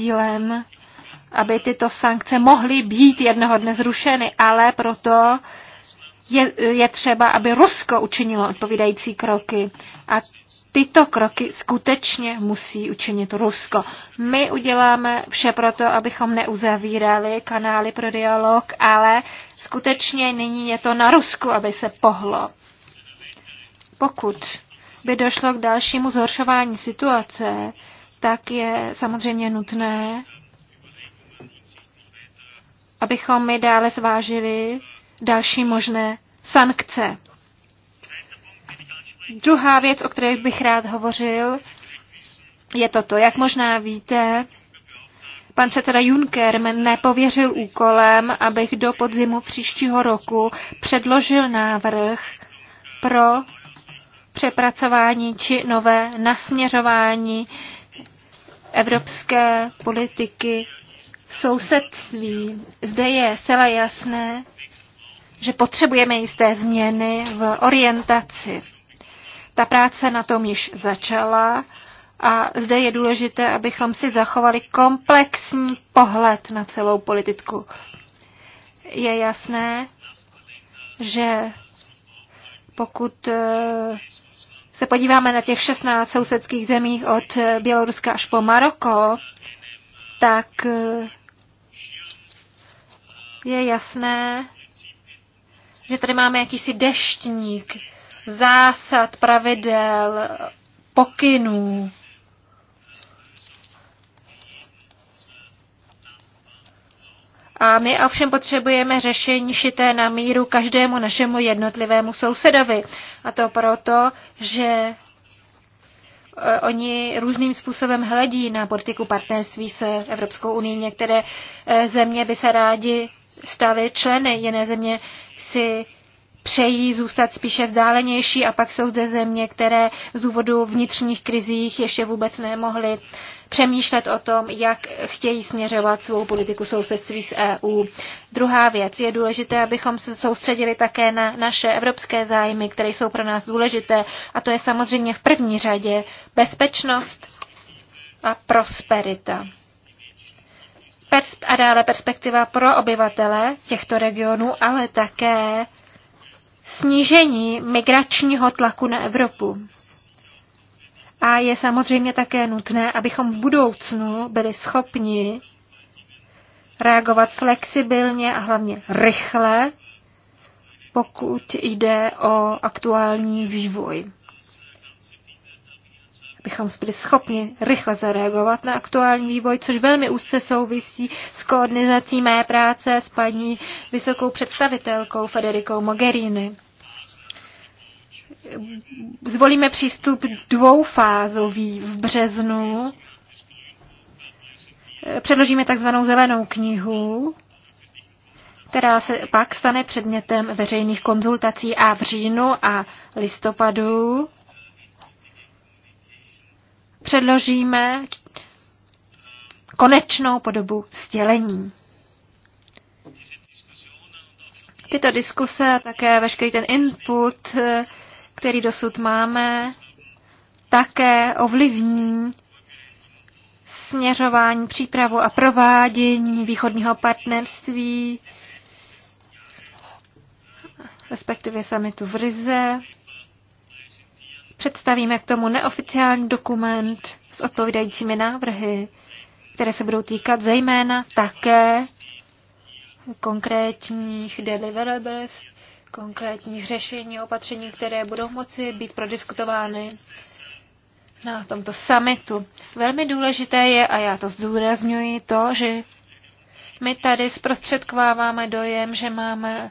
cílem, aby tyto sankce mohly být jednoho dne zrušeny, ale proto je, je třeba, aby Rusko učinilo odpovídající kroky. A tyto kroky skutečně musí učinit Rusko. My uděláme vše proto, abychom neuzavírali kanály pro dialog, ale skutečně nyní je to na Rusku, aby se pohlo. Pokud by došlo k dalšímu zhoršování situace, tak je samozřejmě nutné, abychom my dále zvážili další možné sankce. Druhá věc, o které bych rád hovořil, je toto. Jak možná víte, pan předseda Juncker mě nepověřil úkolem, abych do podzimu příštího roku předložil návrh pro přepracování či nové nasměřování evropské politiky sousedství. Zde je zcela jasné, že potřebujeme jisté změny v orientaci. Ta práce na tom již začala a zde je důležité, abychom si zachovali komplexní pohled na celou politiku. Je jasné, že pokud eh, se podíváme na těch 16 sousedských zemích od Běloruska až po Maroko, tak eh, je jasné, že tady máme jakýsi deštník zásad, pravidel, pokynů, A my ovšem potřebujeme řešení šité na míru každému našemu jednotlivému sousedovi. A to proto, že e, oni různým způsobem hledí na politiku partnerství se Evropskou unii. Některé e, země by se rádi staly členy, jiné země si přejí zůstat spíše vzdálenější a pak jsou zde země, které z důvodu vnitřních krizích ještě vůbec nemohly přemýšlet o tom, jak chtějí směřovat svou politiku sousedství s EU. Druhá věc, je důležité, abychom se soustředili také na naše evropské zájmy, které jsou pro nás důležité, a to je samozřejmě v první řadě bezpečnost a prosperita a dále perspektiva pro obyvatele těchto regionů, ale také snížení migračního tlaku na Evropu. A je samozřejmě také nutné, abychom v budoucnu byli schopni reagovat flexibilně a hlavně rychle, pokud jde o aktuální vývoj abychom byli schopni rychle zareagovat na aktuální vývoj, což velmi úzce souvisí s koordinací mé práce s paní vysokou představitelkou Federikou Mogherini. Zvolíme přístup dvoufázový v březnu. Předložíme takzvanou zelenou knihu, která se pak stane předmětem veřejných konzultací a v říjnu a listopadu předložíme konečnou podobu sdělení. Tyto diskuse a také veškerý ten input, eh, který dosud máme, také ovlivní směřování, přípravu a provádění východního partnerství, respektive samitu v Rize představíme k tomu neoficiální dokument s odpovídajícími návrhy, které se budou týkat zejména také konkrétních deliverables, konkrétních řešení, opatření, které budou moci být prodiskutovány na tomto summitu. Velmi důležité je, a já to zdůrazňuji, to, že my tady zprostředkováváme dojem, že máme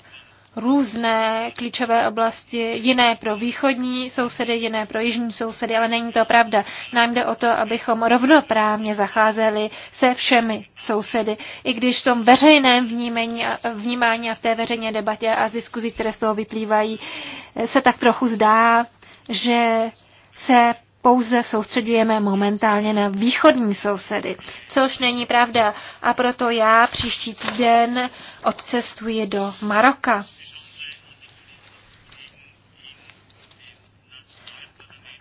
různé klíčové oblasti, jiné pro východní sousedy, jiné pro jižní sousedy, ale není to pravda. Nám jde o to, abychom rovnoprávně zacházeli se všemi sousedy, i když v tom veřejném vnímení a vnímání a v té veřejné debatě a z diskuzí, které z toho vyplývají, se tak trochu zdá, že se pouze soustředujeme momentálně na východní sousedy, což není pravda a proto já příští týden odcestuji do Maroka.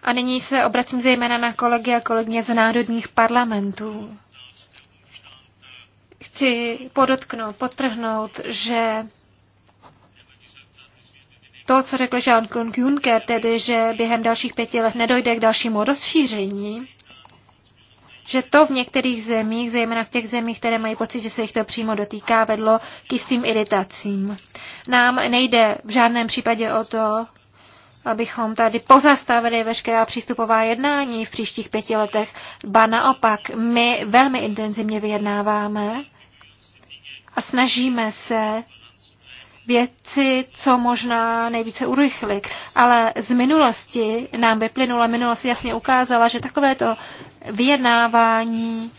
A nyní se obracím zejména na kolegy a kolegyně z národních parlamentů. Chci podotknout, potrhnout, že to, co řekl Jean-Claude Juncker, tedy, že během dalších pěti let nedojde k dalšímu rozšíření, že to v některých zemích, zejména v těch zemích, které mají pocit, že se jich to přímo dotýká, vedlo k jistým iritacím. Nám nejde v žádném případě o to, abychom tady pozastavili veškerá přístupová jednání v příštích pěti letech. Ba naopak, my velmi intenzivně vyjednáváme a snažíme se věci co možná nejvíce urychlit. Ale z minulosti nám vyplynula, minulost jasně ukázala, že takovéto vyjednávání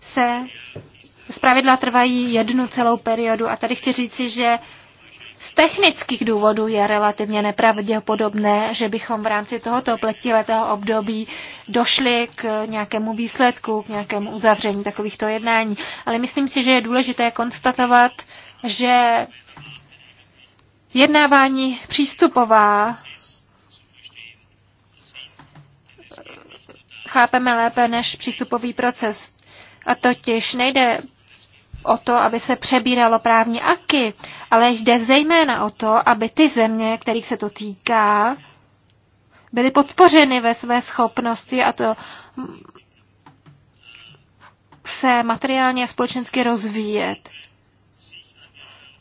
se zpravidla trvají jednu celou periodu. A tady chci říci, že z technických důvodů je relativně nepravděpodobné, že bychom v rámci tohoto pletiletého období došli k nějakému výsledku, k nějakému uzavření takovýchto jednání. Ale myslím si, že je důležité konstatovat, že jednávání přístupová chápeme lépe než přístupový proces. A totiž nejde o to, aby se přebíralo právní aky, ale jde zejména o to, aby ty země, kterých se to týká, byly podpořeny ve své schopnosti a to se materiálně a společensky rozvíjet.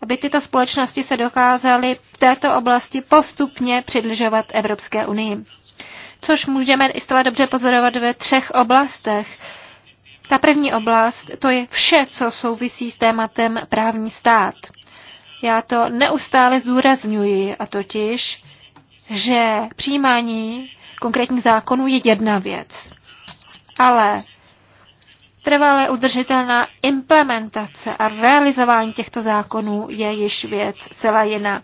Aby tyto společnosti se dokázaly v této oblasti postupně přidlžovat Evropské unii. Což můžeme i stále dobře pozorovat ve třech oblastech ta první oblast, to je vše, co souvisí s tématem právní stát. Já to neustále zdůrazňuji, a totiž, že přijímání konkrétních zákonů je jedna věc. Ale trvalé udržitelná implementace a realizování těchto zákonů je již věc celá jiná.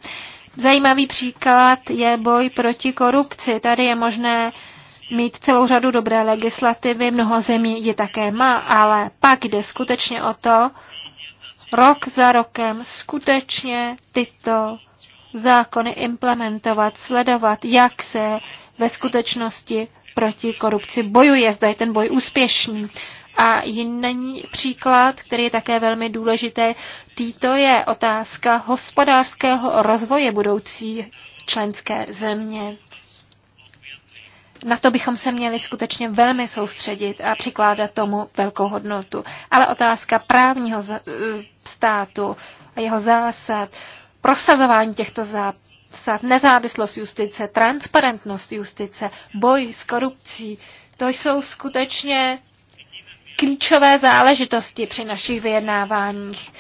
Zajímavý příklad je boj proti korupci. Tady je možné mít celou řadu dobré legislativy, mnoho zemí je také má, ale pak jde skutečně o to, rok za rokem skutečně tyto zákony implementovat, sledovat, jak se ve skutečnosti proti korupci bojuje, zda je ten boj úspěšný. A jiný příklad, který je také velmi důležitý, týto je otázka hospodářského rozvoje budoucí členské země na to bychom se měli skutečně velmi soustředit a přikládat tomu velkou hodnotu. Ale otázka právního státu a jeho zásad, prosazování těchto zásad, nezávislost justice, transparentnost justice, boj s korupcí, to jsou skutečně klíčové záležitosti při našich vyjednáváních.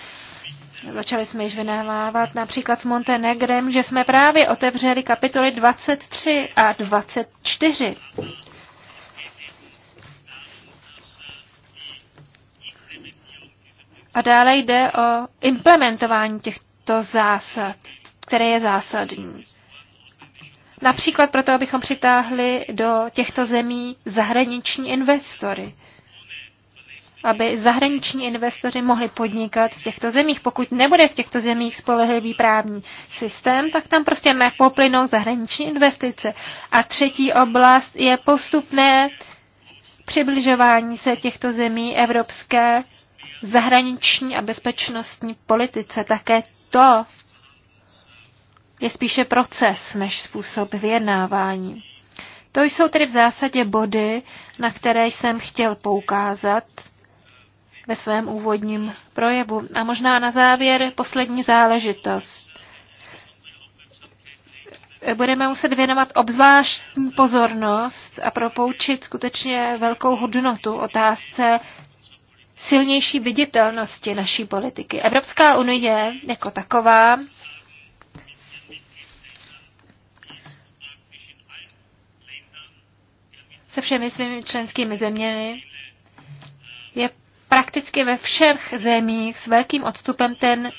Začali jsme již vynávávat například s Montenegrem, že jsme právě otevřeli kapitoly 23 a 24. A dále jde o implementování těchto zásad, které je zásadní. Například proto, abychom přitáhli do těchto zemí zahraniční investory aby zahraniční investoři mohli podnikat v těchto zemích. Pokud nebude v těchto zemích spolehlivý právní systém, tak tam prostě nepoplynou zahraniční investice. A třetí oblast je postupné přibližování se těchto zemí evropské zahraniční a bezpečnostní politice. Také to je spíše proces než způsob vyjednávání. To jsou tedy v zásadě body, na které jsem chtěl poukázat ve svém úvodním projevu. A možná na závěr poslední záležitost. Budeme muset věnovat obzvláštní pozornost a propoučit skutečně velkou hodnotu otázce silnější viditelnosti naší politiky. Evropská unie jako taková se všemi svými členskými zeměmi prakticky ve všech zemích s velkým odstupem ten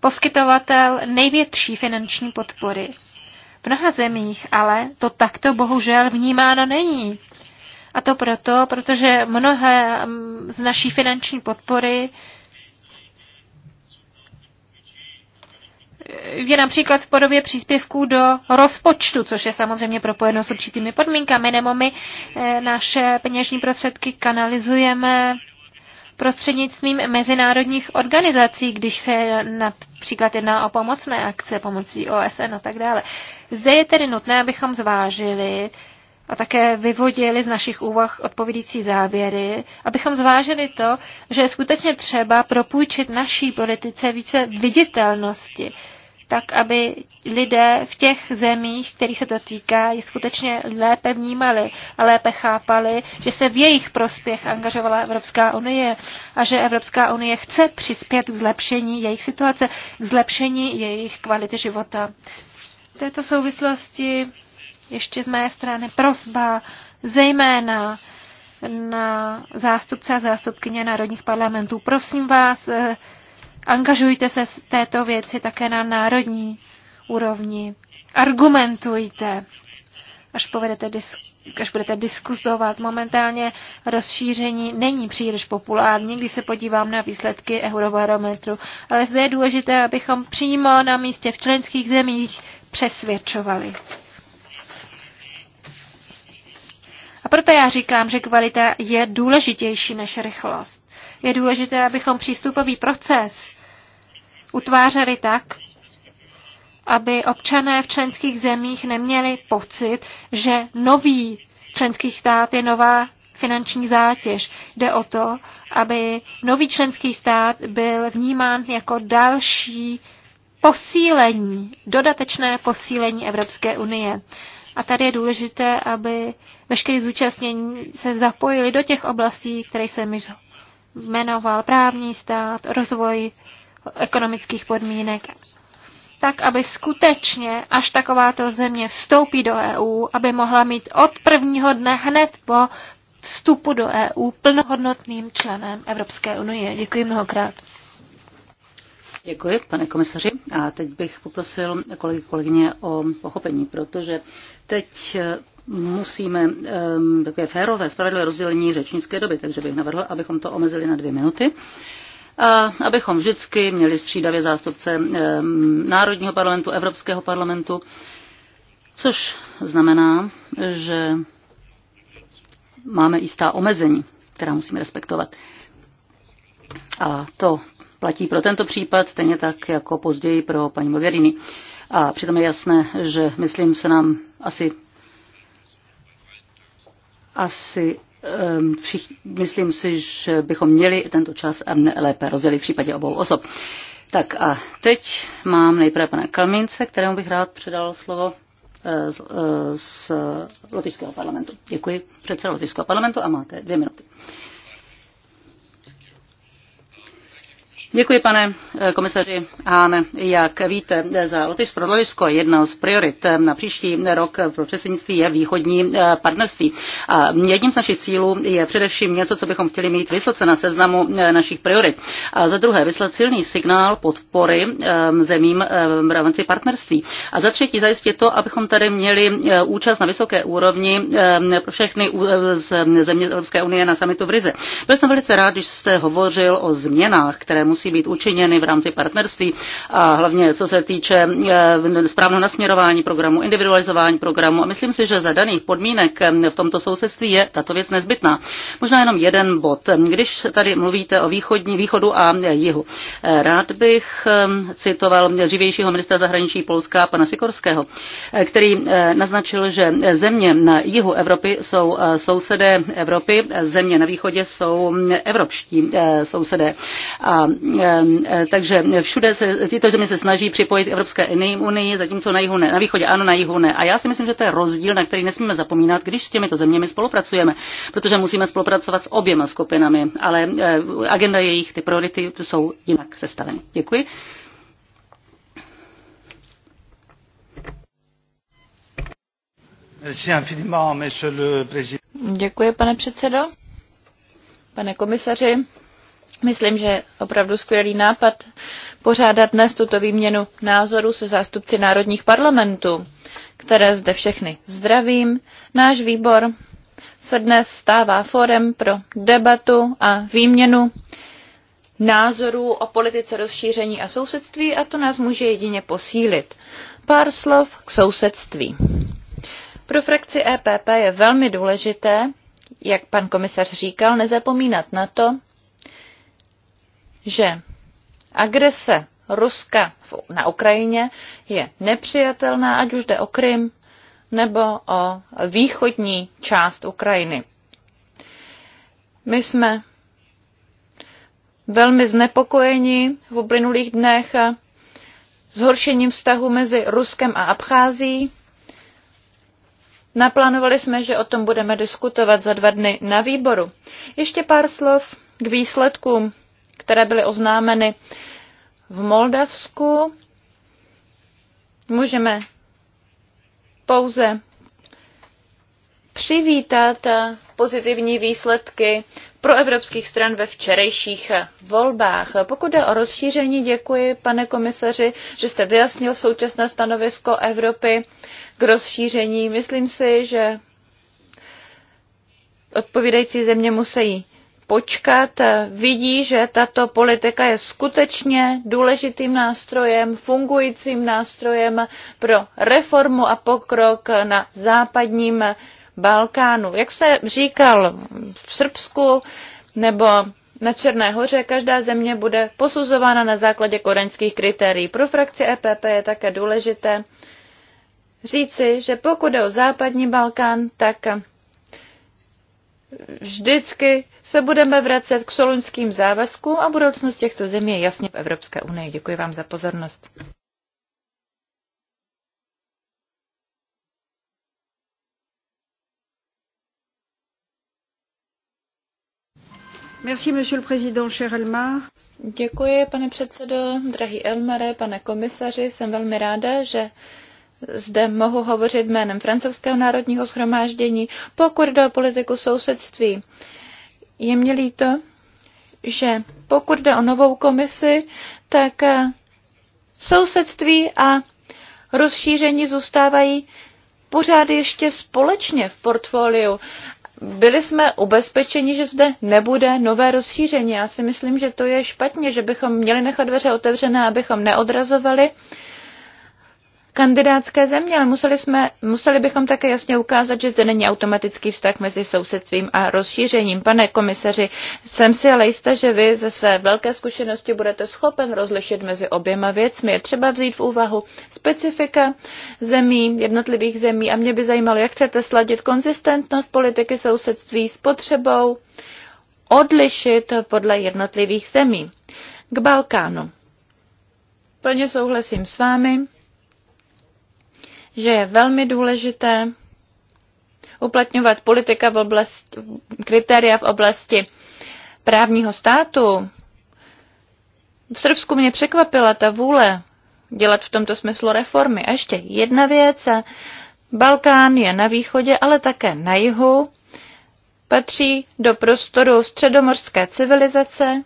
poskytovatel největší finanční podpory. V mnoha zemích ale to takto bohužel vnímáno není. A to proto, protože mnohé mm, z naší finanční podpory je například v podobě příspěvků do rozpočtu, což je samozřejmě propojeno s určitými podmínkami, nebo my eh, naše peněžní prostředky kanalizujeme prostřednictvím mezinárodních organizací, když se například jedná o pomocné akce pomocí OSN a tak dále. Zde je tedy nutné, abychom zvážili a také vyvodili z našich úvah odpovědící závěry, abychom zvážili to, že je skutečně třeba propůjčit naší politice více viditelnosti, tak aby lidé v těch zemích, kterých se to týká, je skutečně lépe vnímali a lépe chápali, že se v jejich prospěch angažovala Evropská unie a že Evropská unie chce přispět k zlepšení jejich situace, k zlepšení jejich kvality života. V této souvislosti ještě z mé strany prosba zejména na zástupce a zástupkyně národních parlamentů. Prosím vás, eh, Angažujte se z této věci také na národní úrovni. Argumentujte, až, povedete disk, až budete diskutovat. Momentálně rozšíření není příliš populární, když se podívám na výsledky eurobarometru. Ale zde je důležité, abychom přímo na místě v členských zemích přesvědčovali. A proto já říkám, že kvalita je důležitější než rychlost je důležité, abychom přístupový proces utvářeli tak, aby občané v členských zemích neměli pocit, že nový členský stát je nová finanční zátěž. Jde o to, aby nový členský stát byl vnímán jako další posílení, dodatečné posílení Evropské unie. A tady je důležité, aby veškerý zúčastnění se zapojili do těch oblastí, které jsem již jmenoval právní stát, rozvoj ekonomických podmínek, tak aby skutečně, až takováto země vstoupí do EU, aby mohla mít od prvního dne hned po vstupu do EU plnohodnotným členem Evropské unie. Děkuji mnohokrát. Děkuji, pane komisaři. A teď bych poprosil kolegy kolegyně o pochopení, protože teď musíme um, takové férové, spravedlivé rozdělení řečnické doby, takže bych navrhl, abychom to omezili na dvě minuty. A abychom vždycky měli střídavě zástupce um, Národního parlamentu, Evropského parlamentu, což znamená, že máme jistá omezení, která musíme respektovat. A to platí pro tento případ, stejně tak jako později pro paní Mogherini. A přitom je jasné, že myslím se nám asi asi myslím si, že bychom měli tento čas lépe rozdělit v případě obou osob. Tak a teď mám nejprve pana Kalmince, kterému bych rád předal slovo eh, z, eh, z Lotyšského parlamentu. Děkuji předseda Lotyšského parlamentu a máte dvě minuty. Děkuji, pane eh, komisaři Háne. Jak víte, za Lotyš pro Lotyšsko jedna z priorit eh, na příští rok pro předsednictví je východní eh, partnerství. A jedním z našich cílů je především něco, co bychom chtěli mít vysoce na seznamu našich priorit. A za druhé, vyslat silný signál podpory zemím v rámci partnerství. A za třetí, zajistit to, abychom tady měli účast na vysoké úrovni pro všechny z země Evropské unie na samitu v Rize. Byl jsem velice rád, když jste hovořil o změnách, které musí musí být učiněny v rámci partnerství a hlavně co se týče eh, správného nasměrování programu, individualizování programu. A myslím si, že za daných podmínek eh, v tomto sousedství je tato věc nezbytná. Možná jenom jeden bod. Když tady mluvíte o východní, východu a jihu, eh, rád bych citoval živějšího ministra zahraničí Polska, pana Sikorského, který naznačil, že země na jihu Evropy jsou sousedé Evropy, země na východě jsou mm, evropští sousedé. A Ehm, e, takže všude se, tyto země se snaží připojit k Evropské unii, zatímco na jihu ne, na východě ano, na jihu ne. A já si myslím, že to je rozdíl, na který nesmíme zapomínat, když s těmito zeměmi spolupracujeme, protože musíme spolupracovat s oběma skupinami, ale e, agenda jejich, ty priority jsou jinak sestaveny. Děkuji. Děkuji, pane předsedo. Pane komisaři, Myslím, že opravdu skvělý nápad pořádat dnes tuto výměnu názoru se zástupci národních parlamentů, které zde všechny zdravím. Náš výbor se dnes stává fórem pro debatu a výměnu názorů o politice rozšíření a sousedství a to nás může jedině posílit. Pár slov k sousedství. Pro frakci EPP je velmi důležité, jak pan komisař říkal, nezapomínat na to, že agrese Ruska na Ukrajině je nepřijatelná, ať už jde o Krym nebo o východní část Ukrajiny. My jsme velmi znepokojeni v uplynulých dnech zhoršením vztahu mezi Ruskem a Abchází. Naplánovali jsme, že o tom budeme diskutovat za dva dny na výboru. Ještě pár slov k výsledkům které byly oznámeny v Moldavsku. Můžeme pouze přivítat pozitivní výsledky pro evropských stran ve včerejších volbách. Pokud je o rozšíření, děkuji, pane komisaři, že jste vyjasnil současné stanovisko Evropy k rozšíření. Myslím si, že odpovídající země musí počkat, vidí, že tato politika je skutečně důležitým nástrojem, fungujícím nástrojem pro reformu a pokrok na západním Balkánu. Jak se říkal v Srbsku nebo na Černé hoře každá země bude posuzována na základě koreňských kritérií. Pro frakci EPP je také důležité říci, že pokud jde o západní Balkán, tak vždycky se budeme vracet k soluňským závazkům a budoucnost těchto zemí je jasně v Evropské unii. Děkuji vám za pozornost. Merci, monsieur le président, cher Elmar. Děkuji, pane předsedo, drahý Elmare, pane komisaři. Jsem velmi ráda, že zde mohu hovořit jménem francouzského národního schromáždění, pokud jde o politiku sousedství. Je mě líto, že pokud jde o novou komisi, tak eh, sousedství a rozšíření zůstávají pořád ještě společně v portfoliu. Byli jsme ubezpečeni, že zde nebude nové rozšíření. Já si myslím, že to je špatně, že bychom měli nechat dveře otevřené, abychom neodrazovali uh, kandidátské země, ale museli, jsme, museli bychom také jasně ukázat, že zde není automatický vztah mezi sousedstvím a rozšířením. Pane komisaři, jsem si ale jistá, že vy ze své velké zkušenosti budete schopen rozlišit mezi oběma věcmi. Je třeba vzít v úvahu specifika zemí, jednotlivých zemí a mě by zajímalo, jak chcete sladit konzistentnost politiky sousedství s potřebou odlišit podle jednotlivých zemí. K Balkánu. Plně souhlasím s vámi že je velmi důležité uplatňovat politika v oblasti, kritéria v oblasti právního státu. V Srbsku mě překvapila ta vůle dělat v tomto smyslu reformy. A ještě jedna věc. Balkán je na východě, ale také na jihu. Patří do prostoru středomorské civilizace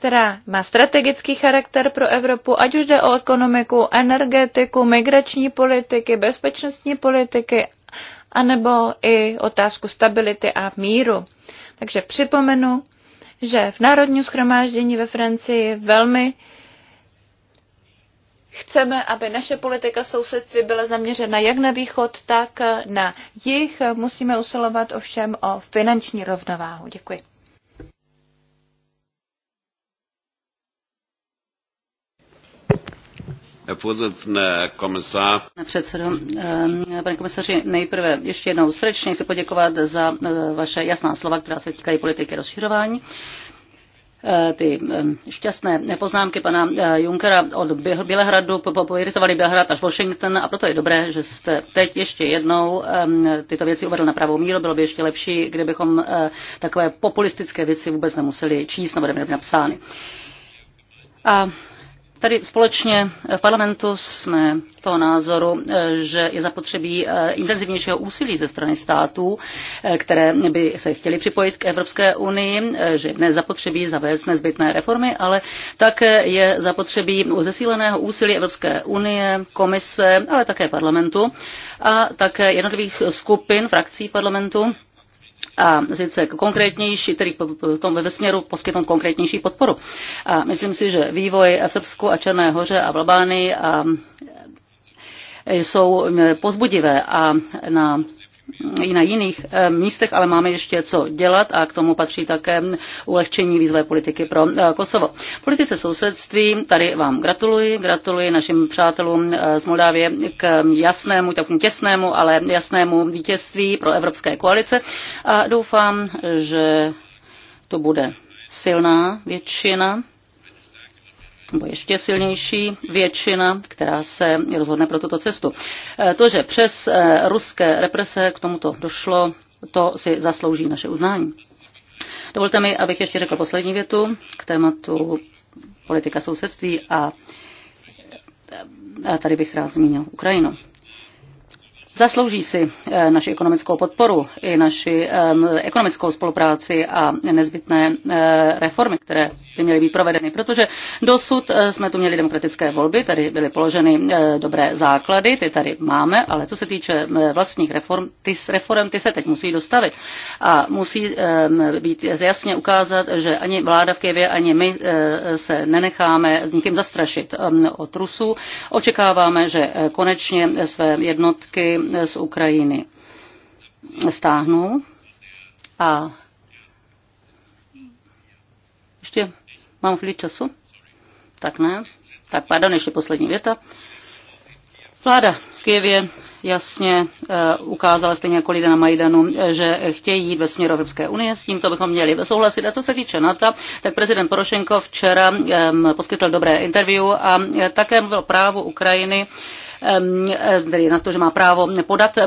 která má strategický charakter pro Evropu, ať už jde o ekonomiku, energetiku, migrační politiky, bezpečnostní politiky, anebo i otázku stability a míru. Takže připomenu, že v Národním schromáždění ve Francii velmi chceme, aby naše politika sousedství byla zaměřena jak na východ, tak na jih. Musíme usilovat ovšem o finanční rovnováhu. Děkuji. Pane předsedo, eh, pane komisaři, nejprve ještě jednou srdečně chci poděkovat za eh, vaše jasná slova, která se týkají politiky rozšiřování eh, ty šťastné poznámky pana Junkera od Bělehradu poiritovali Bělehrad až Washington a proto je dobré, že jste teď ještě jednou tyto věci uvedl na pravou míru. Bylo by ještě lepší, kdybychom takové populistické věci vůbec nemuseli číst nebo nebyly napsány. A Tady společně v parlamentu jsme toho názoru, eh, že je zapotřebí eh, intenzivnějšího úsilí ze strany států, eh, které by se chtěly připojit k Evropské unii, že je dnes zapotřebí zavést nezbytné reformy, ale také je zapotřebí zesíleného úsilí Evropské unie, komise, ale také parlamentu a také jednotlivých skupin, frakcí parlamentu a sice konkrétnější, tedy tom ve směru poskytnout konkrétnější podporu. A myslím si, že vývoj v Srbsku a Černé hoře a v Albánii a jsou pozbudivé a na i na jiných eh, místech, ale máme ještě co dělat a k tomu patří také ulehčení výzvé politiky pro eh, Kosovo. Politice sousedství, tady vám gratuluji, gratuluji našim přátelům eh, z Moldávie k jasnému, takovému těsnému, ale jasnému vítězství pro Evropské koalice a doufám, že to bude silná většina nebo ještě silnější většina, která se rozhodne pro tuto cestu. Eh, to, že přes eh, ruské represe k tomuto došlo, to si zaslouží naše uznání. Dovolte mi, abych ještě řekl poslední větu k tématu politika sousedství a eh, tady bych rád zmínil Ukrajinu. Zaslouží si eh, naši ekonomickou podporu i naši ehm, ekonomickou spolupráci a nezbytné eh, reformy, které by měly být provedeny, protože dosud eh, jsme tu měli demokratické volby, tady byly položeny dobré základy, ty tady máme, ale co se týče vlastních reform, ty s reform, ty se teď musí dostavit a musí ehm, být jasně ukázat, že ani vláda v Kijevě, ani my se nenecháme nikým zastrašit ehm, od Rusů. Očekáváme, že konečně své jednotky z Ukrajiny stáhnu, A ještě mám chvíli času? Tak ne. Tak pardon, ještě poslední věta. Vláda v Kijevě jasně eh, ukázala stejně jako lidé na Majdanu, eh, že chtějí jít ve směru Evropské unie. S tímto bychom měli souhlasit. A co se týče NATO, tak prezident Porošenko včera ehm, poskytl dobré interview a eh, také mluvil právu Ukrajiny tedy na to, že má právo podat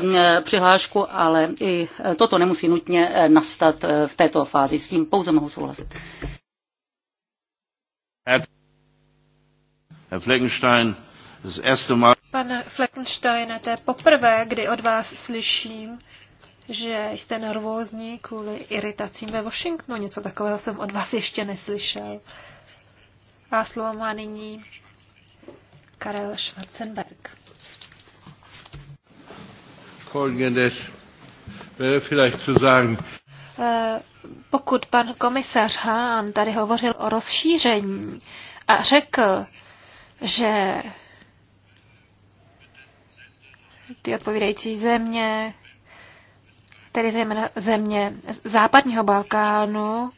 přihlášku, ale i e, toto nemusí nutně e, nastat e, v této fázi. S tím pouze mohu souhlasit. Herr Fleckenstein, Pane to je poprvé, kdy od vás slyším, že jste nervózní kvůli iritacím ve Washingtonu. Něco takového jsem od vás ještě neslyšel. A slovo má nyní Karel Schwarzenberg folgendes eh, vielleicht zu sagen. Eh, pokud pan komisař Hahn tady hovořil o rozšíření a řekl, že ty odpovídající země, tedy zejména země západního Balkánu,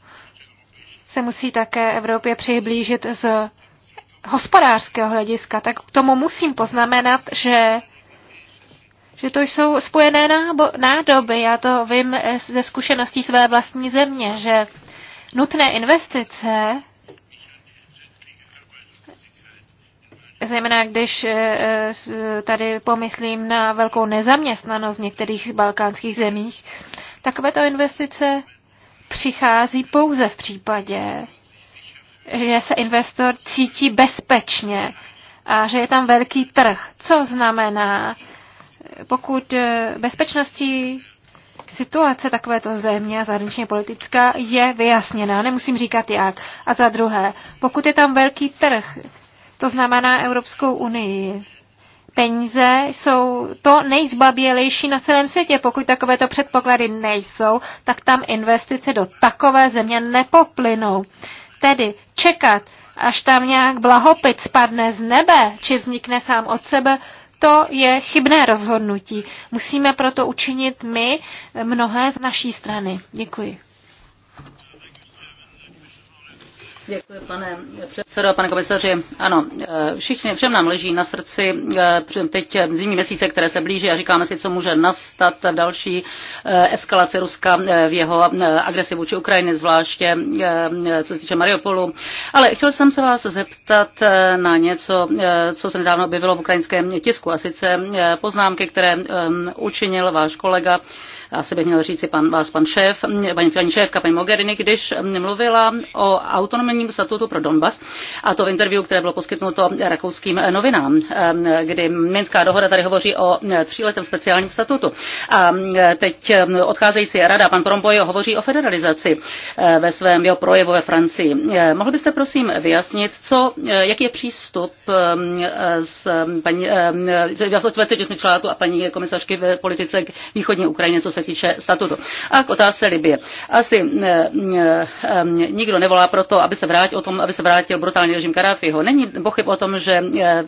se musí také Evropě přiblížit z hospodářského hlediska, tak k tomu musím poznamenat, že že to jsou spojené nádoby. Já to vím eh, ze zkušeností své vlastní země, že nutné investice, zejména když eh, eh, tady pomyslím na velkou nezaměstnanost v některých balkánských zemích, takovéto investice přichází pouze v případě, že se investor cítí bezpečně a že je tam velký trh, co znamená, pokud eh, bezpečnosti situace takovéto země, zahraničně politická, je vyjasněná, nemusím říkat jak. A za druhé, pokud je tam velký trh, to znamená Evropskou unii, peníze jsou to nejzbabělejší na celém světě. Pokud takovéto předpoklady nejsou, tak tam investice do takové země nepoplynou. Tedy čekat, až tam nějak blahopit spadne z nebe, či vznikne sám od sebe, to je chybné rozhodnutí. Musíme proto učinit my mnohé z naší strany. Děkuji. Děkuji, pane předsedo, pane komisaři. Ano, eh, všichni, všem nám leží na srdci eh, teď zimní měsíce, které se blíží a říkáme si, co může nastat v další eh, eskalace Ruska v jeho agresi vůči Ukrajiny, zvláště co se týče Mariupolu. Ale chtěl jsem se vás zeptat na něco, co se nedávno objevilo v ukrajinském tisku, a sice poznámky, které učinil váš kolega asi bych měl říci pan, vás pan šéf, paní, paní šéfka, paní Mogherini, když mluvila o autonomním statutu pro Donbas, a to v interview, které bylo poskytnuto rakouským novinám, kdy Minská dohoda tady hovoří o tříletém speciálním statutu. A teď odcházející rada, pan Poromboy, hovoří o federalizaci ve svém jeho projevu ve Francii. Mohl byste prosím vyjasnit, co, jaký je přístup z paní, z 28 států a paní komisařky v politice východní Ukrajiny, co se týče statutu. A k otázce Libie. Asi e, e, nikdo nevolá proto, aby se, vrátil, o tom, aby se vrátil brutální režim Karáfiho. Není pochyb o tom, že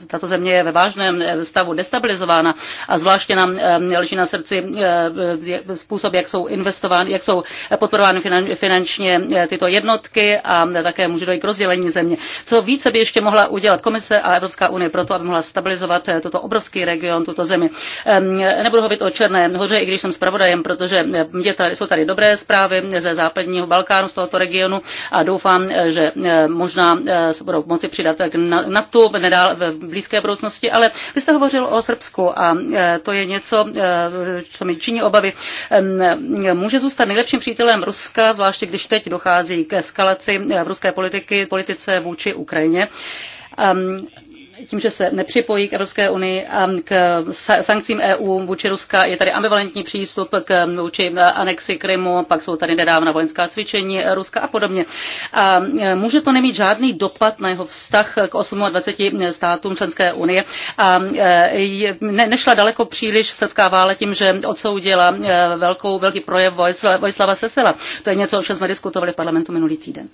tato země je ve vážném stavu destabilizována a zvláště nám leží na srdci způsob, jak jsou investovány, jak jsou podporovány finančně tyto jednotky a také může dojít k rozdělení země. Co více by ještě mohla udělat komise a Evropská unie proto, aby mohla stabilizovat toto obrovský region, tuto zemi. Ehm, nebudu hovit o Černé hoře, i když jsem zpravodajem směrem, protože mě tady, jsou tady dobré zprávy ze západního Balkánu, z tohoto regionu a doufám, že eh, možná eh, se budou moci přidat k NATO nedál v blízké budoucnosti, ale vy jste hovořil o Srbsku a eh, to je něco, co mi činí obavy. Může zůstat nejlepším přítelem Ruska, zvláště když teď dochází k eskalaci v ruské politiky, politice vůči Ukrajině tím, že se nepřipojí k Evropské unii a k sankcím EU vůči Ruska, je tady ambivalentní přístup k vůči anexi Krymu, pak jsou tady nedávna vojenská cvičení Ruska a podobně. A e, může to nemít žádný dopad na jeho vztah k 28 státům členské unie a e, ne, nešla daleko příliš ale tím, že odsoudila e, velkou, velký projev Vojslava Sesela. To je něco, o čem jsme diskutovali v parlamentu minulý týden.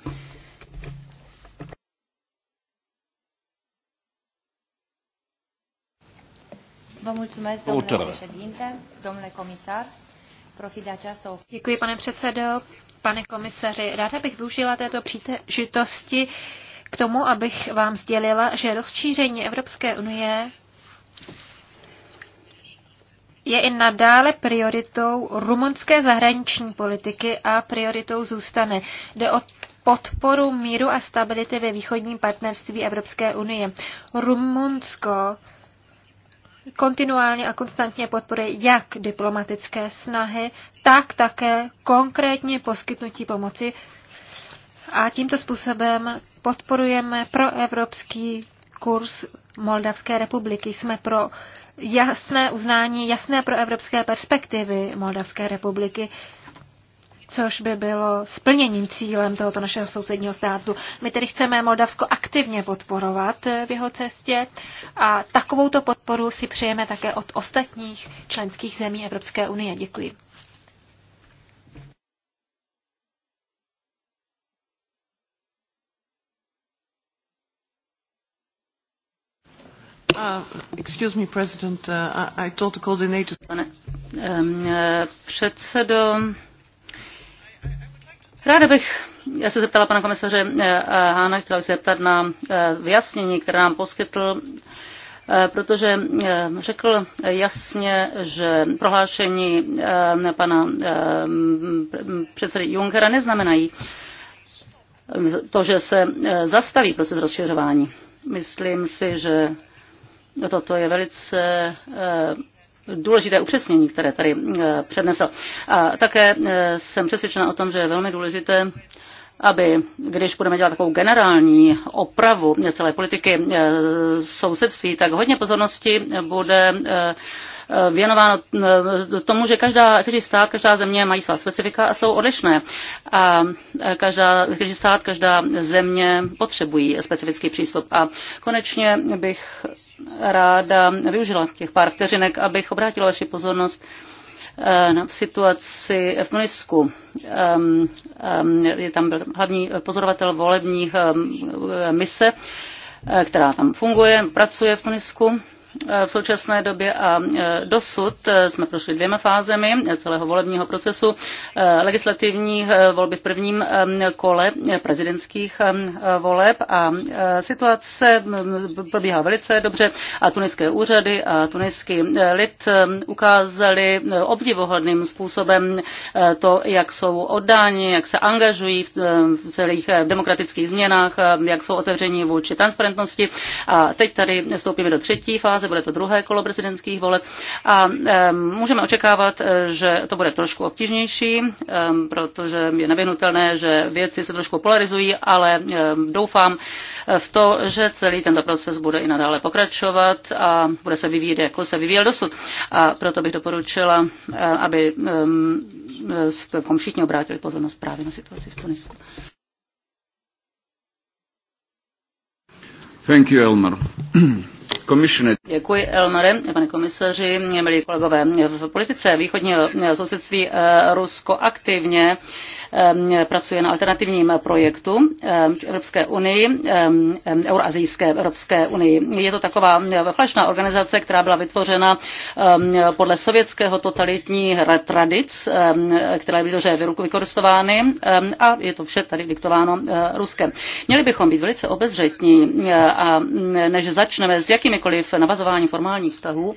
Vă mulțumesc, domnule președinte, domnule comisar. Profit de această Děkuji, pane předsedo, pane komisaři. Ráda bych využila této příležitosti k tomu, abych vám sdělila, že rozšíření Evropské unie je i nadále prioritou rumunské zahraniční politiky a prioritou zůstane. Jde o podporu míru a stability ve východním partnerství Evropské unie. Rumunsko kontinuálně a konstantně podporuje jak diplomatické snahy, tak také konkrétně poskytnutí pomoci. A tímto způsobem podporujeme proevropský kurz Moldavské republiky. Jsme pro jasné uznání, jasné proevropské perspektivy Moldavské republiky což by bylo splněním cílem tohoto našeho sousedního státu. My tedy chceme Moldavsko aktivně podporovat v jeho cestě a takovouto podporu si přejeme také od ostatních členských zemí Evropské unie. Děkuji. Uh, excuse me, President, uh, I, I told the Pane um, uh, předsedo, Ráda bych já se zeptala pana komisaře eh, eh, Hána, chtěla bych se zeptat na eh, vyjasnění, které nám poskytl protože řekl jasně, že prohlášení pana předsedy Junckera neznamenají to, že se zastaví proces rozšiřování. Myslím si, že toto je velice důležité upřesnění, které tady eh, přednesl. A také eh, jsem přesvědčena o tom, že je velmi důležité aby když budeme dělat takovou generální opravu celé politiky eh, sousedství, tak hodně pozornosti bude eh, věnováno eh, tomu, že každá, každý stát, každá země mají svá specifika a jsou odlišné. A každá, každý stát, každá země potřebují specifický přístup. A konečně bych ráda využila těch pár vteřinek, abych obrátila vaši pozornost na situaci v Tunisku. Je tam byl hlavní pozorovatel volebních mise, eh, která tam funguje, pracuje v Tunisku Eh, v současné době a eh, dosud eh, jsme prošli dvěma fázemi celého volebního procesu. legislativních volby v prvním kole prezidentských voleb a situace mm, probíhá velice dobře a tuniské úřady a tuniský lid ukázali obdivohodným způsobem to, jak jsou oddáni, jak se angažují v celých demokratických změnách, jak jsou otevření vůči transparentnosti. A teď tady stoupíme do třetí fáze fáze, bude to druhé kolo prezidentských voleb a můžeme očekávat, eh, že to bude trošku obtížnější, protože je nevyhnutelné, že věci se trošku polarizují, ale doufám v to, že celý tento proces bude i nadále pokračovat a bude se vyvíjet, jako se vyvíjel dosud. A proto bych doporučila, eh, aby eh, všichni obrátili pozornost právě na situaci v Tunisku. Thank you, Elmer. Děkuji, Elmere, pane komisaři, milí kolegové. V politice východního sousedství eh, Rusko aktivně pracuje na alternativním projektu Evropské unii, Euroazijské Evropské unii. Je to taková falešná organizace, která byla vytvořena podle sovětského totalitní tradic, které byly vykoristovány a je to vše tady diktováno eh, Ruskem. Měli bychom být velice obezřetní eh, a než začneme s jakýmikoliv navazováním formálních vztahů,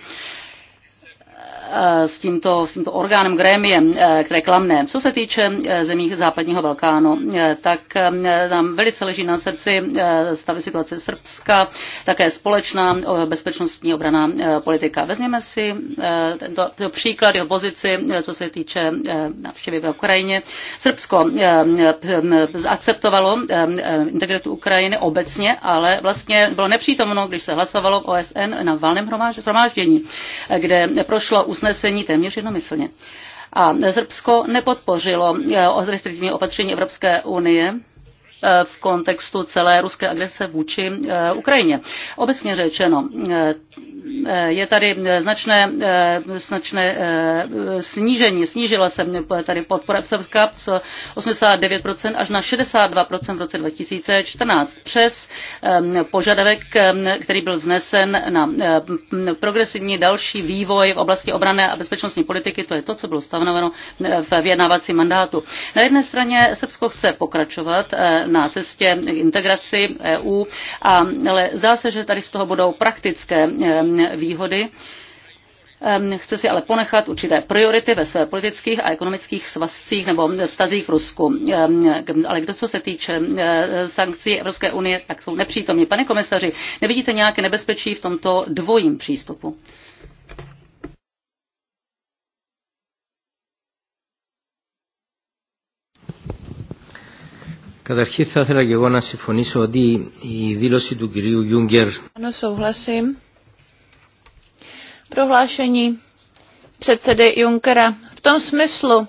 s tímto, s tímto orgánem, grémiem, eh, které klamne. Co se týče eh, zemí západního Balkánu, eh, tak nám velice leží na srdci stavy situace Srbska, také společná bezpečnostní obraná politika. Vezměme si tento příklad, jeho pozici, co se týče navštěvy v Ukrajině. Srbsko akceptovalo integritu Ukrajiny obecně, ale vlastně bylo nepřítomno, když se hlasovalo v OSN na valném hromáždění, kde prošlo usnesení téměř jednomyslně. A Srbsko nepodpořilo eh, restriktivní opatření Evropské unie Eh, v kontextu celé ruské agrese vůči eh, Ukrajině. Obecně řečeno, eh, je tady značné, značné snížení, snížila se tady podpora v Srbska z 89% až na 62% v roce 2014 přes požadavek, který byl vznesen na progresivní další vývoj v oblasti obrané a bezpečnostní politiky, to je to, co bylo stanoveno v vyjednávací mandátu. Na jedné straně Srbsko chce pokračovat na cestě k integraci EU, ale zdá se, že tady z toho budou praktické výhody. Chce si ale ponechat určité priority ve své politických a ekonomických svazcích nebo vztazích Rusku. Ale kdo co se týče e, sankcí Evropské unie, tak jsou nepřítomní. Pane komisaři, nevidíte nějaké nebezpečí v tomto dvojím přístupu? Καταρχήν θα ήθελα και εγώ να συμφωνήσω ότι η δήλωση του κυρίου Γιούγκερ... Ano, souhlasím. Prohlášení předsedy Junckera v tom smyslu,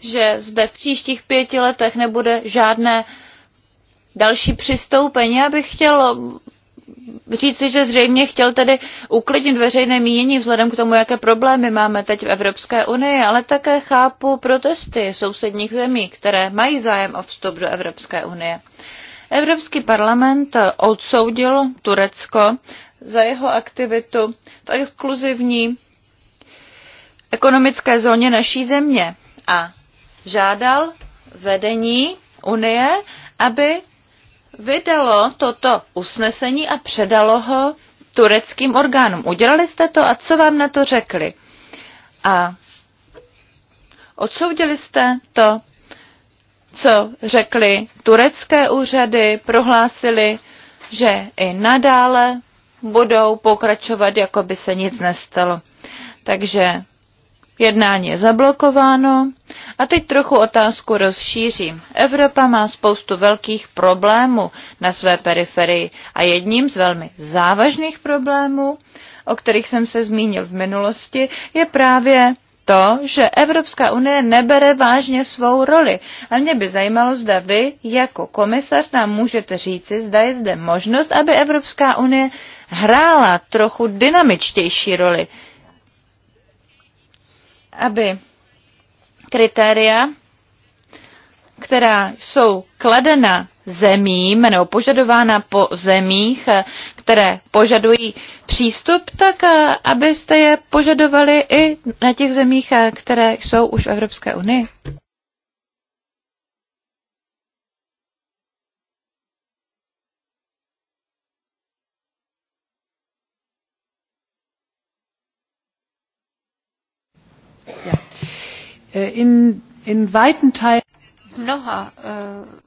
že zde v příštích pěti letech nebude žádné další přistoupení. Já bych chtěl říci, že zřejmě chtěl tedy uklidnit veřejné mínění vzhledem k tomu, jaké problémy máme teď v Evropské unii, ale také chápu protesty sousedních zemí, které mají zájem o vstup do Evropské unie. Evropský parlament odsoudil Turecko za jeho aktivitu v exkluzivní ekonomické zóně naší země a žádal vedení Unie, aby vydalo toto usnesení a předalo ho tureckým orgánům. Udělali jste to a co vám na to řekli? A odsoudili jste to, co řekli turecké úřady, prohlásili, že i nadále budou pokračovat, jako by se nic nestalo. Takže Jednání je zablokováno. A teď trochu otázku rozšířím. Evropa má spoustu velkých problémů na své periferii a jedním z velmi závažných problémů, o kterých jsem se zmínil v minulosti, je právě to, že Evropská unie nebere vážně svou roli. A mě by zajímalo, zda vy jako komisař nám můžete říci, zda je zde možnost, aby Evropská unie hrála trochu dynamičtější roli aby kritéria, která jsou kladena zemím nebo požadována po zemích, které požadují přístup, tak eh, abyste je požadovali i na těch zemích, eh, které jsou už v Evropské unii? Eh, in, in weiten Teilen mnoha, eh,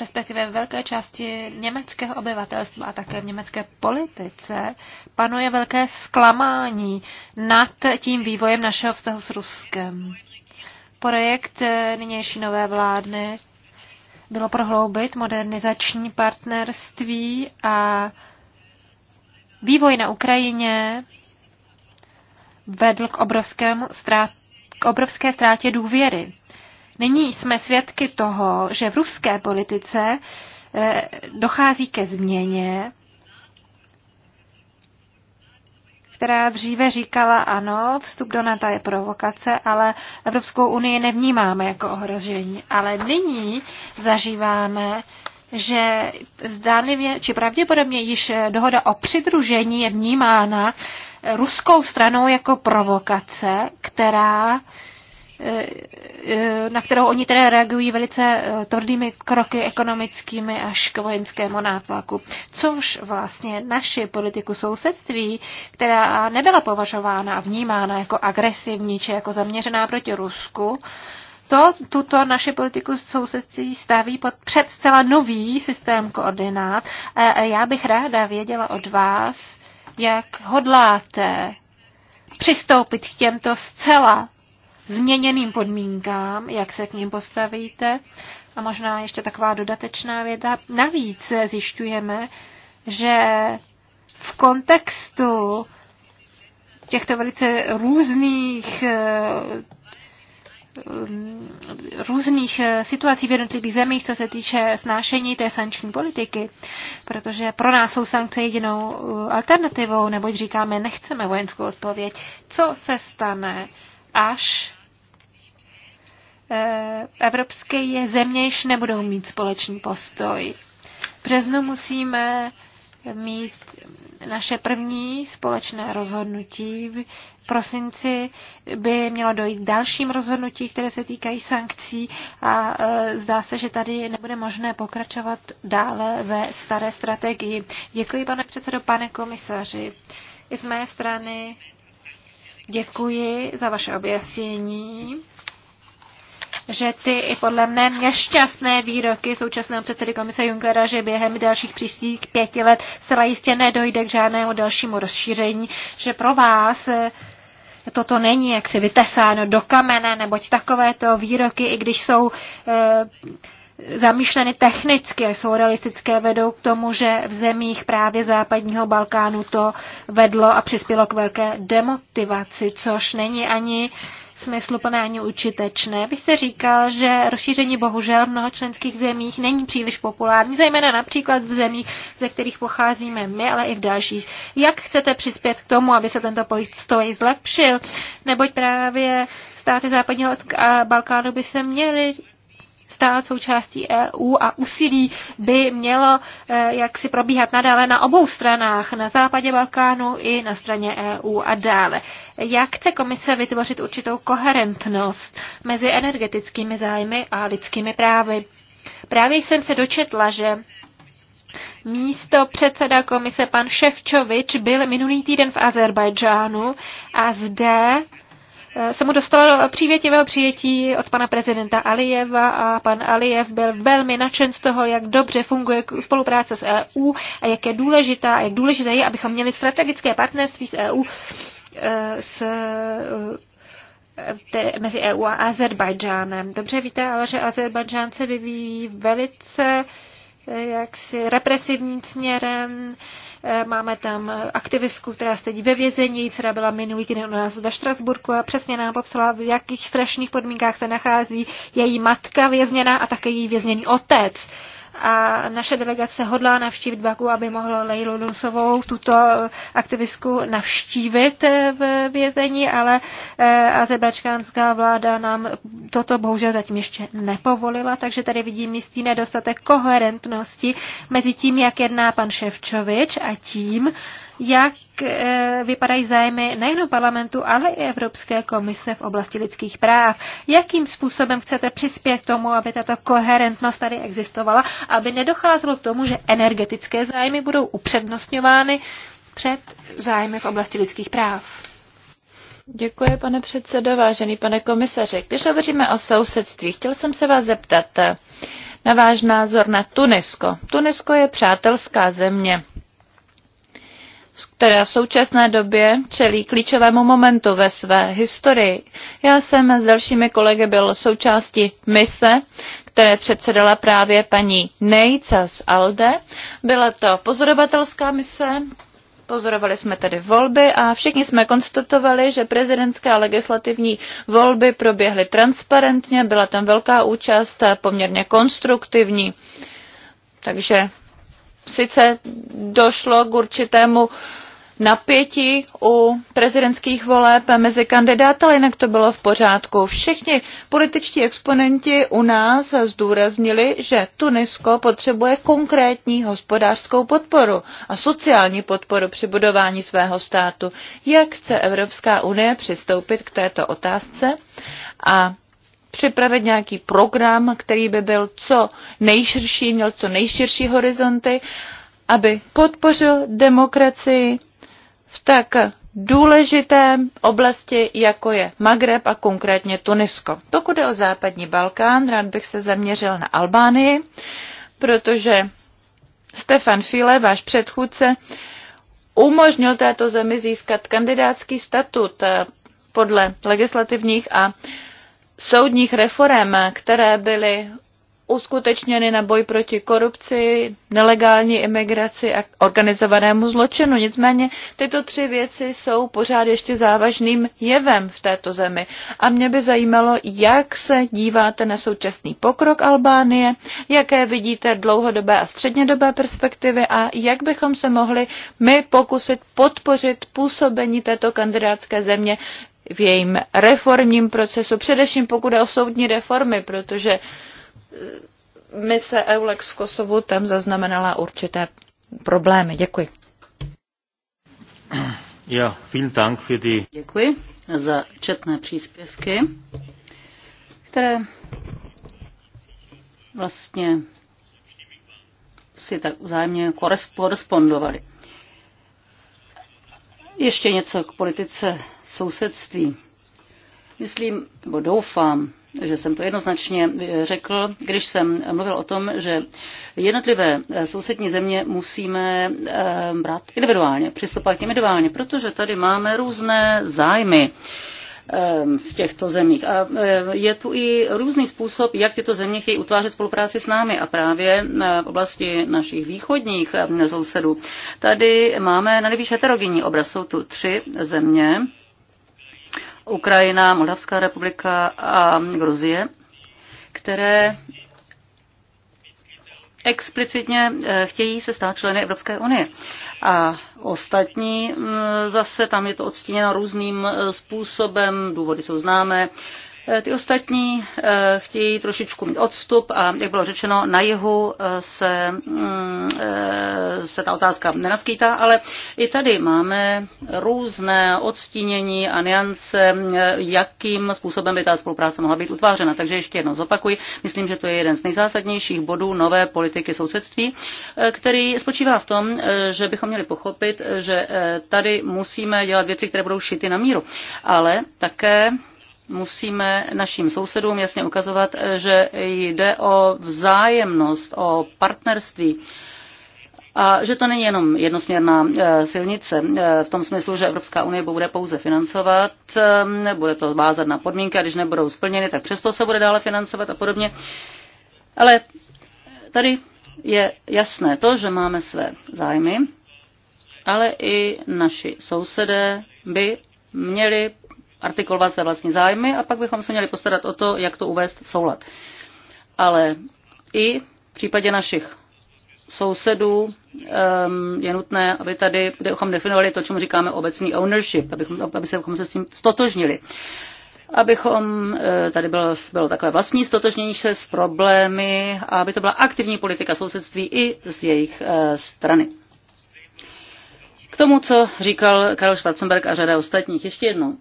respektive velké části německého obyvatelstva a také v německé politice panuje velké zklamání nad tím vývojem našeho vztahu s Ruskem. Projekt eh, nynější nové vládny bylo prohloubit modernizační partnerství a vývoj na Ukrajině vedl k obrovskému ztrát, k obrovské ztrátě důvěry. Nyní jsme svědky toho, že v ruské politice eh, dochází ke změně, která dříve říkala ano, vstup do NATO je provokace, ale Evropskou unii nevnímáme jako ohrožení. Ale nyní zažíváme, že zdánlivě či pravděpodobně již dohoda o přidružení je vnímána ruskou stranou jako provokace, která eh, eh, na kterou oni tedy reagují velice eh, tvrdými kroky ekonomickými až k vojenskému nátlaku. Což vlastně naši politiku sousedství, která nebyla považována a vnímána jako agresivní či jako zaměřená proti Rusku, to, tuto naši politiku sousedství staví pod před zcela nový systém koordinát. Já bych ráda věděla od vás, jak hodláte přistoupit k těmto zcela změněným podmínkám, jak se k ním postavíte. A možná ještě taková dodatečná věda. Navíc zjišťujeme, že v kontextu těchto velice různých eh, Eh, různých eh, situací v jednotlivých zemích, co se týče snášení té sankční politiky, protože pro nás jsou sankce jedinou eh, alternativou, neboť říkáme, nechceme vojenskou odpověď. Co se stane, až evropské země již nebudou mít společný postoj? V březnu musíme mít naše první společné rozhodnutí v prosinci by mělo dojít k dalším rozhodnutí, které se týkají sankcí a e, zdá se, že tady nebude možné pokračovat dále ve staré strategii. Děkuji, pane předsedo, pane komisaři. I z mé strany děkuji za vaše objasnění že ty i podle mne nešťastné výroky současného předsedy komise Junckera, že během dalších příštích pěti let zcela jistě nedojde k žádnému dalšímu rozšíření, že pro vás eh, toto není jaksi vytesáno do kamene, neboť takovéto výroky, i když jsou e, zamýšleny technicky, jsou realistické, vedou k tomu, že v zemích právě západního Balkánu to vedlo a přispělo k velké demotivaci, což není ani e, smysluplné ani učitečné. Vy jste říkal, že rozšíření bohužel v mnoho členských zemích není příliš populární, zejména například v zemích, ze kterých pocházíme my, ale i v dalších. Jak chcete přispět k tomu, aby se tento postoj zlepšil? Neboť právě státy západního Balkánu by se měly stát součástí EU a úsilí by mělo eh, jak si probíhat nadále na obou stranách, na západě Balkánu i na straně EU a dále. Jak chce komise vytvořit určitou koherentnost mezi energetickými zájmy a lidskými právy? Právě jsem se dočetla, že místo předseda komise pan Ševčovič byl minulý týden v Azerbajdžánu a zde Eh, se mu dostalo přívětivého přijetí od pana prezidenta Alijeva a pan Alijev byl velmi nadšen z toho, jak dobře funguje spolupráce s EU a jak je důležitá, jak důležité je, abychom měli strategické partnerství s EU eh, s eh, te, mezi EU a Azerbajdžánem. Dobře víte, ale že Azerbajdžán se vyvíjí velice jaksi represivním směrem, Eh, máme tam aktivistku, která sedí ve vězení, která byla minulý týden u nás ve Štrasburku a přesně nám popsala, v jakých strašných podmínkách se nachází její matka vězněná a také její vězněný otec a naše delegace hodlá navštívit Baku, aby mohla Leilu Lusovou tuto aktivistku navštívit v vězení, ale eh, azerbačkánská vláda nám toto bohužel zatím ještě nepovolila, takže tady vidím jistý nedostatek koherentnosti mezi tím, jak jedná pan Ševčovič a tím, jak eh, vypadají zájmy nejen parlamentu, ale i Evropské komise v oblasti lidských práv. Jakým způsobem chcete přispět k tomu, aby tato koherentnost tady existovala, aby nedocházelo k tomu, že energetické zájmy budou upřednostňovány před zájmy v oblasti lidských práv. Děkuji, pane předsedo, vážený pane komisaři. Když hovoříme o sousedství, chtěl jsem se vás zeptat na váš názor na Tunisko. Tunisko je přátelská země která v současné době čelí klíčovému momentu ve své historii. Já jsem s dalšími kolegy byl součástí mise, které předsedala právě paní Nejca z ALDE. Byla to pozorovatelská mise, pozorovali jsme tedy volby a všichni jsme konstatovali, že prezidentské a legislativní volby proběhly transparentně, byla tam velká účast, a poměrně konstruktivní. Takže sice došlo k určitému napětí u prezidentských voleb mezi kandidáty, ale jinak to bylo v pořádku. Všichni političtí exponenti u nás zdůraznili, že Tunisko potřebuje konkrétní hospodářskou podporu a sociální podporu při budování svého státu. Jak chce Evropská unie přistoupit k této otázce a připravit nějaký program, který by byl co nejširší, měl co nejširší horizonty, aby podpořil demokracii v tak důležité oblasti, jako je Magreb a konkrétně Tunisko. Pokud je o západní Balkán, rád bych se zaměřil na Albánii, protože Stefan File, váš předchůdce, umožnil této zemi získat kandidátský statut eh, podle legislativních a soudních reform, které byly uskutečněny na boj proti korupci, nelegální imigraci a organizovanému zločinu. Nicméně tyto tři věci jsou pořád ještě závažným jevem v této zemi. A mě by zajímalo, jak se díváte na současný pokrok Albánie, jaké vidíte dlouhodobé a střednědobé perspektivy a jak bychom se mohli my pokusit podpořit působení této kandidátské země v jejím reformním procesu, především pokud je o soudní reformy, protože eh, mise EULEX v Kosovu tam zaznamenala určité problémy. Děkuji. Ja, vielen Dank für die... Děkuji za četné příspěvky, které vlastně si tak vzájemně korespondovaly. Ještě něco k politice sousedství. Myslím, nebo doufám, že jsem to jednoznačně eh, řekl, když jsem mluvil o tom, že jednotlivé eh, sousední země musíme eh, brát individuálně, přistupovat individuálně, protože tady máme různé zájmy v těchto zemích. A e, je tu i různý způsob, jak tyto země chtějí utvářet spolupráci s námi a právě e, v oblasti našich východních e, sousedů. Tady máme na nejvíc heterogenní obraz. Jsou tu tři země, Ukrajina, Moldavská republika a Gruzie, které explicitně eh, chtějí se stát členy Evropské unie. A ostatní mm, zase tam je to odstíněno různým eh, způsobem, důvody jsou známé, Eh, ty ostatní eh, chtějí trošičku mít odstup a jak bylo řečeno, na jihu eh, se, mm, se ta otázka nenaskýtá, ale i tady máme různé odstínění a niance, jakým způsobem by ta spolupráce mohla být utvářena. Takže ještě jednou zopakuji, myslím, že to je jeden z nejzásadnějších bodů nové politiky sousedství, který spočívá v tom, že bychom měli pochopit, že tady musíme dělat věci, které budou šity na míru, ale také musíme našim sousedům jasně ukazovat, že jde o vzájemnost, o partnerství. A že to není jenom jednosměrná e, silnice, e, v tom smyslu, že Evropská unie bude pouze financovat, e, bude to vázat na podmínky a když nebudou splněny, tak přesto se bude dále financovat a podobně. Ale tady je jasné to, že máme své zájmy, ale i naši sousedé by měli artikulovat své vlastní zájmy a pak bychom se měli postarat o to, jak to uvést v soulad. Ale i v případě našich sousedů ehm, je nutné, aby tady, kde bychom definovali to, čemu říkáme obecný ownership, abychom, aby se, abychom se s tím stotožnili. Abychom, eh, tady bylo, bylo takové vlastní stotožnění se s problémy, aby to byla aktivní politika sousedství i z jejich eh, strany. K tomu, co říkal Karel Schwarzenberg a řada ostatních, ještě jednou.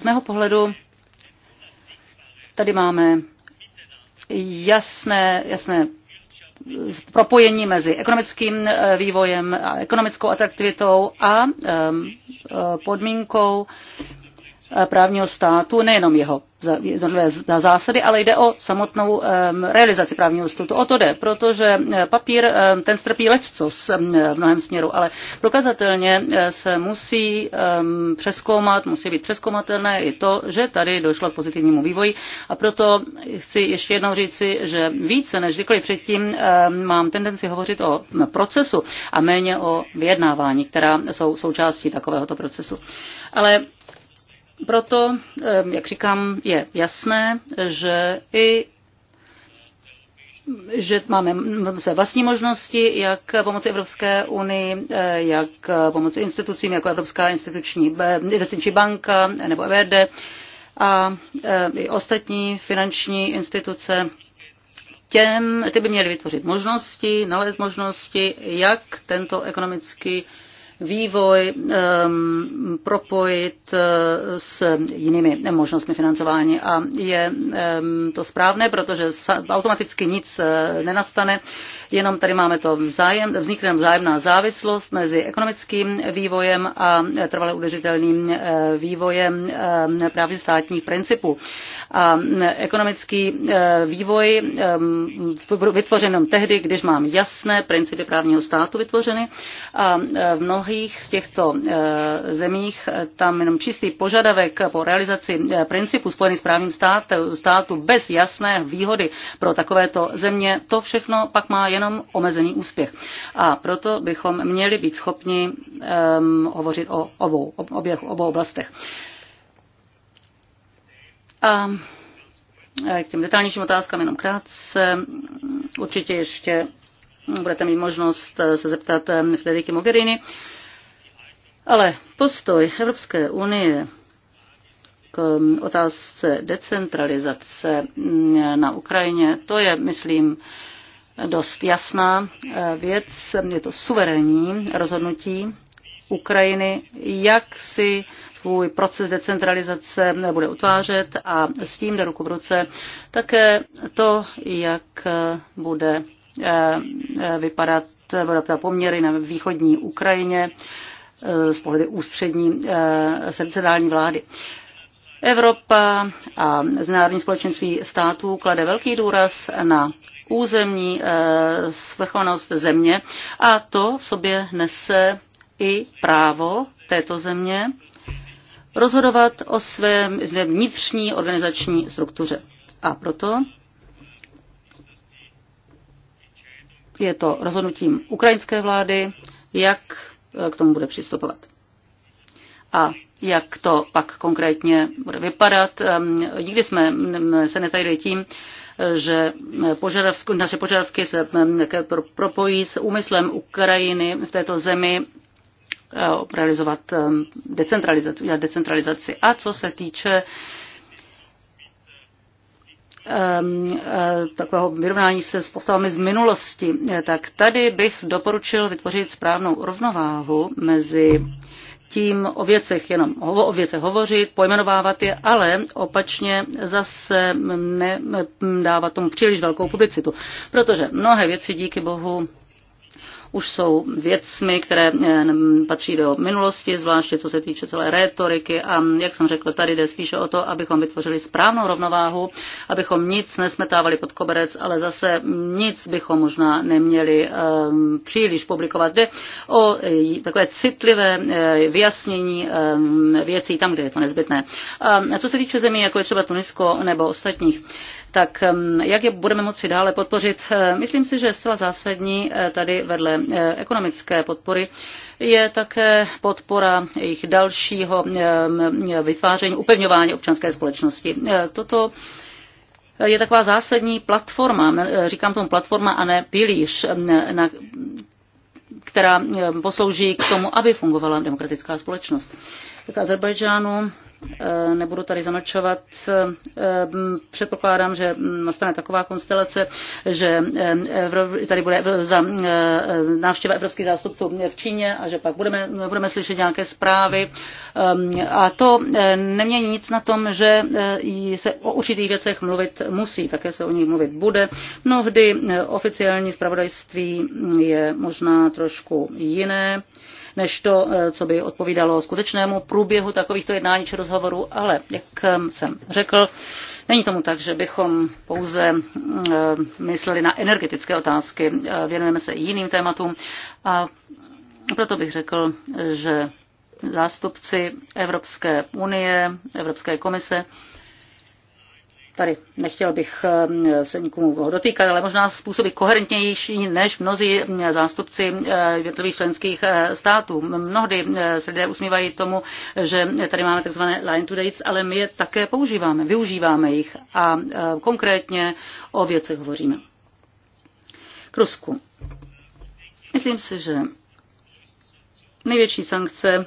Z mého pohledu tady máme jasné, jasné propojení mezi ekonomickým eh, vývojem a ekonomickou atraktivitou a eh, eh, podmínkou Eh, právního státu, nejenom jeho jednotlivé zásady, ale jde o samotnou realizaci právního státu. O to jde, protože eh, papír, ten strpí um, v mnohem směru, ale prokazatelně eh, se musí přeskoumat, musí být přeskoumatelné i to, že tady došlo k pozitivnímu vývoji a proto chci ještě jednou říci, že více než kdykoliv předtím mám tendenci hovořit o procesu a méně o vyjednávání, která jsou součástí takovéhoto procesu. Ale proto, eh, jak říkám, je jasné, že i že máme své vlastní možnosti, jak pomoci Evropské unii, eh, jak pomoci institucím, jako Evropská instituční, eh, investiční banka nebo EVD a i ostatní finanční instituce. Těm, ty by měly vytvořit možnosti, nalézt možnosti, jak tento ekonomický vývoj ehm, propojit eh, s jinými možnostmi financování. A je ehm, to správné, protože automaticky nic eh, nenastane, jenom tady máme to vzájem, vznikne vzájemná závislost mezi ekonomickým vývojem a trvale udržitelným eh, vývojem ehm, právě státních principů. A ekonomický vývoj vytvořen tehdy, když mám jasné principy právního státu vytvořeny a v mnohých mnohých z těchto eh, zemích eh, tam jenom čistý požadavek po realizaci eh, principu spojený s právním státu, státu bez jasné výhody pro takovéto země, to všechno pak má jenom omezený úspěch. A proto bychom měli být schopni um, hovořit o obou, oběch, obou oblastech. A k těm detailnějším otázkám jenom krátce. Určitě ještě budete mít možnost se zeptat Frederiky Mogherini. Ale postoj Evropské unie k otázce decentralizace mm, na Ukrajině, to je, myslím, dost jasná eh, věc. Je to suverénní rozhodnutí Ukrajiny, jak si svůj proces decentralizace bude utvářet a s tím jde ruku v ruce také to, jak bude eh, eh, vypadat, budou poměry na východní Ukrajině Eh, z pohledu ústřední eh, centrální vlády. Evropa a Mezinárodní společenství států klade velký důraz na územní eh, svrchovanost země a to v sobě nese i právo této země rozhodovat o své vnitřní organizační struktuře. A proto je to rozhodnutím ukrajinské vlády, jak k tomu bude přistupovat. A jak to pak konkrétně bude vypadat. Nikdy jsme se netajili tím, že požadavky, naše požadavky se propojí s úmyslem Ukrajiny v této zemi eh, realizovat decentralizaci, decentralizaci. A co se týče Ehm, eh, takového vyrovnání se s postavami z minulosti, eh, tak tady bych doporučil vytvořit správnou rovnováhu mezi tím o věcech jenom o věcech hovořit, pojmenovávat je, ale opačně zase nedávat tomu příliš velkou publicitu. Protože mnohé věci díky bohu už jsou věcmi, které eh, patří do minulosti, zvláště co se týče celé rétoriky a jak jsem řekl, tady jde spíše o to, abychom vytvořili správnou rovnováhu, abychom nic nesmetávali pod koberec, ale zase nic bychom možná neměli eh, příliš publikovat. Jde o eh, takové citlivé vyjasnění věcí tam, kde je to nezbytné. A co se týče zemí, jako je třeba Tunisko nebo ostatních, tak jak je budeme moci dále podpořit? Eh, myslím si, že zcela zásadní eh, tady vedle eh, ekonomické podpory je také podpora jejich dalšího vytváření, upevňování občanské společnosti. Toto je taková zásadní platforma, říkám tomu platforma a ne pilíř, na, která poslouží k tomu, aby fungovala demokratická společnost. K Azerbajdžánu Eh, nebudu tady zamlčovat. Eh, předpokládám, že nastane taková konstelace, že eh, tady bude za návštěva evropských zástupců v Číně a že pak budeme, budeme slyšet nějaké zprávy. A to nemění nic na tom, že se o určitých věcech mluvit musí, také se o nich mluvit bude. Mnohdy oficiální zpravodajství je možná trošku jiné než to, eh, co by odpovídalo skutečnému průběhu takovýchto jednání či rozhovorů, ale jak ehm, jsem řekl, Není tomu tak, že bychom pouze eh, mysleli na energetické otázky, eh, věnujeme se i jiným tématům a proto bych řekl, že zástupci Evropské unie, Evropské komise tady nechtěl bych eh, se nikomu dotýkat, ale možná způsoby koherentnější než mnozí eh, zástupci eh, jednotlivých členských států. Mnohdy se lidé usmívají tomu, že tady máme tzv. line to dates, ale my je také používáme, využíváme jich a konkrétně o věcech hovoříme. K Rusku. Myslím si, že největší sankce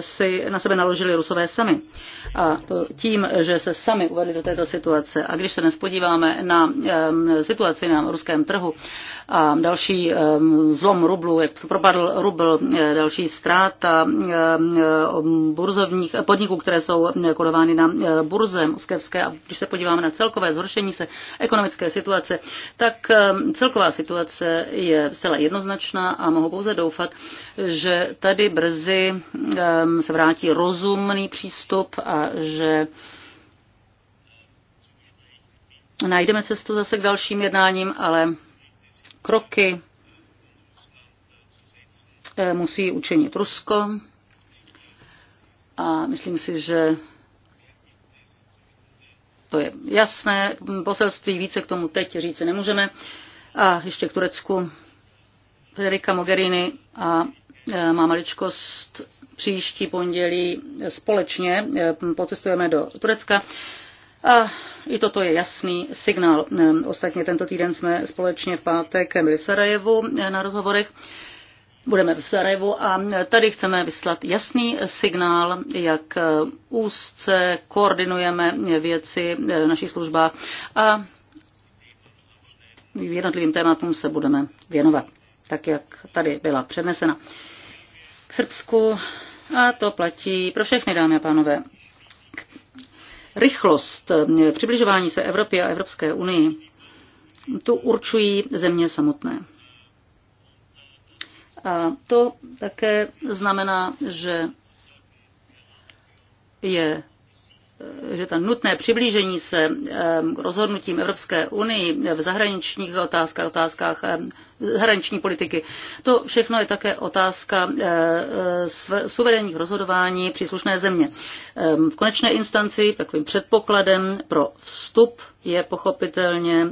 si na sebe naložili rusové sami. A to tím, že se sami uvedli do této situace. A když se dnes podíváme na situaci na ruském trhu a další zlom rublu, jak propadl rubl, e, další ztráta burzovních podniků, které jsou kodovány na e, burze moskevské, a když se podíváme na celkové zhoršení se ekonomické situace, tak celková situace je zcela jednoznačná a mohu pouze doufat, že tady brzy Ehm, se vrátí rozumný přístup a že najdeme cestu zase k dalším jednáním, ale kroky eh, musí učinit Rusko. A myslím si, že to je jasné. Poselství více k tomu teď říci nemůžeme. A ještě k Turecku. Federica Mogherini a Eh, má maličkost příští pondělí společně eh, pocestujeme do Turecka. A i toto je jasný signál. Eh, ostatně tento týden jsme společně v pátek byli v Sarajevu na rozhovorech. Budeme v Sarajevu a tady chceme vyslat jasný signál, jak úzce koordinujeme věci v našich službách a jednotlivým tématům se budeme věnovat, tak jak tady byla přednesena k Srbsku a to platí pro všechny, dámy a pánové. Rychlost eh, přibližování se Evropě a Evropské unii tu určují země samotné. A to také znamená, že je že to nutné přiblížení se eh, k rozhodnutím Evropské unii v zahraničních otázkách, otázkách eh, zahraniční politiky, to všechno je také otázka eh, suverénních rozhodování příslušné země. V konečné instanci takovým předpokladem pro vstup je pochopitelně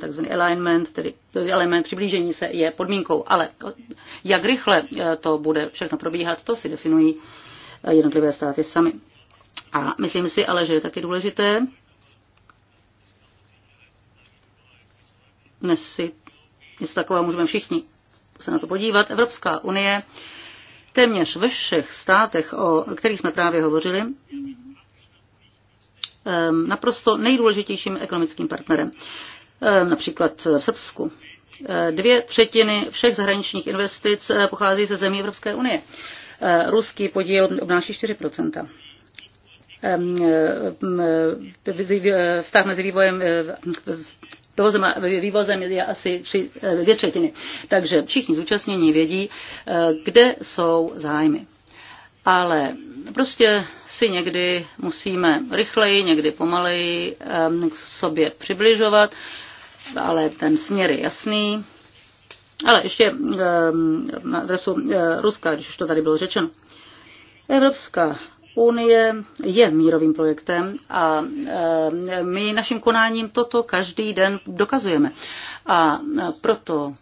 takzvaný alignment, tedy element přiblížení se je podmínkou, ale jak rychle to bude všechno probíhat, to si definují jednotlivé státy sami. A myslím si ale, že je taky důležité dnes si něco takového můžeme všichni se na to podívat. Evropská unie téměř ve všech státech, o kterých jsme právě hovořili, ehm, naprosto nejdůležitějším ekonomickým partnerem. Ehm, například v Srbsku. Ehm, dvě třetiny všech zahraničních investic eh, pochází ze zemí Evropské unie. Ruský podíl obnáší 4 Ehm, ehm, ehm, vztah mezi vývojem dovozem a vývozem je asi tři, eh, dvě třetiny. Takže všichni zúčastnění vědí, eh, kde jsou zájmy. Ale prostě si někdy musíme rychleji, někdy pomaleji k sobě přibližovat, ale ten směr je jasný. Ale ještě na adresu eh, Ruska, když už to tady bylo řečeno. Evropská Unie je mírovým projektem a e, my naším konáním toto každý den dokazujeme. A e, proto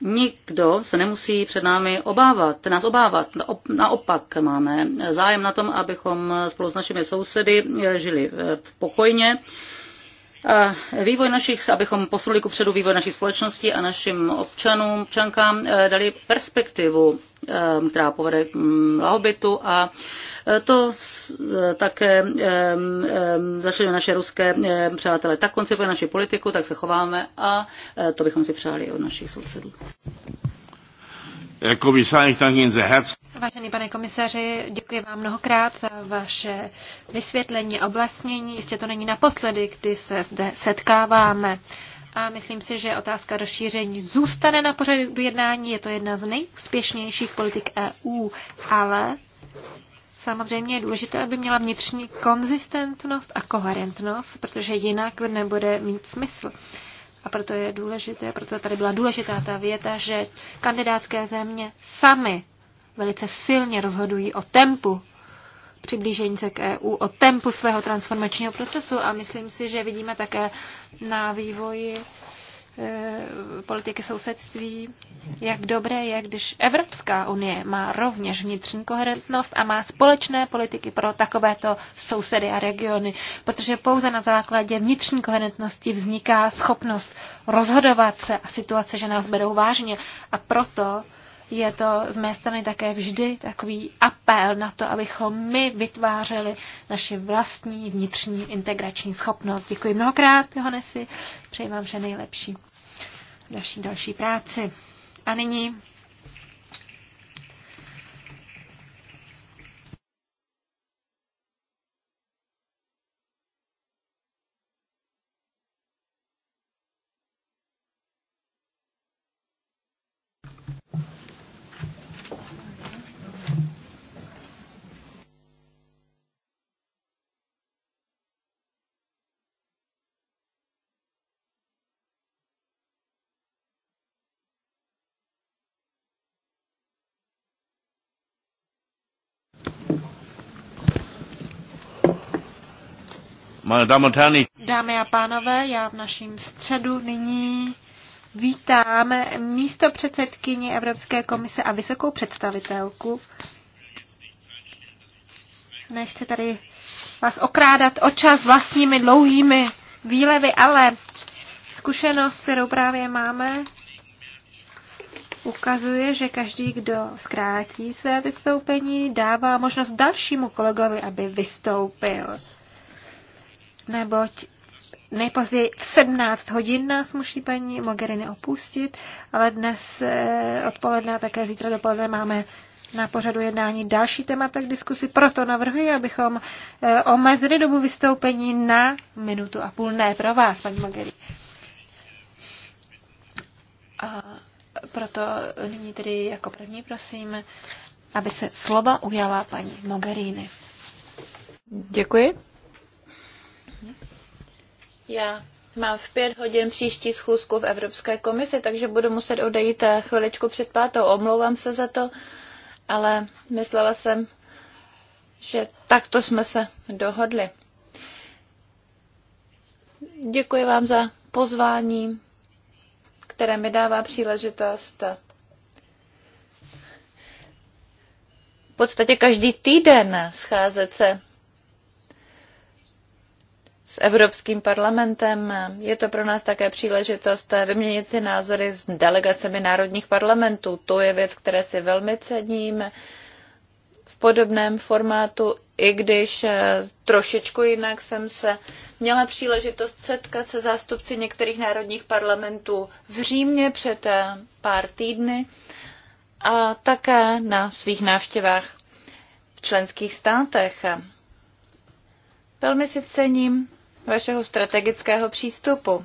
nikdo se nemusí před námi obávat, nás obávat. Naopak máme zájem na tom, abychom spolu s našimi sousedy žili e, pokojně vývoj našich, abychom posunuli ku předu vývoj naší společnosti a našim občanům, občankám eh, dali perspektivu, eh, která povede k mm, lahobytu a eh, to také začali naše ruské přátelé. Tak koncipuje naši politiku, tak se chováme a to bychom si přáli od našich sousedů. Vážený pane komisaři, děkuji vám mnohokrát za vaše vysvětlení a oblastnění. Jistě to není naposledy, kdy se zde setkáváme. A myslím si, že otázka rozšíření zůstane na pořadu jednání. Je to jedna z nejúspěšnějších politik EU, ale samozřejmě je důležité, aby měla vnitřní konzistentnost a koherentnost, protože jinak nebude mít smysl. A proto je důležité, proto tady byla důležitá ta věta, že kandidátské země sami velice silně rozhodují o tempu přiblížení se k EU, o tempu svého transformačního procesu a myslím si, že vidíme také na vývoji Eh, politiky sousedství, jak dobré je, když Evropská unie má rovněž vnitřní koherentnost a má společné politiky pro takovéto sousedy a regiony, protože pouze na základě vnitřní koherentnosti vzniká schopnost rozhodovat se a situace, že nás berou vážně. A proto je to z mé strany také vždy takový apel na to, abychom my vytvářeli naši vlastní vnitřní integrační schopnost. Děkuji mnohokrát, Honesi, přeji vám vše nejlepší v naší další práci. A nyní Dámy a pánové, já v našem středu nyní vítám místo předsedkyni Evropské komise a vysokou představitelku. Nechci tady vás okrádat o čas vlastními dlouhými výlevy, ale zkušenost, kterou právě máme, ukazuje, že každý, kdo zkrátí své vystoupení, dává možnost dalšímu kolegovi, aby vystoupil neboť nejpozději v 17 hodin nás musí paní Mogherini opustit, ale dnes eh, odpoledne a také zítra dopoledne máme na pořadu jednání další témata k diskusi, proto navrhuji, abychom eh, omezili dobu vystoupení na minutu a půl. Ne pro vás, paní Mogheri. A proto nyní tedy jako první prosím, aby se slova ujala paní Mogherini. Děkuji. Já mám v pět hodin příští schůzku v Evropské komisi, takže budu muset odejít eh, chviličku před pátou. Omlouvám se za to, ale myslela jsem, že takto jsme se dohodli. Děkuji vám za pozvání, které mi dává příležitost v podstatě každý týden scházet se s Evropským parlamentem. Je to pro nás také příležitost vyměnit si názory s delegacemi národních parlamentů. To je věc, které si velmi cením v podobném formátu, i když eh, trošičku jinak jsem se měla příležitost setkat se zástupci některých národních parlamentů v Římě před eh, pár týdny a také na svých návštěvách v členských státech. Velmi si cením vašeho strategického přístupu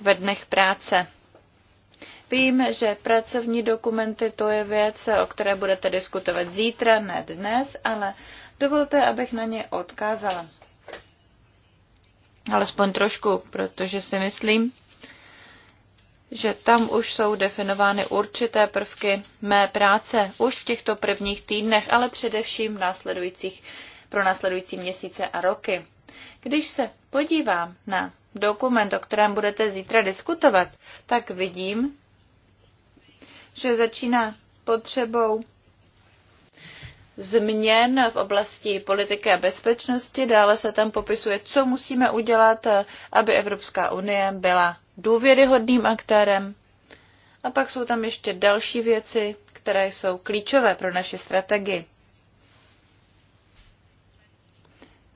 ve dnech práce. Vím, že pracovní dokumenty to je věc, o které budete diskutovat zítra, ne dnes, ale dovolte, abych na ně odkázala. Alespoň trošku, protože si myslím, že tam už jsou definovány určité prvky mé práce už v těchto prvních týdnech, ale především v následujících pro následující měsíce a roky. Když se podívám na dokument, o kterém budete zítra diskutovat, tak vidím, že začíná potřebou změn v oblasti politiky a bezpečnosti. Dále se tam popisuje, co musíme udělat, aby Evropská unie byla důvěryhodným aktérem. A pak jsou tam ještě další věci, které jsou klíčové pro naši strategii.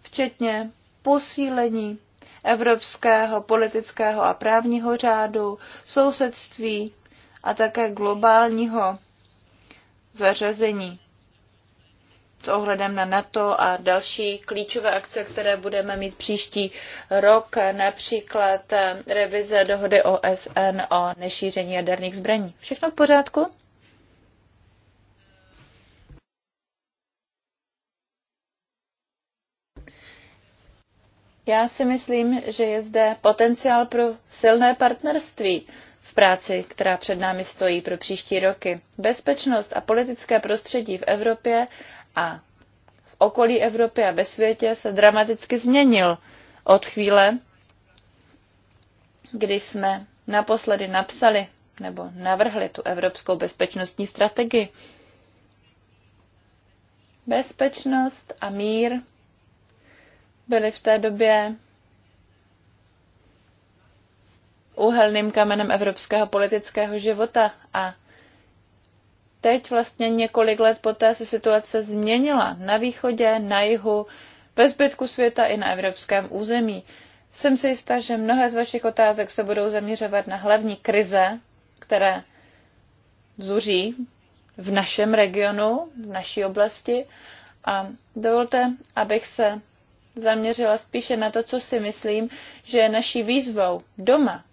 včetně posílení evropského politického a právního řádu, sousedství a také globálního zařazení s ohledem na NATO a další klíčové akce, které budeme mít příští rok, například revize dohody OSN o nešíření jaderných zbraní. Všechno v pořádku? Já si myslím, že je zde potenciál pro silné partnerství v práci, která před námi stojí pro příští roky. Bezpečnost a politické prostředí v Evropě a v okolí Evropy a ve světě se dramaticky změnil od chvíle, kdy jsme naposledy napsali nebo navrhli tu evropskou bezpečnostní strategii. Bezpečnost a mír byli v té době úhelným kamenem evropského politického života a teď vlastně několik let poté se situace změnila na východě, na jihu, ve zbytku světa i na evropském území. Jsem si jistá, že mnohé z vašich otázek se budou zaměřovat na hlavní krize, které vzuří v našem regionu, v naší oblasti. A dovolte, abych se zaměřila spíše na to, co si myslím, že je naší výzvou doma,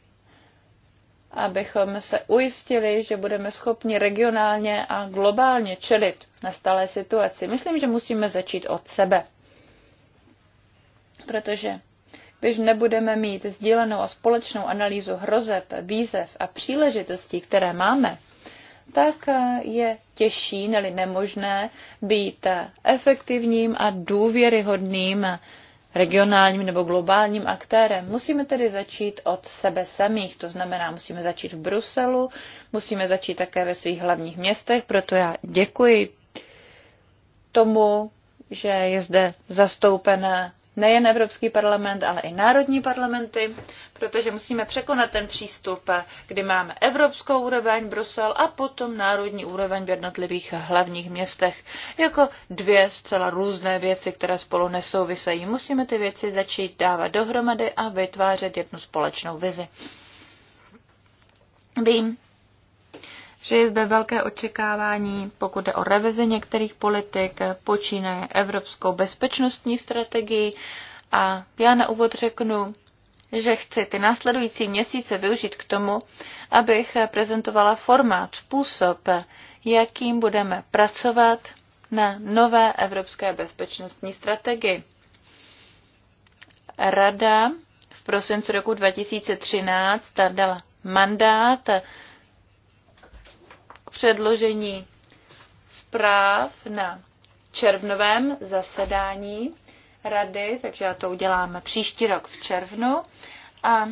abychom se ujistili, že budeme schopni regionálně a globálně čelit nastalé situaci. Myslím, že musíme začít od sebe. Protože když nebudeme mít sdílenou a společnou analýzu hrozeb, výzev a příležitostí, které máme, tak je těžší, neli nemožné, být efektivním a důvěryhodným regionálním nebo globálním aktérem. Musíme tedy začít od sebe samých, to znamená, musíme začít v Bruselu, musíme začít také ve svých hlavních městech, proto já děkuji tomu, že je zde zastoupené nejen Evropský parlament, ale i národní parlamenty, protože musíme překonat ten přístup, kdy máme evropskou úroveň Brusel a potom národní úroveň v jednotlivých hlavních městech, jako dvě zcela různé věci, které spolu nesouvisejí. Musíme ty věci začít dávat dohromady a vytvářet jednu společnou vizi. Vím, že je zde velké očekávání, pokud jde o revizi některých politik, počínaje evropskou bezpečnostní strategii. A já na úvod řeknu, že chci ty následující měsíce využít k tomu, abych prezentovala formát, způsob, jakým budeme pracovat na nové evropské bezpečnostní strategii. Rada v prosinci roku 2013 dala mandát předložení zpráv na červnovém zasedání rady, takže já to udělám příští rok v červnu. A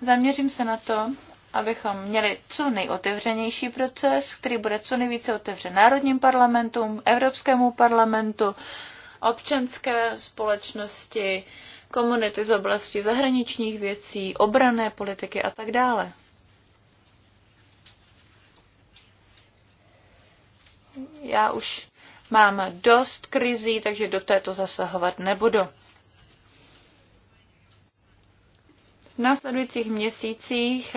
zaměřím se na to, abychom měli co nejotevřenější proces, který bude co nejvíce otevřen národním parlamentům, Evropskému parlamentu, občanské společnosti, komunity z oblasti zahraničních věcí, obrané politiky a tak dále. já už mám dost krizí, takže do této zasahovat nebudu. V následujících měsících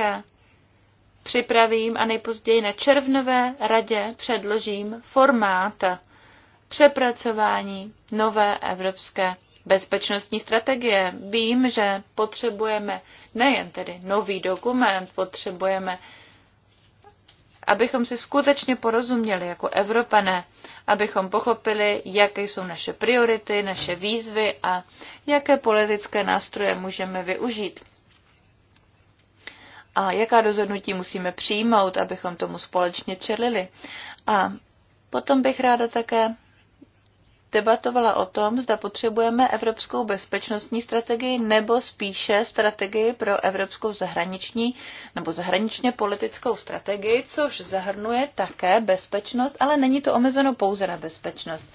připravím a nejpozději na červnové radě předložím formát přepracování nové evropské bezpečnostní strategie. Vím, že potřebujeme nejen tedy nový dokument, potřebujeme abychom si skutečně porozuměli jako Evropané, abychom pochopili, jaké jsou naše priority, naše výzvy a jaké politické nástroje můžeme využít. A jaká rozhodnutí musíme přijmout, abychom tomu společně čelili. A potom bych ráda také debatovala o tom, zda potřebujeme evropskou bezpečnostní strategii nebo spíše strategii pro evropskou zahraniční nebo zahraničně politickou strategii, což zahrnuje také bezpečnost, ale není to omezeno pouze na bezpečnost.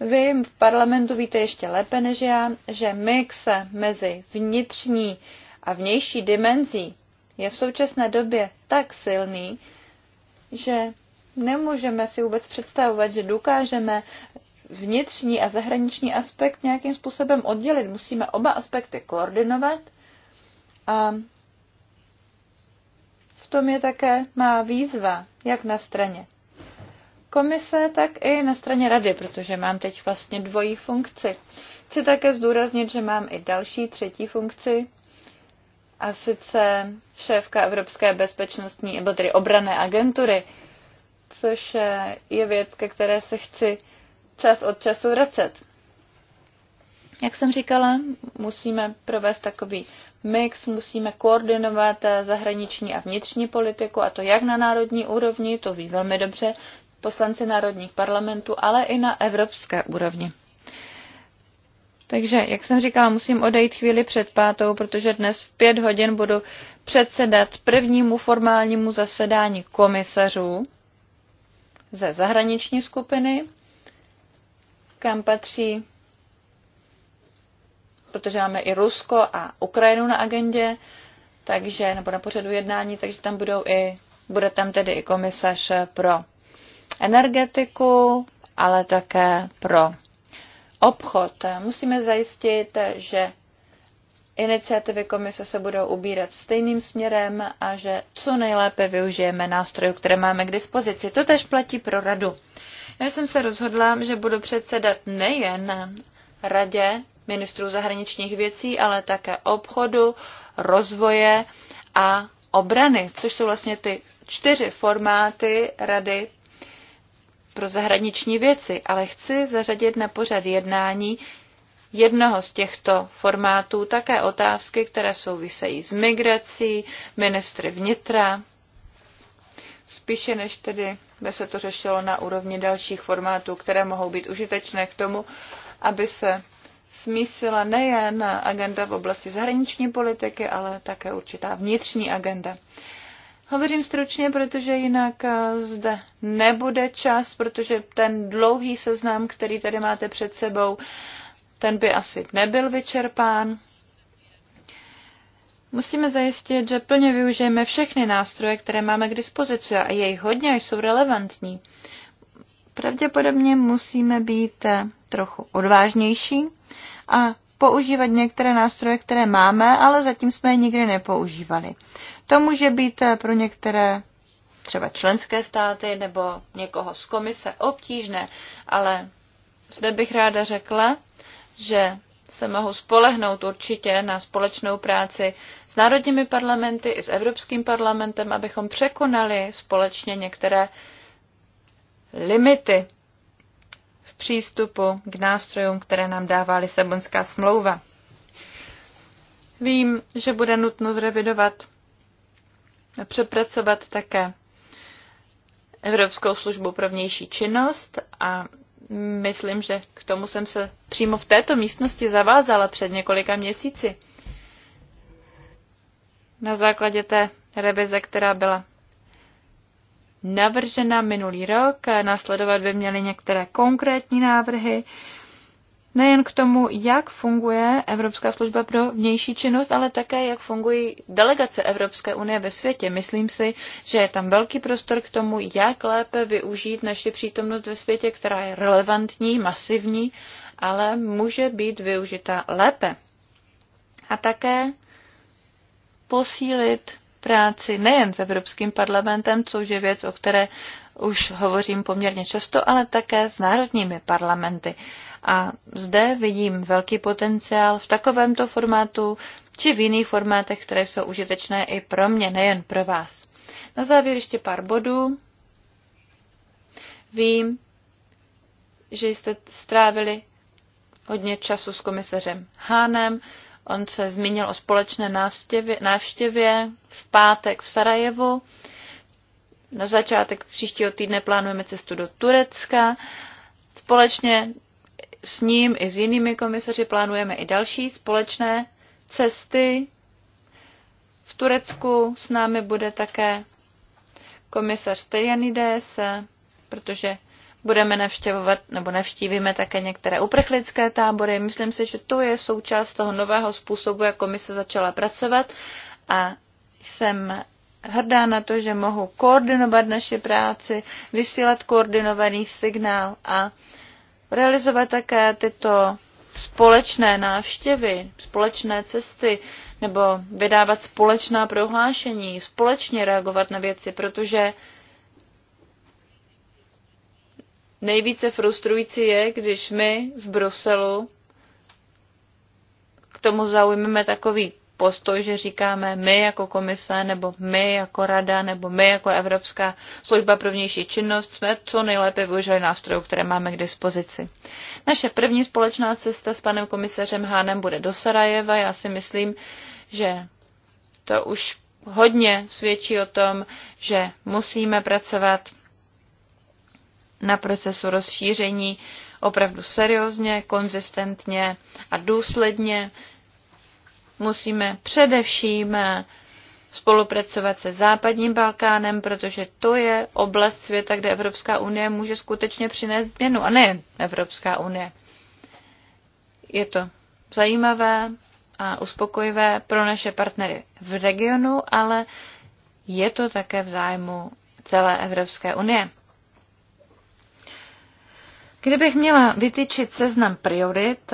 Vy v parlamentu víte ještě lépe než já, že mix mezi vnitřní a vnější dimenzí je v současné době tak silný, že nemůžeme si vůbec představovat, že dokážeme vnitřní a zahraniční aspekt nějakým způsobem oddělit. Musíme oba aspekty koordinovat a v tom je také má výzva, jak na straně komise, tak i na straně rady, protože mám teď vlastně dvojí funkci. Chci také zdůraznit, že mám i další třetí funkci, a sice šéfka Evropské bezpečnostní, nebo tedy obrané agentury, což je věc, ke které se chci čas od času vracet. Jak jsem říkala, musíme provést takový mix, musíme koordinovat eh, zahraniční a vnitřní politiku, a to jak na národní úrovni, to ví velmi dobře poslanci národních parlamentů, ale i na evropské úrovni. Takže, jak jsem říkala, musím odejít chvíli před pátou, protože dnes v pět hodin budu předsedat prvnímu formálnímu zasedání komisařů ze zahraniční skupiny kam patří, protože máme i Rusko a Ukrajinu na agendě, takže, nebo na pořadu jednání, takže tam budou i, bude tam tedy i komisař pro energetiku, ale také pro obchod. Musíme zajistit, že iniciativy komise se budou ubírat stejným směrem a že co nejlépe využijeme nástrojů, které máme k dispozici. To tež platí pro radu. Já jsem se rozhodla, že budu předsedat nejen radě ministrů zahraničních věcí, ale také obchodu, rozvoje a obrany, což jsou vlastně ty čtyři formáty Rady pro zahraniční věci, ale chci zařadit na pořad jednání jednoho z těchto formátů také otázky, které souvisejí s migrací, ministry vnitra spíše než tedy by se to řešilo na úrovni dalších formátů, které mohou být užitečné k tomu, aby se smísila nejen agenda v oblasti zahraniční politiky, ale také určitá vnitřní agenda. Hovořím stručně, protože jinak eh, zde nebude čas, protože ten dlouhý seznam, který tady máte před sebou, ten by asi nebyl vyčerpán. Musíme zajistit, že plně využijeme všechny nástroje, které máme k dispozici a jejich hodně a jsou relevantní. Pravděpodobně musíme být eh, trochu odvážnější a používat některé nástroje, které máme, ale zatím jsme je nikdy nepoužívali. To může být eh, pro některé třeba členské státy nebo někoho z komise obtížné, ale zde bych ráda řekla, že se mohu spolehnout určitě na společnou práci s národními parlamenty i s Evropským parlamentem, abychom překonali společně některé limity v přístupu k nástrojům, které nám dává Lisabonská smlouva. Vím, že bude nutno zrevidovat a přepracovat také Evropskou službu pro vnější činnost a myslím, že k tomu jsem se přímo v této místnosti zavázala před několika měsíci. Na základě té revize, která byla navržena minulý rok, následovat by měly některé konkrétní návrhy, nejen k tomu, jak funguje Evropská služba pro vnější činnost, ale také, jak fungují delegace Evropské unie ve světě. Myslím si, že je tam velký prostor k tomu, jak lépe využít naši přítomnost ve světě, která je relevantní, masivní, ale může být využita lépe. A také posílit práci nejen s Evropským parlamentem, což je věc, o které už hovořím poměrně často, ale také s národními parlamenty. A zde vidím velký potenciál v takovémto formátu či v jiných formátech, které jsou užitečné i pro mě, nejen pro vás. Na závěr ještě pár bodů. Vím, že jste strávili hodně času s komisařem Hánem. On se zmínil o společné návštěvě, návštěvě v pátek v Sarajevu. Na začátek příštího týdne plánujeme cestu do Turecka. Společně s ním i s jinými komisaři plánujeme i další společné cesty. V Turecku s námi bude také komisař Stejanides, protože budeme navštěvovat nebo navštívíme také některé uprchlické tábory. Myslím si, že to je součást toho nového způsobu, jak komise začala pracovat a jsem hrdá na to, že mohu koordinovat naši práci, vysílat koordinovaný signál a realizovat také tyto společné návštěvy, společné cesty nebo vydávat společná prohlášení, společně reagovat na věci, protože nejvíce frustrující je, když my v Bruselu k tomu zaujmeme takový postoj, že říkáme my jako komise, nebo my jako rada, nebo my jako Evropská služba pro vnější činnost jsme co nejlépe využili nástrojů, které máme k dispozici. Naše první společná cesta s panem komisařem Hánem bude do Sarajeva. Já si myslím, že to už hodně svědčí o tom, že musíme pracovat na procesu rozšíření opravdu seriózně, konzistentně a důsledně, musíme především eh, spolupracovat se západním Balkánem, protože to je oblast světa, kde Evropská unie může skutečně přinést změnu, a ne Evropská unie. Je to zajímavé a uspokojivé pro naše partnery v regionu, ale je to také v zájmu celé Evropské unie. Kdybych měla vytyčit seznam priorit,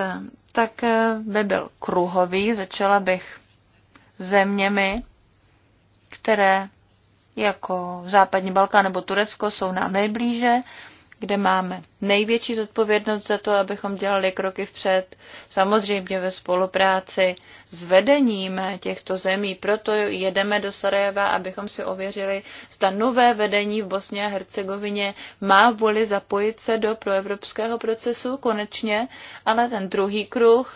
tak eh, by byl kruhový. Začala bych zeměmi, které jako západní Balkán nebo Turecko jsou nám nejblíže kde máme největší zodpovědnost za to, abychom dělali kroky vpřed, samozřejmě ve spolupráci s vedením těchto zemí. Proto jedeme do Sarajeva, abychom si ověřili, zda nové vedení v Bosně a Hercegovině má vůli zapojit se do proevropského procesu konečně, ale ten druhý kruh,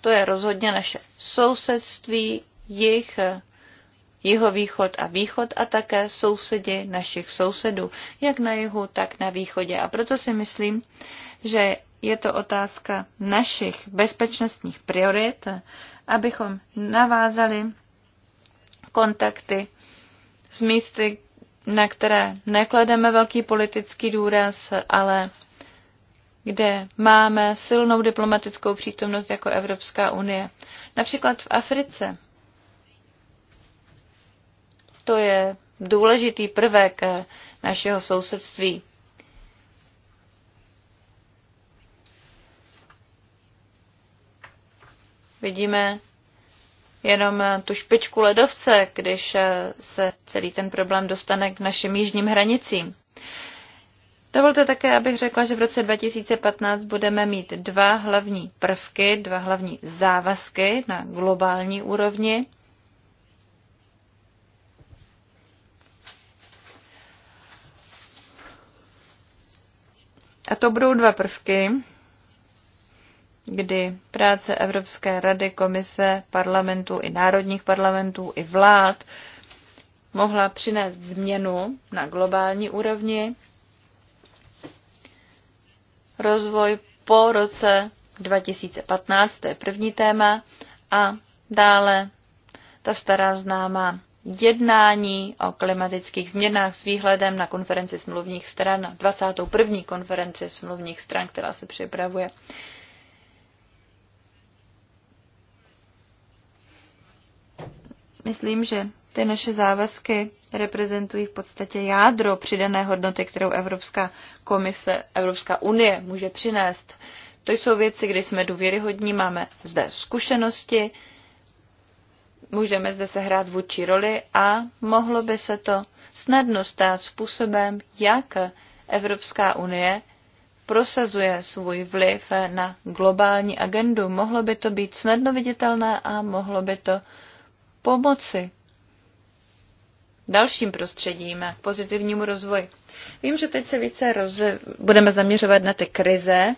to je rozhodně naše sousedství, jich jihovýchod a východ a také sousedi našich sousedů, jak na jihu, tak na východě. A proto si myslím, že je to otázka našich bezpečnostních priorit, abychom navázali kontakty s místy, na které neklademe velký politický důraz, ale kde máme silnou diplomatickou přítomnost jako Evropská unie. Například v Africe to je důležitý prvek eh, našeho sousedství. Vidíme jenom eh, tu špičku ledovce, když eh, se celý ten problém dostane k našim jižním hranicím. Dovolte také, abych řekla, že v roce 2015 budeme mít dva hlavní prvky, dva hlavní závazky na globální úrovni. A to budou dva prvky, kdy práce Evropské rady, komise, parlamentu i národních parlamentů i vlád mohla přinést změnu na globální úrovni, rozvoj po roce 2015, to je první téma, a dále ta stará známá jednání o klimatických změnách s výhledem na konferenci smluvních stran, 21. konferenci smluvních stran, která se připravuje. Myslím, že ty naše závazky reprezentují v podstatě jádro přidané hodnoty, kterou Evropská komise, Evropská unie může přinést. To jsou věci, kdy jsme důvěryhodní, máme zde zkušenosti, můžeme zde sehrát vůči roli a mohlo by se to snadno stát způsobem, jak Evropská unie prosazuje svůj vliv na globální agendu. Mohlo by to být snadno viditelné a mohlo by to pomoci dalším prostředím a k pozitivnímu rozvoji. Vím, že teď se více roz... budeme zaměřovat na ty krize,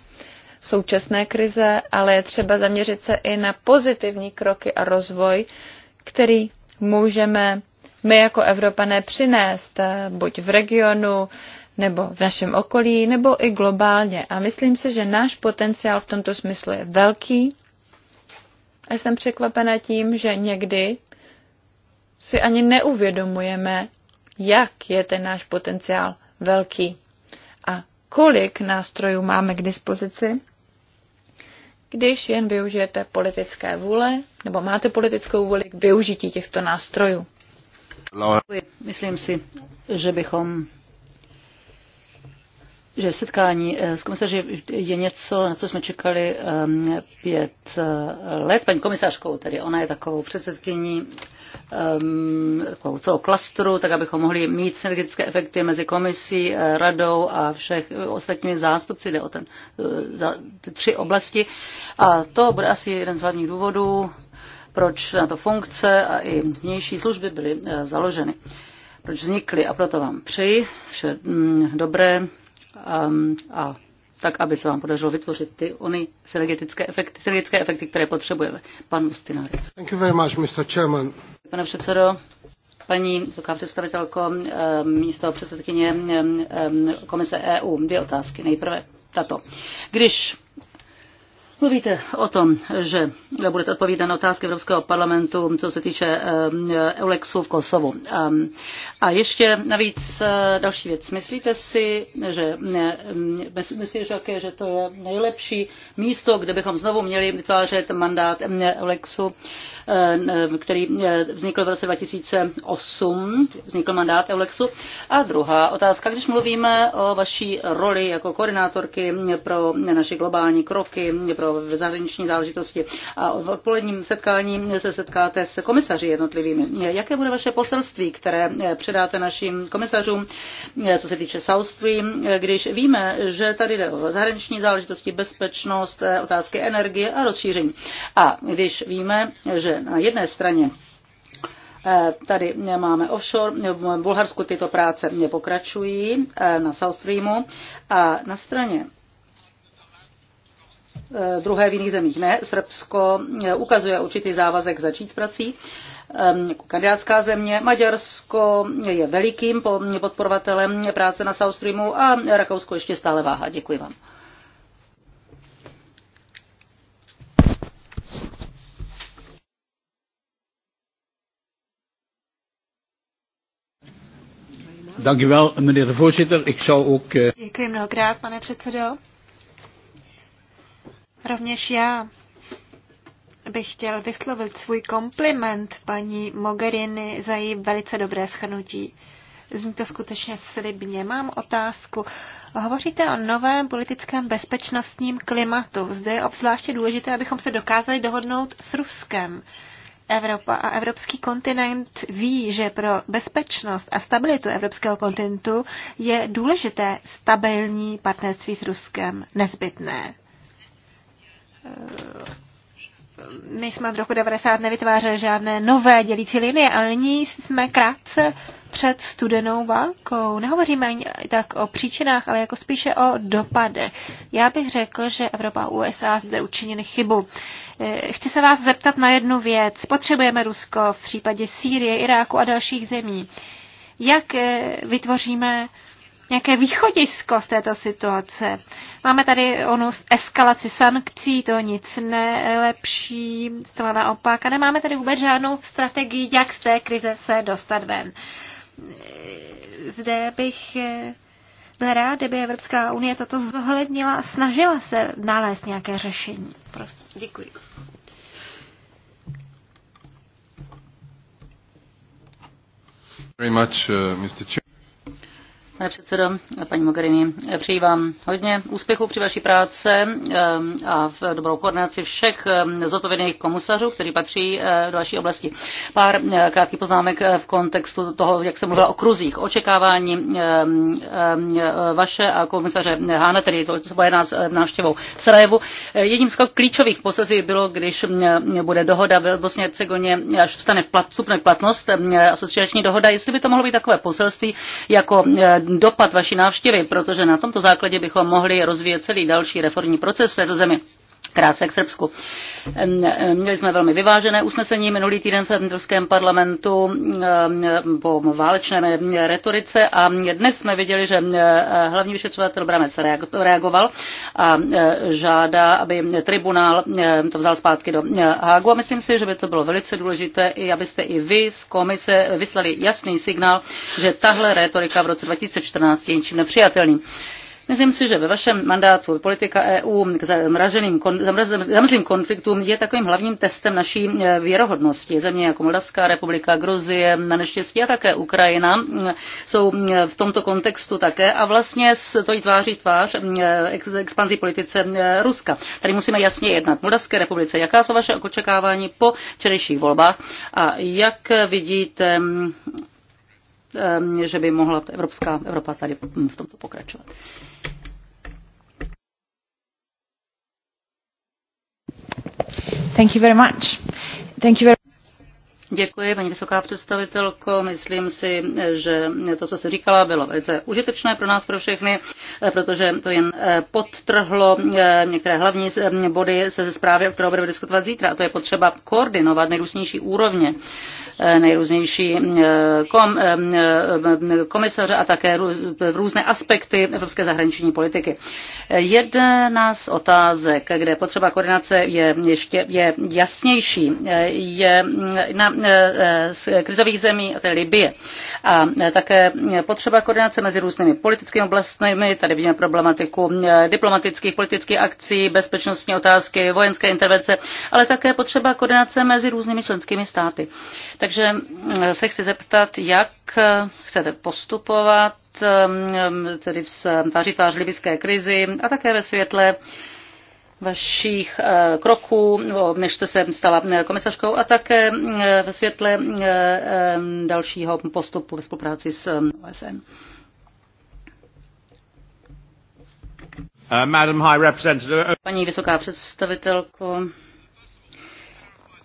současné krize, ale je třeba zaměřit se i na pozitivní kroky a rozvoj, který můžeme my jako Evropané přinést, eh, buď v regionu, nebo v našem okolí, nebo i globálně. A myslím si, že náš potenciál v tomto smyslu je velký. A jsem překvapena tím, že někdy si ani neuvědomujeme, jak je ten náš potenciál velký a kolik nástrojů máme k dispozici když jen využijete politické vůle, nebo máte politickou vůli k využití těchto nástrojů. Myslím si, že bychom že setkání eh, s komisaři je něco, na co jsme čekali eh, pět eh, let. Paní komisařkou, tedy ona je takovou předsedkyní um, celou klastru, tak abychom mohli mít synergické efekty mezi komisí, eh, radou a všech eh, ostatními zástupci, jde o ten, eh, za ty tři oblasti. A to bude asi jeden z hlavních důvodů, proč na to funkce a i vnější služby byly založeny, proč vznikly a proto vám přeji vše mm, dobré um, a tak aby se vám podařilo vytvořit ty ony synergetické efekty, synergetické efekty které potřebujeme. Pan Ustinari. Thank you very much, Mr. Chairman. Pane předsedo, paní vysoká představitelko, eh, místo předsedkyně eh, eh, Komise EU, dvě otázky. Nejprve tato. Když Mluvíte o tom, že budete odpovídat na otázky Evropského parlamentu, co se týče eh, Eulexu v Kosovu. Ehm, a ještě navíc eh, další věc. Myslíte si, že, myslíte, že, také, že to je nejlepší místo, kde bychom znovu měli vytvářet mandát eh, Eulexu, který vznikl v roce 2008, vznikl mandát Eulexu. A druhá otázka, když mluvíme o vaší roli jako koordinátorky pro naše globální kroky, pro v zahraniční záležitosti. A v odpoledním setkání se setkáte s komisaři jednotlivými. Jaké bude vaše poselství, které předáte našim komisařům, co se týče South Stream, když víme, že tady jde o zahraniční záležitosti, bezpečnost, otázky energie a rozšíření. A když víme, že na jedné straně eh, Tady máme offshore, v Bulharsku tyto práce pokračují eh, na South Streamu a na straně Eh, druhé v jiných zemích ne. Srbsko eh, ukazuje určitý závazek začít s prací ehm, jako kandidátská země. Maďarsko je velikým podporovatelem práce na South Streamu a Rakousko ještě stále váha. Děkuji vám. Eh, Děkuji mnohokrát, pane předsedo. Rovněž já bych chtěl vyslovit svůj kompliment paní Mogherini za její velice dobré schrnutí. Zní to skutečně slibně. Mám otázku. Hovoříte o novém politickém bezpečnostním klimatu. Zde je obzvláště důležité, abychom se dokázali dohodnout s Ruskem. Evropa a evropský kontinent ví, že pro bezpečnost a stabilitu evropského kontinentu je důležité stabilní partnerství s Ruskem nezbytné my jsme od roku 90 nevytvářeli žádné nové dělící linie, ale nyní jsme krátce před studenou válkou. Nehovoříme ani tak o příčinách, ale jako spíše o dopade. Já bych řekl, že Evropa a USA zde učinili chybu. Eh, chci se vás zeptat na jednu věc. Potřebujeme Rusko v případě Sýrie, Iráku a dalších zemí. Jak eh, vytvoříme nějaké východisko z této situace. Máme tady onu eskalaci sankcí, to nic nelepší, zcela naopak. A nemáme tady vůbec žádnou strategii, jak z té krize se dostat ven. Zde bych byl rád, kdyby Evropská unie toto zohlednila a snažila se nalézt nějaké řešení. Prostě. Děkuji. Very much, uh, Mr. Pane předsedo, paní Mogherini, přeji vám hodně úspěchů při vaší práci ehm, a v dobrou koordinaci všech ehm, zodpovědných komisařů, kteří patří eh, do vaší oblasti. Pár eh, krátkých poznámek eh, v kontextu toho, jak jsem mluvila o kruzích, očekávání ehm, vaše a komisaře Hána, tedy to spojená s návštěvou v Sarajevu. Jedním z klíčových poselství bylo, když bude dohoda v Bosně Cegoně, až vstane v plat, platnost asociační dohoda, jestli by to mohlo být takové poselství jako dopad vaší návštěvy, protože na tomto základě bychom mohli rozvíjet celý další reformní proces v této zemi krátce k Srbsku. Měli jsme velmi vyvážené usnesení minulý týden v Evropském parlamentu po válečné retorice a dnes jsme viděli, že hlavní vyšetřovatel Bramec reagoval a žádá, aby tribunál to vzal zpátky do Hágu a myslím si, že by to bylo velice důležité, i abyste i vy z komise vyslali jasný signál, že tahle retorika v roce 2014 je ničím nepřijatelným. Myslím si, že ve vašem mandátu politika EU k zamrazeným, zamrzlým konfliktům je takovým hlavním testem naší e, věrohodnosti. Země jako Moldavská republika, Gruzie, na neštěstí a také Ukrajina e, jsou e, v tomto kontextu také a vlastně stojí tváří tvář expanzi politice Ruska. Tady musíme jasně jednat. V Moldavské republice, jaká jsou vaše očekávání po včerejších volbách a jak vidíte Um, že by mohla Evropská Evropa tady v tomto pokračovat. Thank you very much. Thank you very Děkuji, paní vysoká představitelko. Myslím si, že to, co jste říkala, bylo velice užitečné pro nás, pro všechny, protože to jen eh, podtrhlo eh, některé hlavní eh, body se zprávy, o které budeme diskutovat zítra. A to je potřeba koordinovat nejrůznější úrovně nejrůznější kom, komisaře a také různé aspekty evropské zahraniční politiky. Jedna z otázek, kde potřeba koordinace je ještě je jasnější, je na Eh, eh, z krizových zemí, a to je Libie. A eh, také potřeba koordinace mezi různými politickými oblastmi, tady vidíme problematiku diplomatických, politických akcí, bezpečnostní otázky, vojenské intervence, ale také potřeba koordinace mezi různými členskými státy. Takže se chci zeptat, jak chcete postupovat tedy v tváří tvář libyské krizi a také ve světle vašich eh, kroků, než jste se stala eh, komisařkou a také eh, ve světle dalšího postupu ve spolupráci s OSN. Uh, uh, Paní vysoká představitelko,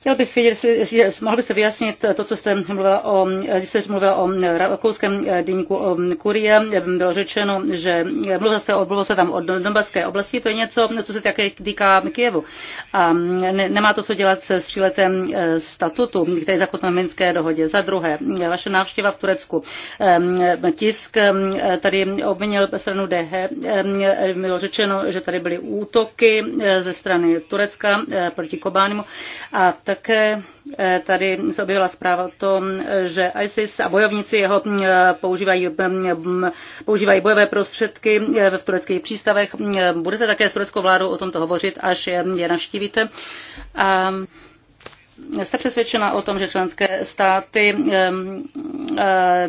Chtěl bych vědět, mohl byste vyjasnit to, co jste mluvila o, jste mluvila o rakouském o Kurie, bylo řečeno, že mluvila jste, mluvilo se tam o Donbaské oblasti, to je něco, co se také týká Kijevu. A ne, nemá to co dělat se stříletem eh, statutu, který je zakotven v Minské dohodě. Za druhé, vaše návštěva v Turecku. Ehm, tisk eh, tady obvinil stranu DH, ehm, bylo řečeno, že tady byly útoky eh, ze strany Turecka proti Kobánimu a tak také eh, tady se objevila zpráva o tom, že ISIS a bojovníci jeho eh, používají, eh, používají bojové prostředky v tureckých přístavech. Budete také s tureckou vládou o tomto hovořit, až je, je navštívíte. A jste přesvědčena o tom, že členské státy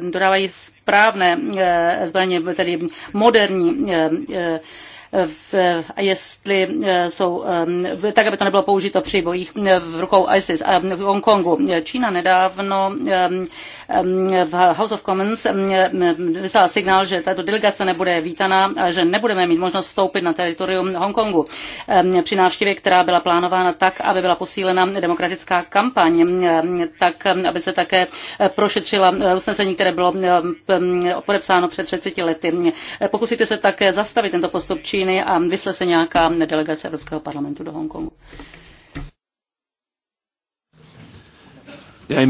dodávají správné zbraně, tedy moderní v, jestli eh, jsou, eh, tak aby to nebylo použito při bojích eh, v rukou ISIS a v Hongkongu. Čína nedávno v House of Commons vyslala signál, že tato delegace nebude vítaná a že nebudeme mít možnost vstoupit na teritorium Hongkongu při návštěvě, která byla plánována tak, aby byla posílena demokratická kampaň, tak aby se také prošetřila usnesení, které bylo podepsáno před 30 lety. Pokusíte se také zastavit tento postup Číny Číny a vysle se nějaká delegace Evropského parlamentu do Hongkongu. Já ehm,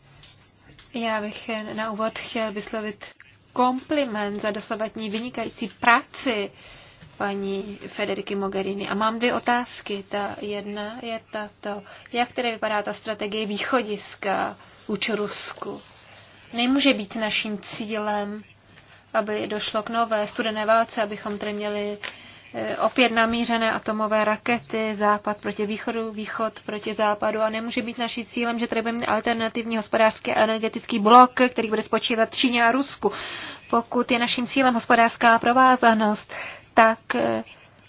bych na úvod chtěl vyslovit kompliment za dosavatní vynikající práci paní Federiky Mogherini. A mám dvě otázky. Ta jedna je tato. Jak tedy vypadá ta strategie východiska vůči Rusku? Nemůže být naším cílem aby došlo k nové studené válce, abychom tady měli e, opět namířené atomové rakety, západ proti východu, východ proti západu a nemůže být naší cílem, že tady budeme alternativní hospodářský a energetický blok, který bude spočívat Číně a Rusku. Pokud je naším cílem hospodářská provázanost, tak e,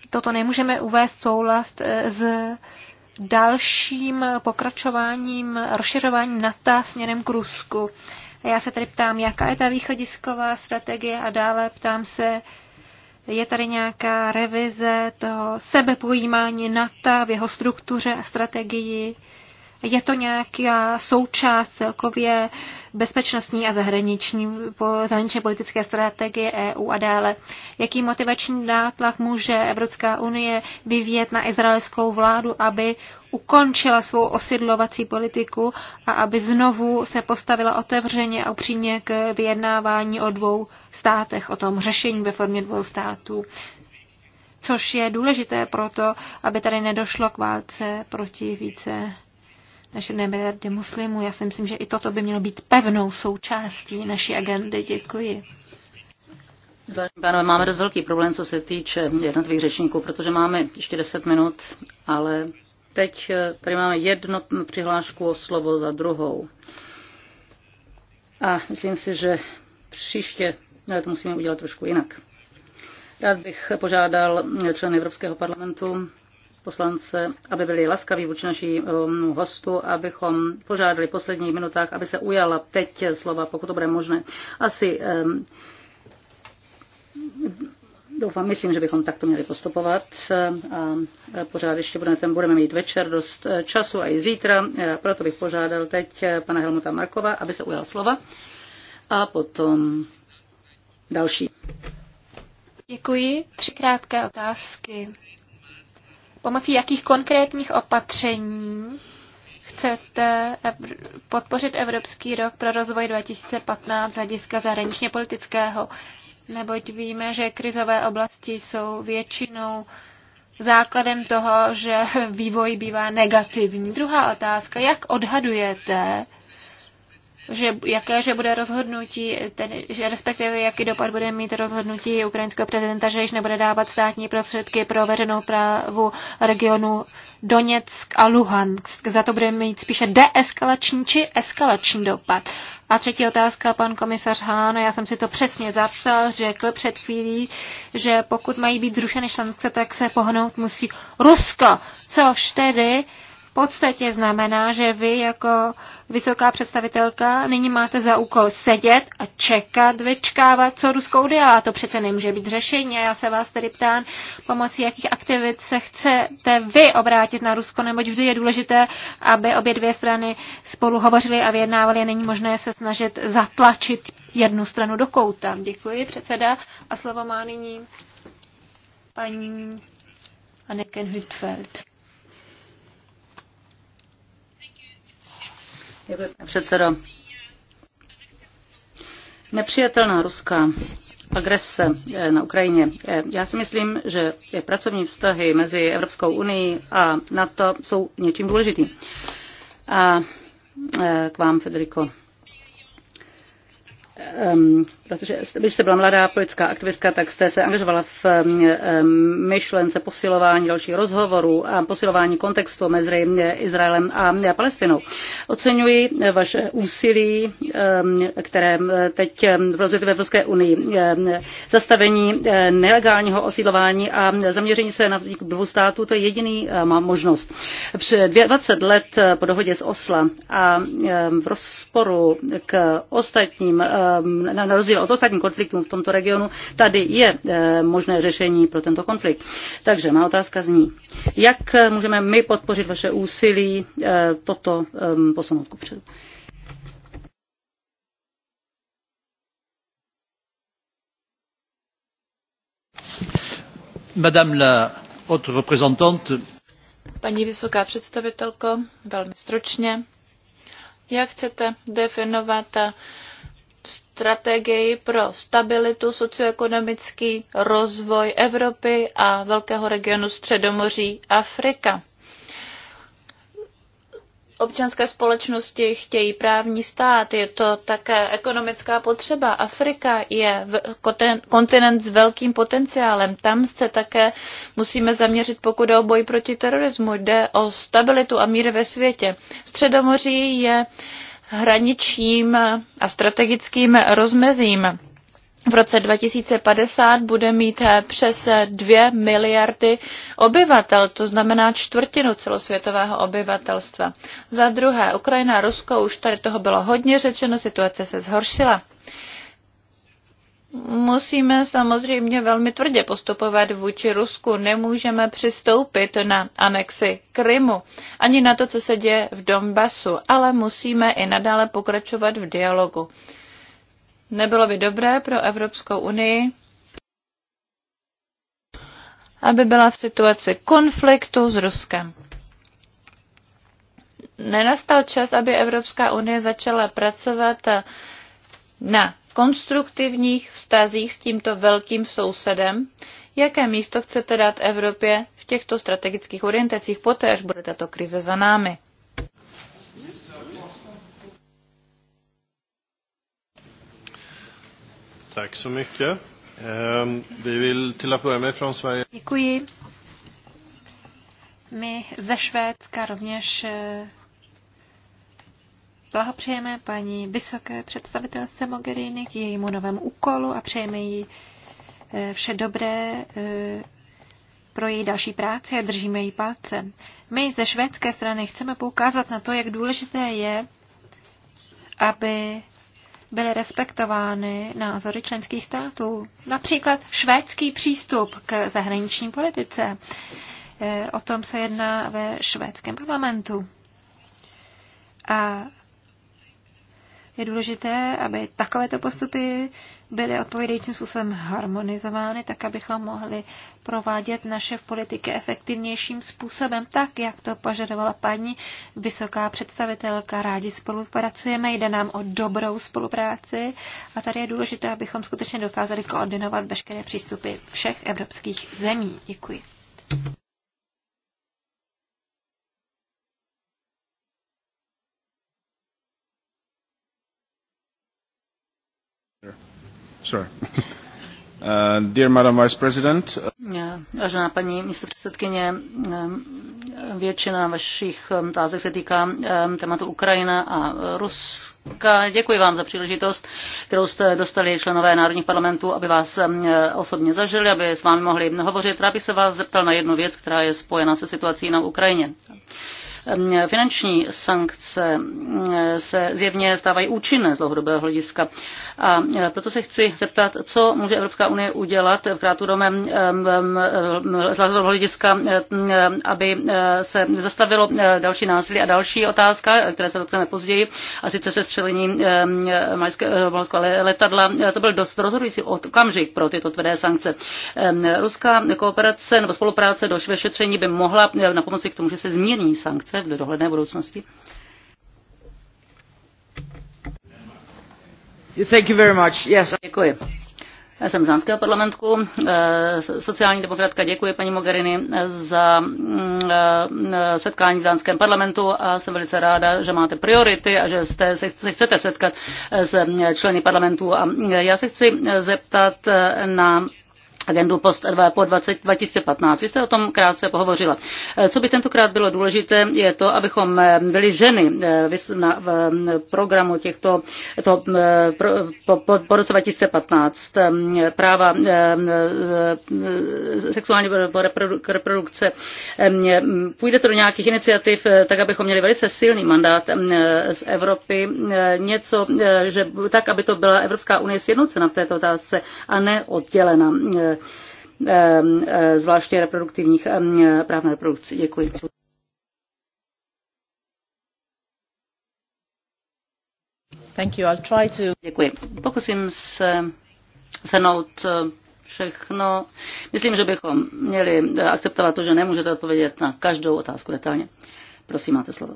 toto nemůžeme uvést soulast e, s dalším pokračováním, rozšiřováním NATO směrem k Rusku. A já se tady ptám, jaká je ta východisková strategie a dále ptám se, je tady nějaká revize toho sebepojímání NATO v jeho struktuře a strategii? Je to nějaká součást celkově bezpečnostní a zahraniční, zahraniční politické strategie EU a dále. Jaký motivační nátlak může Evropská unie vyvíjet na izraelskou vládu, aby ukončila svou osidlovací politiku a aby znovu se postavila otevřeně a upřímně k vyjednávání o dvou státech, o tom řešení ve formě dvou států což je důležité proto, aby tady nedošlo k válce proti více naše miliardy muslimů. Já si myslím, že i toto by mělo být pevnou součástí naší agendy. Děkuji. Pánové, máme dost velký problém, co se týče jednotlivých řečníků, protože máme ještě 10 minut, ale teď eh, tady máme jedno přihlášku o slovo za druhou. A myslím si, že příště eh, to musíme udělat trošku jinak. Rád bych požádal členy Evropského parlamentu, poslance, aby byli laskaví vůči našemu um, hostu, abychom požádali v posledních minutách, aby se ujala teď slova, pokud to bude možné. Asi um, doufám, myslím, že bychom takto měli postupovat um, a pořád ještě budeme, ten budeme mít večer dost eh, času a i zítra, proto bych požádal teď eh, pana Helmuta Markova, aby se ujal slova a potom další. Děkuji. Tři krátké otázky Pomocí jakých konkrétních opatření chcete podpořit Evropský rok pro rozvoj 2015 z hlediska zahraničně politického, neboť víme, že krizové oblasti jsou většinou základem toho, že vývoj bývá negativní. Druhá otázka, jak odhadujete že, jaké že bude rozhodnutí, ten, že respektive jaký dopad bude mít rozhodnutí ukrajinského prezidenta, že již nebude dávat státní prostředky pro veřejnou právu regionu Doněck a Luhansk. Za to bude mít spíše deeskalační či eskalační dopad. A třetí otázka, pan komisař Hán, já jsem si to přesně zapsal, řekl před chvílí, že pokud mají být zrušeny sankce, tak se pohnout musí Rusko, což tedy podstatě znamená, že vy jako vysoká představitelka nyní máte za úkol sedět a čekat, vyčkávat, co Rusko udělá. To přece nemůže být řešení. A já se vás tedy ptám, pomocí jakých aktivit se chcete vy obrátit na Rusko, neboť vždy je důležité, aby obě dvě strany spolu hovořily a vyjednávaly. Není možné se snažit zatlačit jednu stranu do kouta. Děkuji, předseda. A slovo má nyní paní Anneken Hütfeld. předsedo. Nepřijatelná ruská agrese eh, na Ukrajině. Eh, já si myslím, že pracovní vztahy mezi Evropskou unii a NATO jsou něčím důležitým. A eh, k vám, Federico um, protože když jste byla mladá politická aktivistka, tak jste se angažovala v um, myšlence posilování dalších rozhovorů a posilování kontextu mezi Izraelem a Palestinou. Oceňuji vaše úsilí, um, které teď v ve Evropské unii, um, zastavení eh, nelegálního osídlování a zaměření se na vznik dvou států, to je jediný um, možnost. Před 20 let eh, po dohodě z Osla a um, v rozporu k ostatním um, Um, na rozdíl od ostatních konfliktů v tomto regionu, tady je eh, možné řešení pro tento konflikt. Takže má otázka zní, jak můžeme my podpořit vaše úsilí eh, toto um, posunout kupředu? Madame la haute représentante. Paní vysoká představitelko, velmi stručně, jak chcete definovat strategii pro stabilitu, socioekonomický rozvoj Evropy a velkého regionu Středomoří Afrika. Občanské společnosti chtějí právní stát, je to také ekonomická potřeba. Afrika je kontinent s velkým potenciálem. Tam se také musíme zaměřit, pokud jde o boj proti terorismu. Jde o stabilitu a mír ve světě. Středomoří je hraničním a strategickým rozmezím. V roce 2050 bude mít přes 2 miliardy obyvatel, to znamená čtvrtinu celosvětového obyvatelstva. Za druhé, Ukrajina a Rusko, už tady toho bylo hodně řečeno, situace se zhoršila musíme samozřejmě velmi tvrdě postupovat vůči Rusku. Nemůžeme přistoupit na anexi Krymu, ani na to, co se děje v Donbasu, ale musíme i nadále pokračovat v dialogu. Nebylo by dobré pro Evropskou unii, aby byla v situaci konfliktu s Ruskem. Nenastal čas, aby Evropská unie začala pracovat na konstruktivních vztazích s tímto velkým sousedem? Jaké místo chcete dát Evropě v těchto strategických orientacích poté, až bude tato krize za námi? Tak så mycket. Ehm, vi vill till att börja med från Sverige. Děkuji. My ze Švédska rovněž eh, Blahopřejeme paní vysoké představitelce Mogherini k jejímu novému úkolu a přejeme jí eh, vše dobré eh, pro její další práci a držíme jí palce. My ze švédské strany chceme poukázat na to, jak důležité je, aby byly respektovány názory členských států. Například švédský přístup k zahraniční politice. Eh, o tom se jedná ve švédském parlamentu. A je důležité, aby takovéto postupy byly odpovědajícím způsobem harmonizovány, tak abychom mohli provádět naše politiky efektivnějším způsobem, tak jak to požadovala paní vysoká představitelka. Rádi spolupracujeme, jde nám o dobrou spolupráci a tady je důležité, abychom skutečně dokázali koordinovat veškeré přístupy všech evropských zemí. Děkuji. Uh, uh, vážená paní místopředsedkyně, um, většina vašich um, otázek se týká um, tématu Ukrajina a Ruska. Děkuji vám za příležitost, kterou jste dostali členové národních parlamentů, aby vás osobně zažili, aby s vámi mohli hovořit. Rád bych se vás zeptal na jednu věc, která je spojena se situací na Ukrajině. Finanční sankce se zjevně stávají účinné z dlouhodobého hlediska. A e, proto se chci zeptat, co může Evropská unie udělat v krátkodobém z dlouhodobého hlediska, aby e, se zastavilo e, další násilí. A další otázka, které se dotkneme později, a sice se střelení malského letadla, to byl dost rozhodující okamžik pro tyto tvrdé sankce. Ruská kooperace nebo spolupráce do šetření by mohla na pomoci k tomu, že se zmírní sankce situace v dohledné budoucnosti? Thank you very much. Yes. Děkuji. Já jsem z Dánského parlamentu. Eh, sociální demokratka děkuji paní Mogherini za mm, eh, setkání v Dánském parlamentu a jsem velice ráda, že máte priority a že jste, se chcete setkat s eh, členy parlamentu. A já se chci zeptat na agendu post po 20, 2015. Vy jste o tom krátce pohovořila. Eh, co by tentokrát bylo důležité, je to, abychom eh, byli ženy eh, v programu těchto to, po, po, po roce 2015 práva sexuální reprodukce. Půjde to do nějakých iniciativ, tak abychom měli velice silný mandát z Evropy, něco, že tak, aby to byla Evropská unie sjednocena v této otázce a ne oddělena Eh, eh, zvláště reproduktivních eh, práv na reprodukci. Děkuji. Thank you. I'll try to... Děkuji. Pokusím se shrnout všechno. Myslím, že bychom měli akceptovat to, že nemůžete odpovědět na každou otázku detailně. Prosím, máte slovo.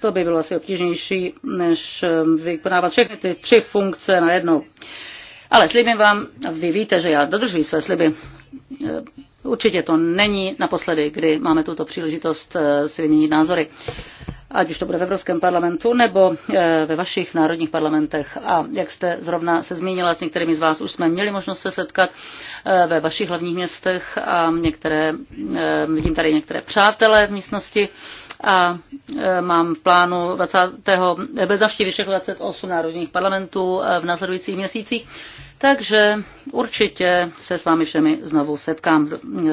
To by bylo asi obtížnější, než vykonávat všechny ty tři funkce najednou. jednou. Ale slibím vám, vy víte, že já dodržuji své sliby. Určitě to není naposledy, kdy máme tuto příležitost eh, si vyměnit názory ať už to bude v Evropském parlamentu nebo eh, ve vašich národních parlamentech. A jak jste zrovna se zmínila, s některými z vás už jsme měli možnost se setkat eh, ve vašich hlavních městech a některé, eh, vidím tady některé přátelé v místnosti a mám v plánu 20. navštívit všech 28 národních parlamentů v následujících měsících. Takže určitě se s vámi všemi znovu setkám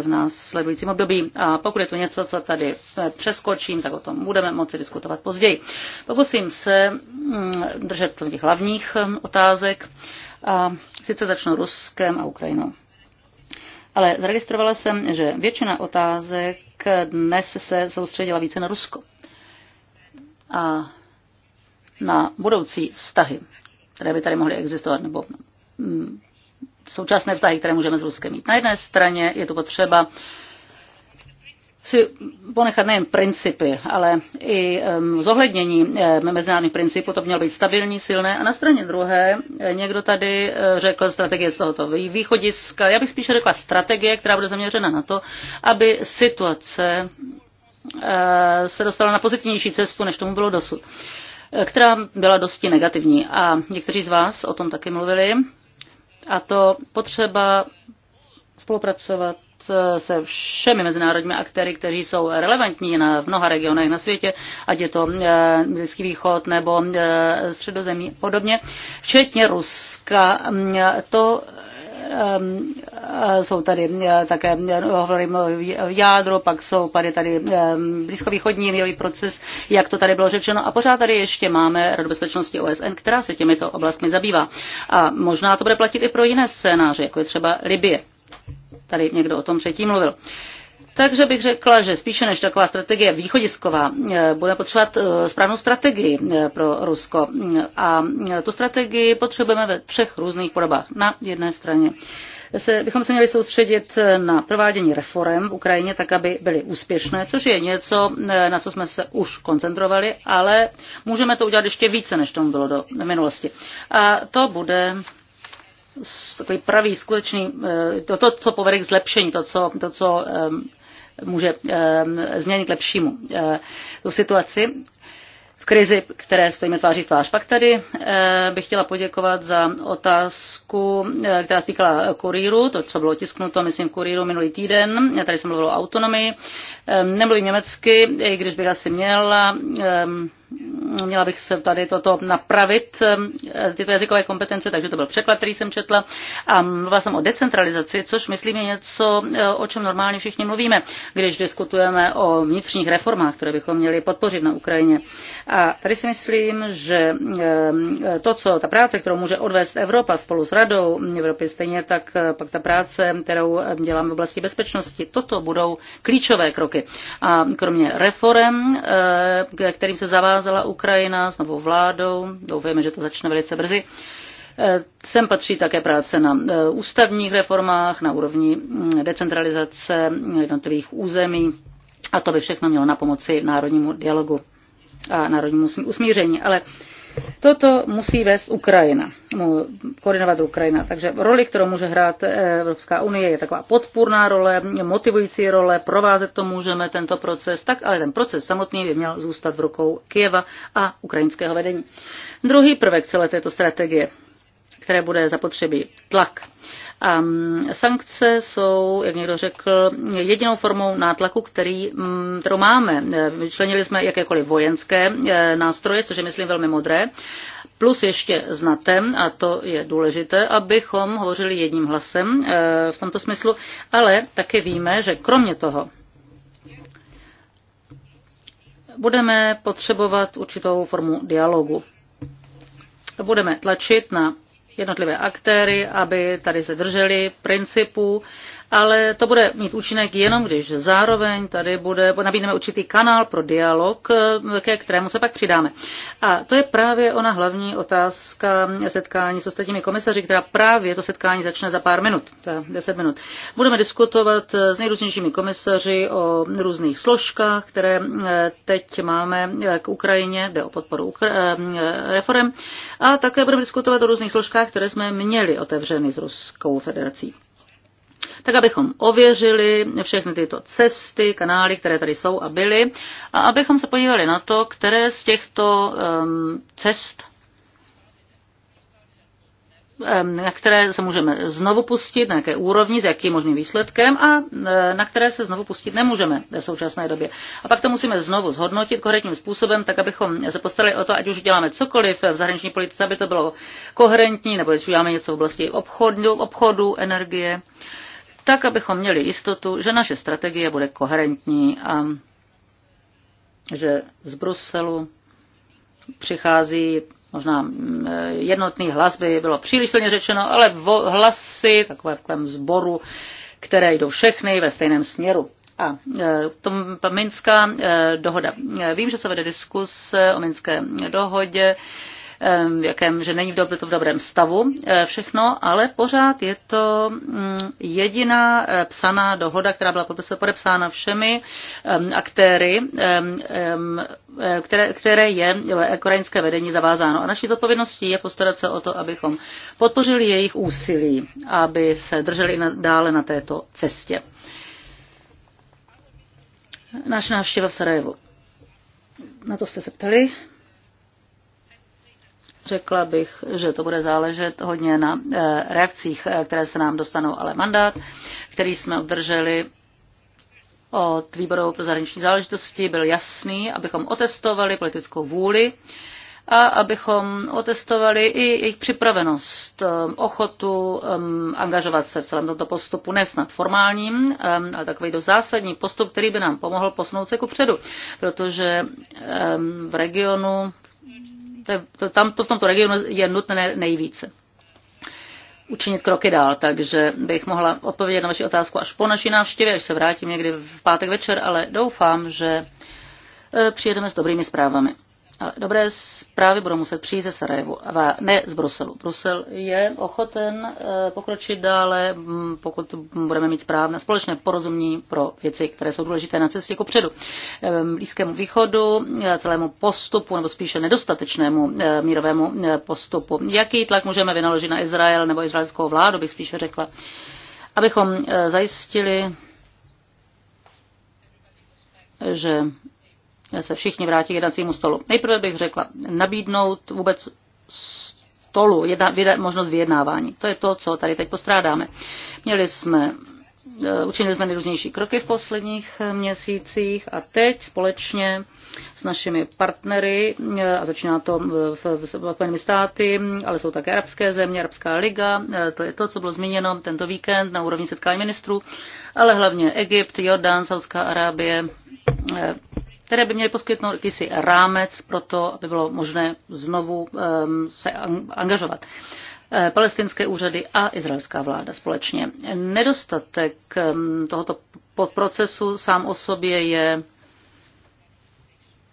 v následujícím období a pokud je to něco, co tady eh, přeskočím, tak o tom budeme moci diskutovat později. Pokusím se mm, držet těch hlavních mm, otázek a sice začnu Ruskem a Ukrajinou. Ale zaregistrovala jsem, že většina otázek dnes se soustředila více na Rusko a na budoucí vztahy, které by tady mohly existovat, nebo Hmm. současné vztahy, které můžeme s Ruskem mít. Na jedné straně je to potřeba si ponechat nejen principy, ale i zohlednění mezinárodních principů, to mělo být stabilní, silné. A na straně druhé, eh, někdo tady eh, řekl strategie z tohoto východiska, já bych spíše řekla strategie, která bude zaměřena na to, aby situace eh, se dostala na pozitivnější cestu, než tomu bylo dosud která byla dosti negativní. A někteří z vás o tom taky mluvili a to potřeba spolupracovat eh, se všemi mezinárodními aktéry, kteří jsou relevantní na, v mnoha regionech na světě, ať je to e, Blízký východ nebo e, středozemí podobně, včetně Ruska. Mm, to Ehm, eh, jsou tady eh, také, eh, hovorím jádro, pak jsou tady, tady ehm, blízkovýchodní mírový proces, jak to tady bylo řečeno. A pořád tady ještě máme Radu bezpečnosti OSN, která se těmito oblastmi zabývá. A možná to bude platit i pro jiné scénáře, jako je třeba Libie. Tady někdo o tom předtím mluvil. Uh, takže bych řekla, že spíše než taková strategie východisková, eh, bude potřebovat eh, správnou strategii eh, pro Rusko. A tu strategii potřebujeme ve třech různých podobách. Na jedné straně se, bychom se měli soustředit na provádění reform v Ukrajině, tak aby byly úspěšné, což je něco, na co jsme se už koncentrovali, ale můžeme to udělat ještě více, než tomu bylo do minulosti. A to bude takový pravý, skutečný, eh, to, to co povede k zlepšení, to, co, to, co ehm, může ehm, změnit k lepšímu eh, tu situaci v krizi, které stojíme tváří v tvář. Pak tady eh, bych chtěla poděkovat za otázku, která se týkala kurýru, to, co bylo tisknuto, myslím, v kurýru minulý týden. Já tady jsem mluvila o autonomii. Ehm, nemluvím německy, i když bych asi měla měla bych se tady toto napravit, eh, tyto jazykové kompetence, takže to byl překlad, který jsem četla. A mluvila jsem o decentralizaci, což myslím je něco, eh, o čem normálně všichni mluvíme, když diskutujeme o vnitřních reformách, které bychom měli podpořit na Ukrajině. A tady si myslím, že eh, to, co ta práce, kterou může odvést Evropa spolu s Radou Evropy, stejně tak pak ta práce, kterou děláme v oblasti bezpečnosti, toto budou klíčové kroky. A kromě reform, kterým se zavázá procházela Ukrajina s novou vládou. Doufejme, že to začne velice brzy. Eh, sem patří také práce na eh, ústavních reformách, na úrovni mm, decentralizace jednotlivých území a to by všechno mělo na pomoci národnímu dialogu a národnímu usmíření. Ale Toto musí vést Ukrajina, koordinovat Ukrajina. Takže roli, kterou může hrát eh, Evropská unie, je taková podpůrná role, motivující role, provázet to můžeme tento proces, tak ale ten proces samotný by měl zůstat v rukou Kieva a ukrajinského vedení. Druhý prvek celé této strategie, které bude zapotřebí tlak. A mm, sankce jsou, jak někdo řekl, jedinou formou nátlaku, který, mm, kterou máme. Vyčlenili jsme jakékoliv vojenské e, nástroje, což je, myslím, velmi modré. Plus ještě znatem, a to je důležité, abychom hovořili jedním hlasem e, v tomto smyslu, ale také víme, že kromě toho budeme potřebovat určitou formu dialogu. Budeme tlačit na jednotlivé aktéry, aby tady se drželi principů ale to bude mít účinek jenom, když zároveň tady bude, nabídneme určitý kanál pro dialog, eh, ke kterému se pak přidáme. A to je právě ona hlavní otázka setkání s ostatními komisaři, která právě to setkání začne za pár minut, za 10 minut. Budeme diskutovat s nejrůznějšími komisaři o různých složkách, které eh, teď máme k Ukrajině, jde o podporu eh, reform, a také budeme diskutovat o různých složkách, které jsme měli otevřeny s Ruskou federací tak abychom ověřili všechny tyto cesty, kanály, které tady jsou a byly, a abychom se podívali na to, které z těchto um, cest na které se můžeme znovu pustit, na jaké úrovni, s jakým možným výsledkem a e, na které se znovu pustit nemůžeme v současné době. A pak to musíme znovu zhodnotit koherentním způsobem, tak abychom se postarali o to, ať už děláme cokoliv v zahraniční politice, aby to bylo koherentní, nebo když uděláme něco v oblasti obchodu, obchodu energie tak abychom měli jistotu, že naše strategie bude koherentní a že z Bruselu přichází možná mm, jednotný hlas by bylo příliš silně řečeno, ale hlasy takové v takovém sboru, které jdou všechny ve stejném směru. A e, to Minská e, dohoda. E, vím, že se vede diskus o Minské dohodě jakém, že není v to v dobrém stavu eh, všechno, ale pořád je to mm, jediná eh, psaná dohoda, která byla podepsána všemi aktéry, eh, které, které je koreňské vedení zavázáno. A naší zodpovědností je postarat se o to, abychom podpořili jejich úsilí, aby se drželi dále na této cestě. Náš návštěva v Sarajevu. Na to jste se ptali. Řekla bych, že to bude záležet hodně na eh, reakcích, eh, které se nám dostanou, ale mandát, který jsme obdrželi od výboru pro zahraniční záležitosti, byl jasný, abychom otestovali politickou vůli a abychom otestovali i jejich připravenost, eh, ochotu angažovat se v celém tomto postupu, ne snad formálním, ale takový do zásadní postup, který by nám pomohl posunout se ku předu, protože v regionu to, je, to, tam, to v tomto regionu je nutné nejvíce učinit kroky dál, takže bych mohla odpovědět na vaši otázku až po naší návštěvě, až se vrátím někdy v pátek večer, ale doufám, že eh, přijedeme s dobrými zprávami. Ale dobré zprávy budou muset přijít ze Sarajevu, a ne z Bruselu. Brusel je ochoten eh, pokročit dále, mm, pokud budeme mít správné společné porozumění pro věci, které jsou důležité na cestě ku předu. Ehm, Blízkému východu, eh, celému postupu, nebo spíše nedostatečnému eh, mírovému postupu. Jaký tlak můžeme vynaložit na Izrael nebo izraelskou vládu, bych spíše řekla, abychom zajistili, že se všichni vrátí k jednacímu stolu. Nejprve bych řekla, nabídnout vůbec stolu, jedna, vyda, možnost vyjednávání. To je to, co tady teď postrádáme. Měli jsme e, Učinili jsme nejrůznější kroky v posledních e, měsících a teď společně s našimi partnery, e, a začíná to v Spojenými státy, ale jsou také arabské země, Arabská liga, to je to, co bylo zmíněno tento víkend na úrovni setkání ministrů, ale hlavně Egypt, Jordán, Saudská Arábie, které by měly poskytnout jakýsi rámec pro to, aby bylo možné znovu ehm, se angažovat eh, palestinské úřady a izraelská vláda společně. Nedostatek ehm, tohoto procesu sám o sobě je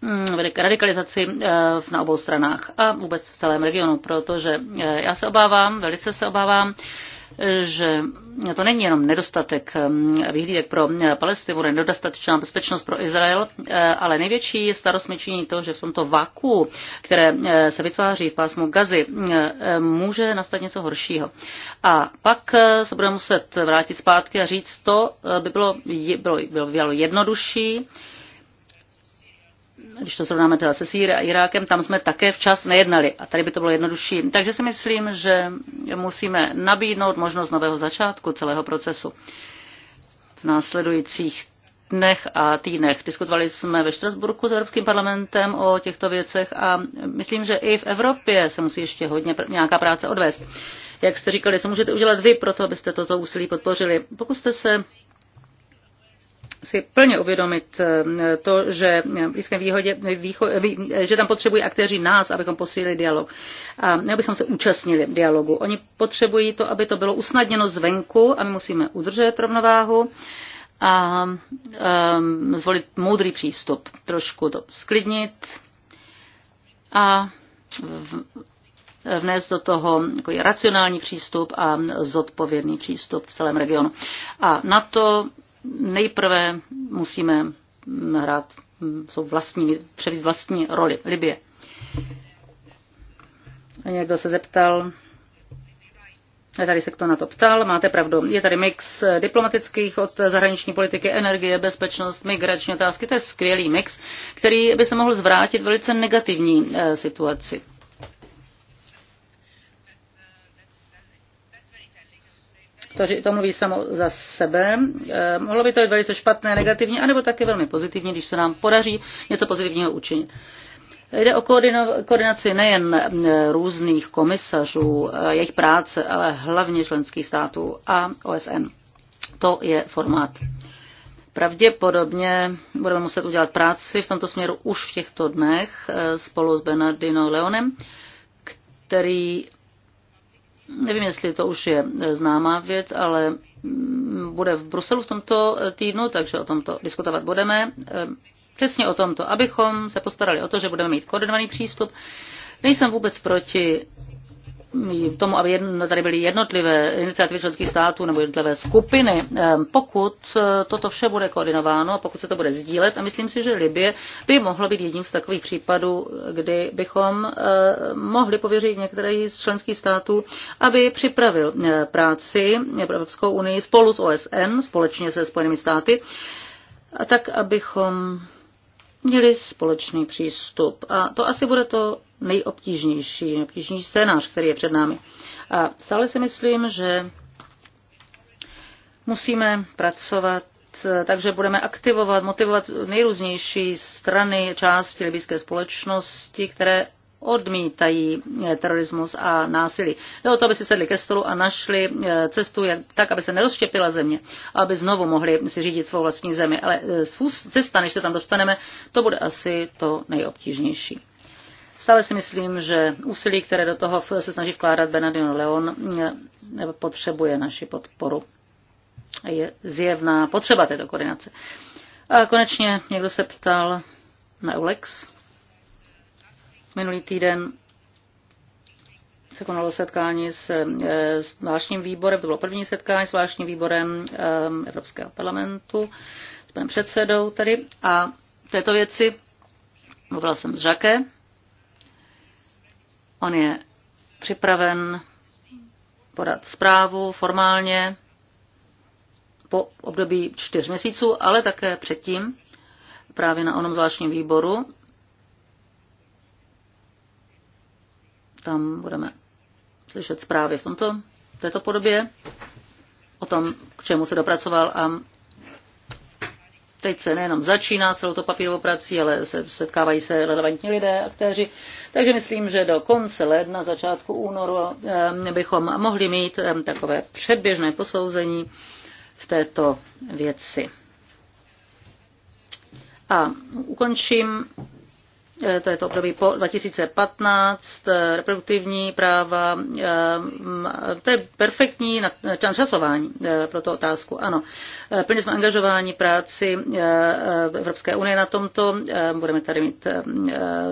mm, k radikalizaci eh, na obou stranách a vůbec v celém regionu, protože eh, já se obávám, velice se obávám, že to není jenom nedostatek eh, vyhlídek pro eh, Palestinu, nedostatečná bezpečnost pro Izrael, eh, ale největší starost mi činí to, že v tomto vaku, které se vytváří v pásmu Gazy, může nastat něco horšího. A pak se budeme muset vrátit zpátky a říct, to by bylo, bylo, bylo, bylo jednodušší, když to srovnáme teda se Sýry a Irákem, tam jsme také včas nejednali a tady by to bylo jednodušší. Takže si myslím, že musíme nabídnout možnost nového začátku celého procesu v následujících dnech a týdnech. Diskutovali jsme ve Štrasburku s Evropským parlamentem o těchto věcech a myslím, že i v Evropě se musí ještě hodně pr- nějaká práce odvést. Jak jste říkali, co můžete udělat vy pro to, abyste toto úsilí podpořili? Pokuste se si plně uvědomit eh, to, že Blízkém východě, výcho, že tam potřebují aktéři nás, abychom posílili dialog a abychom se účastnili dialogu. Oni potřebují to, aby to bylo usnadněno zvenku a my musíme udržet rovnováhu a um, zvolit moudrý přístup, trošku to sklidnit a v, vnést do toho racionální přístup a zodpovědný přístup v celém regionu. A na to nejprve musíme hrát jsou vlastní, převíst vlastní roli Libie. A někdo se zeptal, a tady se kdo na to ptal, máte pravdu. Je tady mix diplomatických od zahraniční politiky, energie, bezpečnost, migrační otázky. To je skvělý mix, který by se mohl zvrátit velice negativní eh, situaci. to, to mluví samo za sebe. Eh, mohlo by to být velice špatné, negativní, anebo také velmi pozitivní, když se nám podaří něco pozitivního učinit. Jde o koordinaci nejen eh, různých komisařů, eh, jejich práce, ale hlavně členských států a OSN. To je formát. Pravděpodobně budeme muset udělat práci v tomto směru už v těchto dnech spolu s Bernardino Leonem, který Nevím, jestli to už je eh, známá věc, ale mm, bude v Bruselu v tomto eh, týdnu, takže o tomto diskutovat budeme. Eh, přesně o tomto, abychom se postarali o to, že budeme mít koordinovaný přístup. Nejsem vůbec proti tomu, aby jedno, tady byly jednotlivé iniciativy členských států nebo jednotlivé skupiny, ehm, pokud e, toto vše bude koordinováno a pokud se to bude sdílet, a myslím si, že Libie by mohlo být jedním z takových případů, kdy bychom e, mohli pověřit některý z členských států, aby připravil e, práci Evropskou unii spolu s OSN, společně se Spojenými státy, tak abychom měli společný přístup. A to asi bude to nejobtížnější, nejobtížnější scénář, který je před námi. A stále si myslím, že musíme pracovat takže budeme aktivovat, motivovat nejrůznější strany, části libyské společnosti, které odmítají eh, terorismus a násilí. Jde o to, aby si sedli ke stolu a našli eh, cestu jak, tak, aby se nerozštěpila země, aby znovu mohli si řídit svou vlastní zemi. Ale eh, cesta, než se tam dostaneme, to bude asi to nejobtížnější. Stále si myslím, že úsilí, které do toho se snaží vkládat Bernardino Leon, potřebuje naši podporu. Je zjevná potřeba této koordinace. A konečně někdo se ptal na Ulex. Minulý týden se konalo setkání s, e, s výborem, to bylo první setkání s vášním výborem e, Evropského parlamentu, s panem předsedou tady. A této věci mluvila jsem s Žakem, On je připraven podat zprávu formálně po období čtyř měsíců, ale také předtím právě na onom zvláštním výboru. Tam budeme slyšet zprávy v tomto, této podobě o tom, k čemu se dopracoval a teď se nejenom začíná celou to papírovou prací, ale se, setkávají se relevantní lidé, aktéři. Takže myslím, že do konce ledna, začátku únoru eh, bychom mohli mít eh, takové předběžné posouzení v této věci. A ukončím Eh, to je to období po 2015, eh, reproduktivní práva, eh, mm, to je perfektní časování pro tu otázku. Ano, plně jsme angažováni práci Evropské unie na tomto, budeme tady mít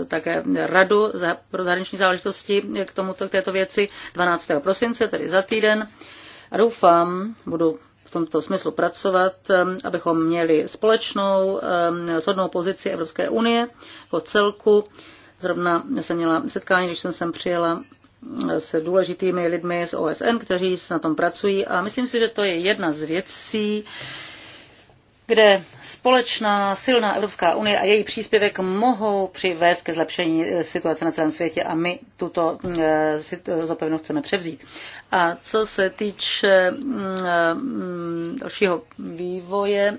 také radu pro zahraniční záležitosti k tomuto, k této věci 12. prosince, tedy za týden. A doufám, budu v tomto smyslu pracovat, um, abychom měli společnou um, shodnou pozici Evropské unie jako celku. Zrovna jsem měla setkání, když jsem sem přijela uh, s důležitými lidmi z OSN, kteří na tom pracují a myslím si, že to je jedna z věcí, kde společná silná Evropská unie a její příspěvek mohou přivést ke zlepšení eh, situace na celém světě a my tuto mm, eh, eh, zopevnu chceme převzít. A co se týče mm, mm, dalšího vývoje,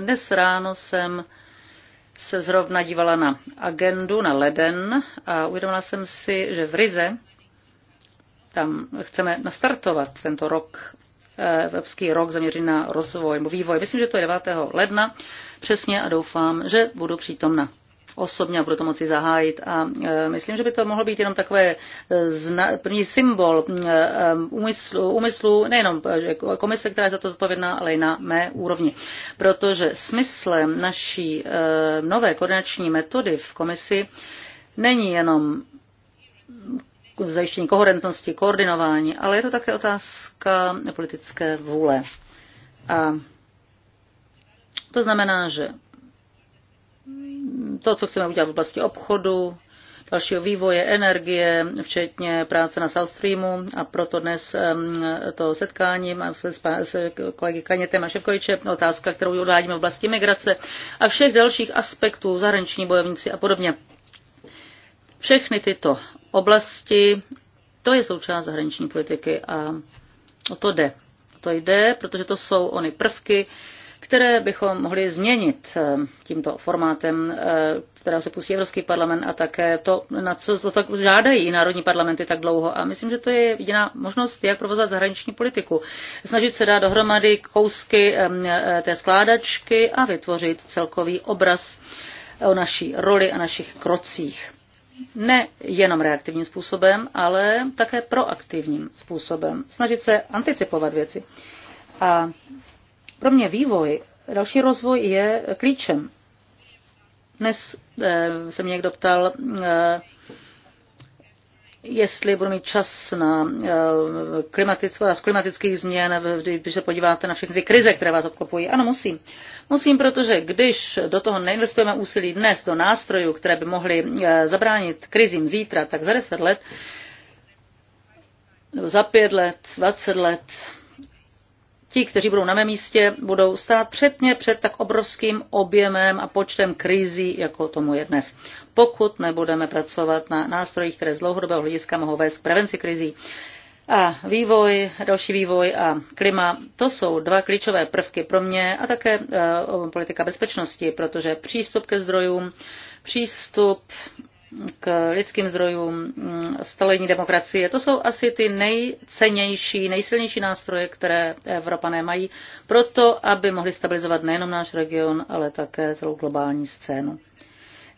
dnes ráno jsem se zrovna dívala na agendu na leden a uvědomila jsem si, že v Rize tam chceme nastartovat tento rok Evropský rok zaměřený na rozvoj nebo vývoj. Myslím, že to je 9. ledna přesně a doufám, že budu přítomna osobně a budu to moci zahájit. A e, myslím, že by to mohlo být jenom takové e, zna, první symbol e, e úmyslu, úmyslu nejenom e, komise, která je za to zodpovědná, ale i na mé úrovni. Protože smyslem naší e, nové koordinační metody v komisi není jenom zajištění koherentnosti, koordinování, ale je to také otázka politické vůle. A to znamená, že to, co chceme udělat v oblasti obchodu, dalšího vývoje, energie, včetně práce na South Streamu a proto dnes to setkání s kolegy Kanětem a Ševkoviče, otázka, kterou uvádíme v oblasti migrace a všech dalších aspektů, zahraniční bojovníci a podobně. Všechny tyto oblasti, to je součást zahraniční politiky a o to jde. to jde, protože to jsou ony prvky, které bychom mohli změnit eh, tímto formátem, eh, která se pustí Evropský parlament a také to, na co tak žádají národní parlamenty tak dlouho. A myslím, že to je jediná možnost, jak provozovat zahraniční politiku. Snažit se dát dohromady kousky eh, té skládačky a vytvořit celkový obraz o naší roli a našich krocích ne jenom reaktivním způsobem, ale také proaktivním způsobem. Snažit se anticipovat věci. A pro mě vývoj, další rozvoj je klíčem. Dnes eh, se mě někdo ptal, eh, jestli budu mít čas na eh, klimatickou, z klimatických změn, když se podíváte na všechny ty krize, které vás obklopují. Ano, musím. Musím, protože když do toho neinvestujeme úsilí dnes do nástrojů, které by mohly eh, zabránit krizím zítra, tak za deset let, nebo za pět let, dvacet let, ti, kteří budou na mém místě, budou stát předně před tak obrovským objemem a počtem krizí, jako tomu je dnes. Pokud nebudeme pracovat na nástrojích, které z dlouhodobého hlediska mohou vést k prevenci krizí, a vývoj, další vývoj a klima, to jsou dva klíčové prvky pro mě a také e, politika bezpečnosti, protože přístup ke zdrojům, přístup k lidským zdrojům, mm, stolení demokracie. To jsou asi ty nejcennější, nejsilnější nástroje, které Evropané mají, proto aby mohli stabilizovat nejenom náš region, ale také celou globální scénu.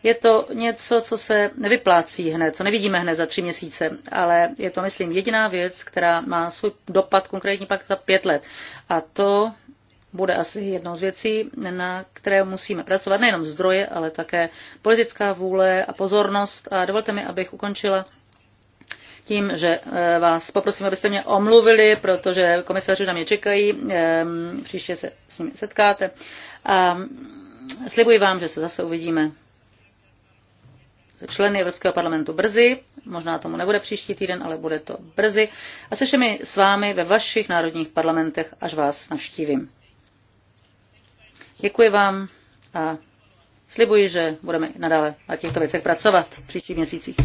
Je to něco, co se nevyplácí hned, co nevidíme hned za tři měsíce, ale je to, myslím, jediná věc, která má svůj dopad konkrétní pak za pět let. A to bude asi jednou z věcí, na které musíme pracovat, nejenom zdroje, ale také politická vůle a pozornost. A dovolte mi, abych ukončila tím, že eh, vás poprosím, abyste mě omluvili, protože komisaři na mě čekají, ehm, příště se s nimi setkáte. A slibuji vám, že se zase uvidíme se členy Evropského parlamentu brzy, možná tomu nebude příští týden, ale bude to brzy, a se všemi s vámi ve vašich národních parlamentech, až vás navštívím. Děkuji vám a slibuji, že budeme nadále na těchto věcech pracovat v příštích měsících.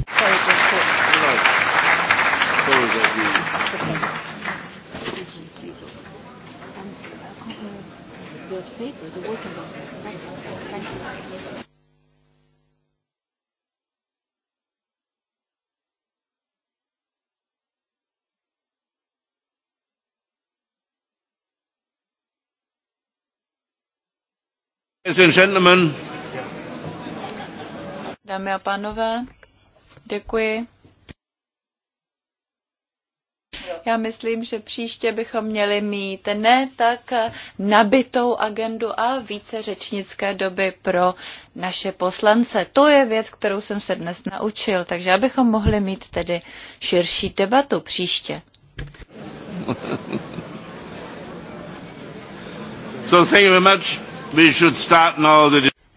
Thank you. Dámy a pánové, děkuji. Já myslím, že příště bychom měli mít ne tak nabitou agendu a více řečnické doby pro naše poslance. To je věc, kterou jsem se dnes naučil, takže abychom mohli mít tedy širší debatu příště. So thank you very much.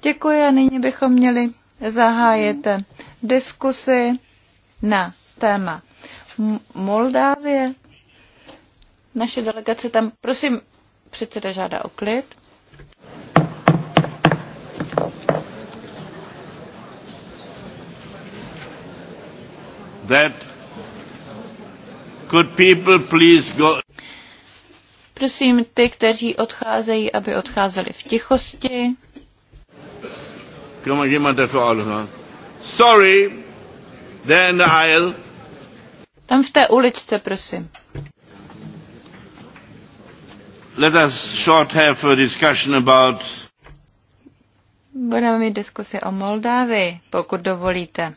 Děkuji a nyní bychom měli zahájit diskusy na téma Moldávie. Naše delegace tam, prosím, předseda žádá o klid. That could people please go Prosím ty, kteří odcházejí, aby odcházeli v tichosti. Kann man jemand dafür aufhören? Sorry, there in the aisle. Tam v té uličce, prosím. Let us short have a discussion about... Budeme mít diskusi o Moldávii, pokud dovolíte.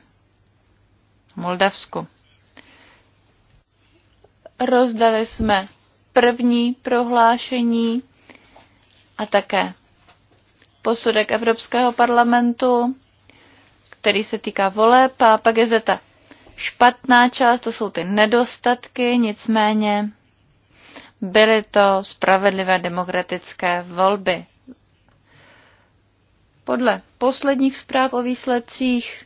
Moldavsku. Rozdali jsme první prohlášení a také posudek Evropského parlamentu, který se týká voleb a pak je zde ta špatná část, to jsou ty nedostatky, nicméně byly to spravedlivé demokratické volby. Podle posledních zpráv o výsledcích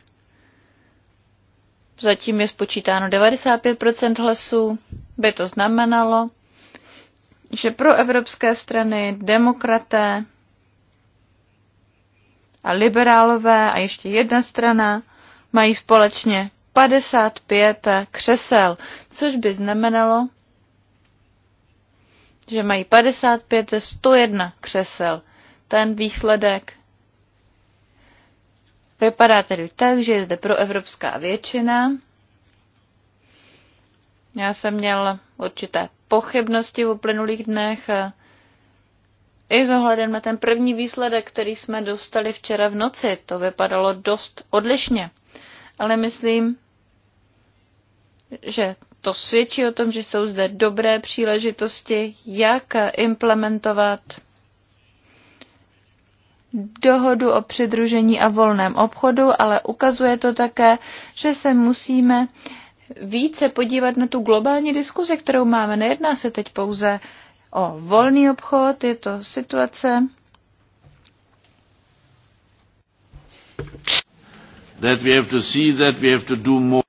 zatím je spočítáno 95 hlasů, by to znamenalo, že pro evropské strany, demokraté a liberálové a ještě jedna strana mají společně 55 křesel, což by znamenalo, že mají 55 ze 101 křesel. Ten výsledek vypadá tedy tak, že je zde proevropská většina. Já jsem měl určité pochybnosti v uplynulých dnech. I s ohledem na ten první výsledek, který jsme dostali včera v noci, to vypadalo dost odlišně. Ale myslím, že to svědčí o tom, že jsou zde dobré příležitosti, jak implementovat dohodu o přidružení a volném obchodu, ale ukazuje to také, že se musíme více podívat na tu globální diskuzi, kterou máme. Nejedná se teď pouze o volný obchod, je to situace. That we have to see, that we have to do more.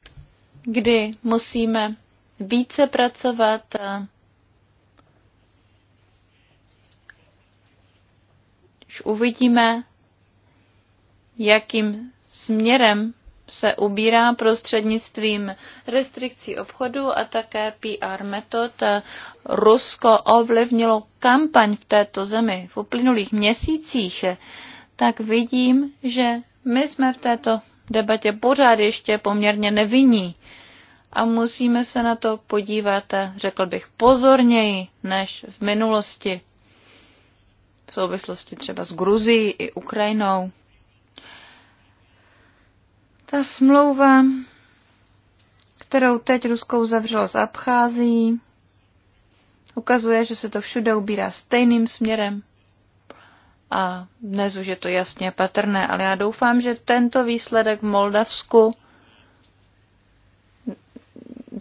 Kdy musíme více pracovat už eh, uvidíme, jakým směrem se ubírá prostřednictvím restrikcí obchodu a také PR metod. Rusko ovlivnilo kampaň v této zemi v uplynulých měsících, tak vidím, že my jsme v této debatě pořád ještě poměrně nevinní a musíme se na to podívat, řekl bych, pozorněji než v minulosti. V souvislosti třeba s Gruzií i Ukrajinou. Ta smlouva, kterou teď Rusko uzavřelo s Abcházií, ukazuje, že se to všude ubírá stejným směrem. A dnes už je to jasně patrné, ale já doufám, že tento výsledek v Moldavsku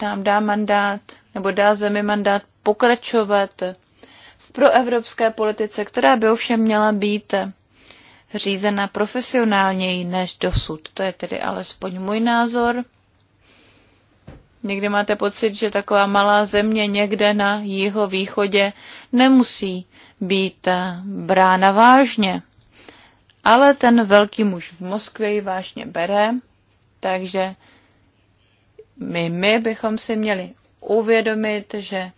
nám dá mandát, nebo dá zemi mandát pokračovat v proevropské politice, která by ovšem měla být řízena profesionálněji než dosud. To je tedy alespoň můj názor. Někdy máte pocit, že taková malá země někde na jeho východě nemusí být eh, brána vážně. Ale ten velký muž v Moskvě ji vážně bere, takže my, my bychom si měli uvědomit, že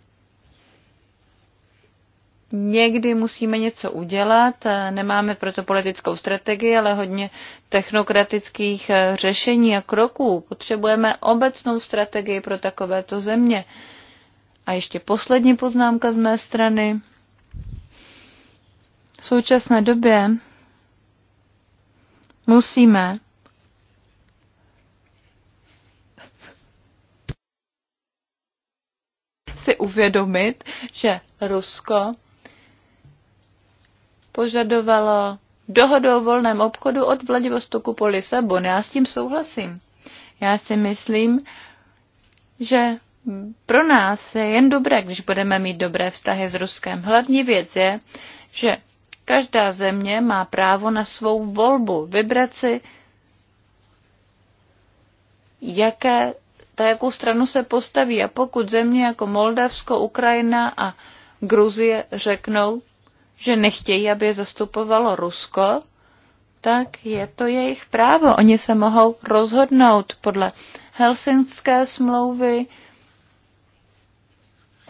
někdy musíme něco udělat. Nemáme proto politickou strategii, ale hodně technokratických eh, řešení a kroků. Potřebujeme obecnou strategii pro takovéto země. A ještě poslední poznámka z mé strany. V současné době musíme si uvědomit, že Rusko požadovalo dohodu o volném obchodu od Vladivostoku po Lisabon. Já s tím souhlasím. Já si myslím, že pro nás je jen dobré, když budeme mít dobré vztahy s Ruskem. Hlavní věc je, že každá země má právo na svou volbu, vybrat si, jaké, ta jakou stranu se postaví. A pokud země jako Moldavsko, Ukrajina a Gruzie řeknou, že nechtějí, aby je zastupovalo Rusko, tak je to jejich právo. Oni se mohou rozhodnout podle Helsinské smlouvy,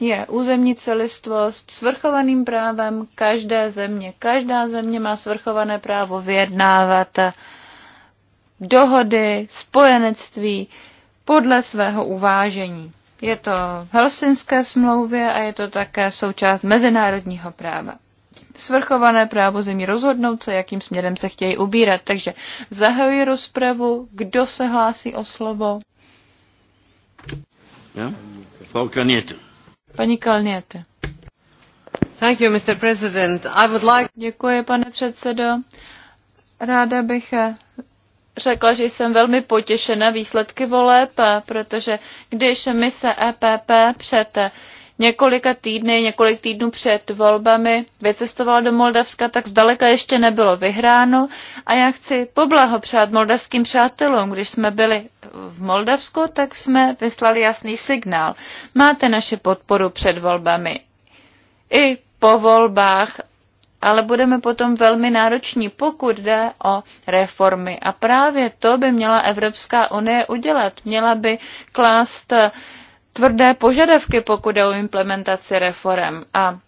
je územní celistvost svrchovaným právem každé země. Každá země má svrchované právo vyjednávat dohody, spojenectví podle svého uvážení. Je to v Helsinské smlouvě a je to také součást mezinárodního práva svrchované právo zemí rozhodnout se, jakým směrem se chtějí ubírat. Takže zahajuji rozpravu. Kdo se hlásí o slovo? Paní Kalniete. Thank you, Mr. President. I would like... Děkuji, pane předsedo. Ráda bych eh, řekla, že jsem velmi potěšena výsledky voleb, eh, protože když se EPP před eh, několika týdny, několik týdnů před volbami vycestoval do Moldavska, tak zdaleka ještě nebylo vyhráno. A já chci poblahopřát moldavským přátelům. Když jsme byli v Moldavsku, tak jsme vyslali jasný signál. Máte naše podporu před volbami. I po volbách ale budeme potom velmi nároční, pokud jde o reformy. A právě to by měla Evropská unie udělat. Měla by klást tvrdé požadavky, pokud je o implementaci reform. A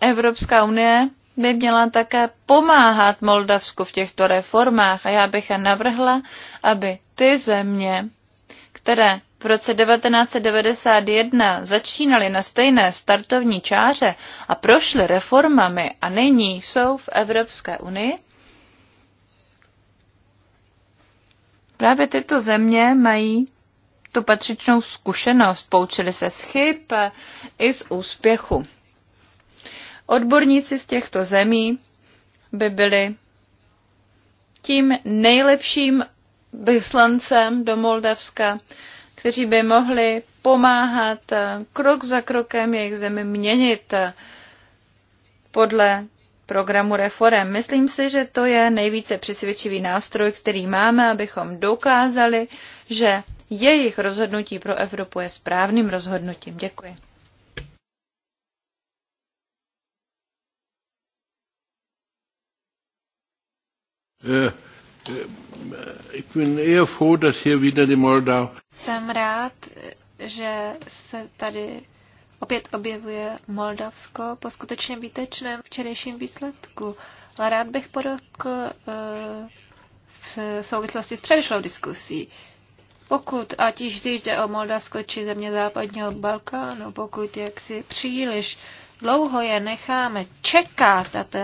Evropská unie by měla také pomáhat Moldavsku v těchto reformách a já bych je navrhla, aby ty země, které v roce 1991 začínaly na stejné startovní čáře a prošly reformami a nyní jsou v Evropské unii, právě tyto země mají tu patřičnou zkušenost, poučili se z chyb i z úspěchu. Odborníci z těchto zemí by byli tím nejlepším vyslancem do Moldavska, kteří by mohli pomáhat krok za krokem jejich zemi měnit podle programu reform. Myslím si, že to je nejvíce přesvědčivý nástroj, který máme, abychom dokázali, že jejich rozhodnutí pro Evropu je správným rozhodnutím. Děkuji. Eh, eh, Jsem rád, že se tady opět objevuje Moldavsko po skutečně výtečném včerejším výsledku. Ale rád bych podotkl eh, v souvislosti s předešlou diskusí, pokud, ať již jde o Moldavsko či země západního Balkánu, pokud jaksi příliš dlouho je necháme čekat a to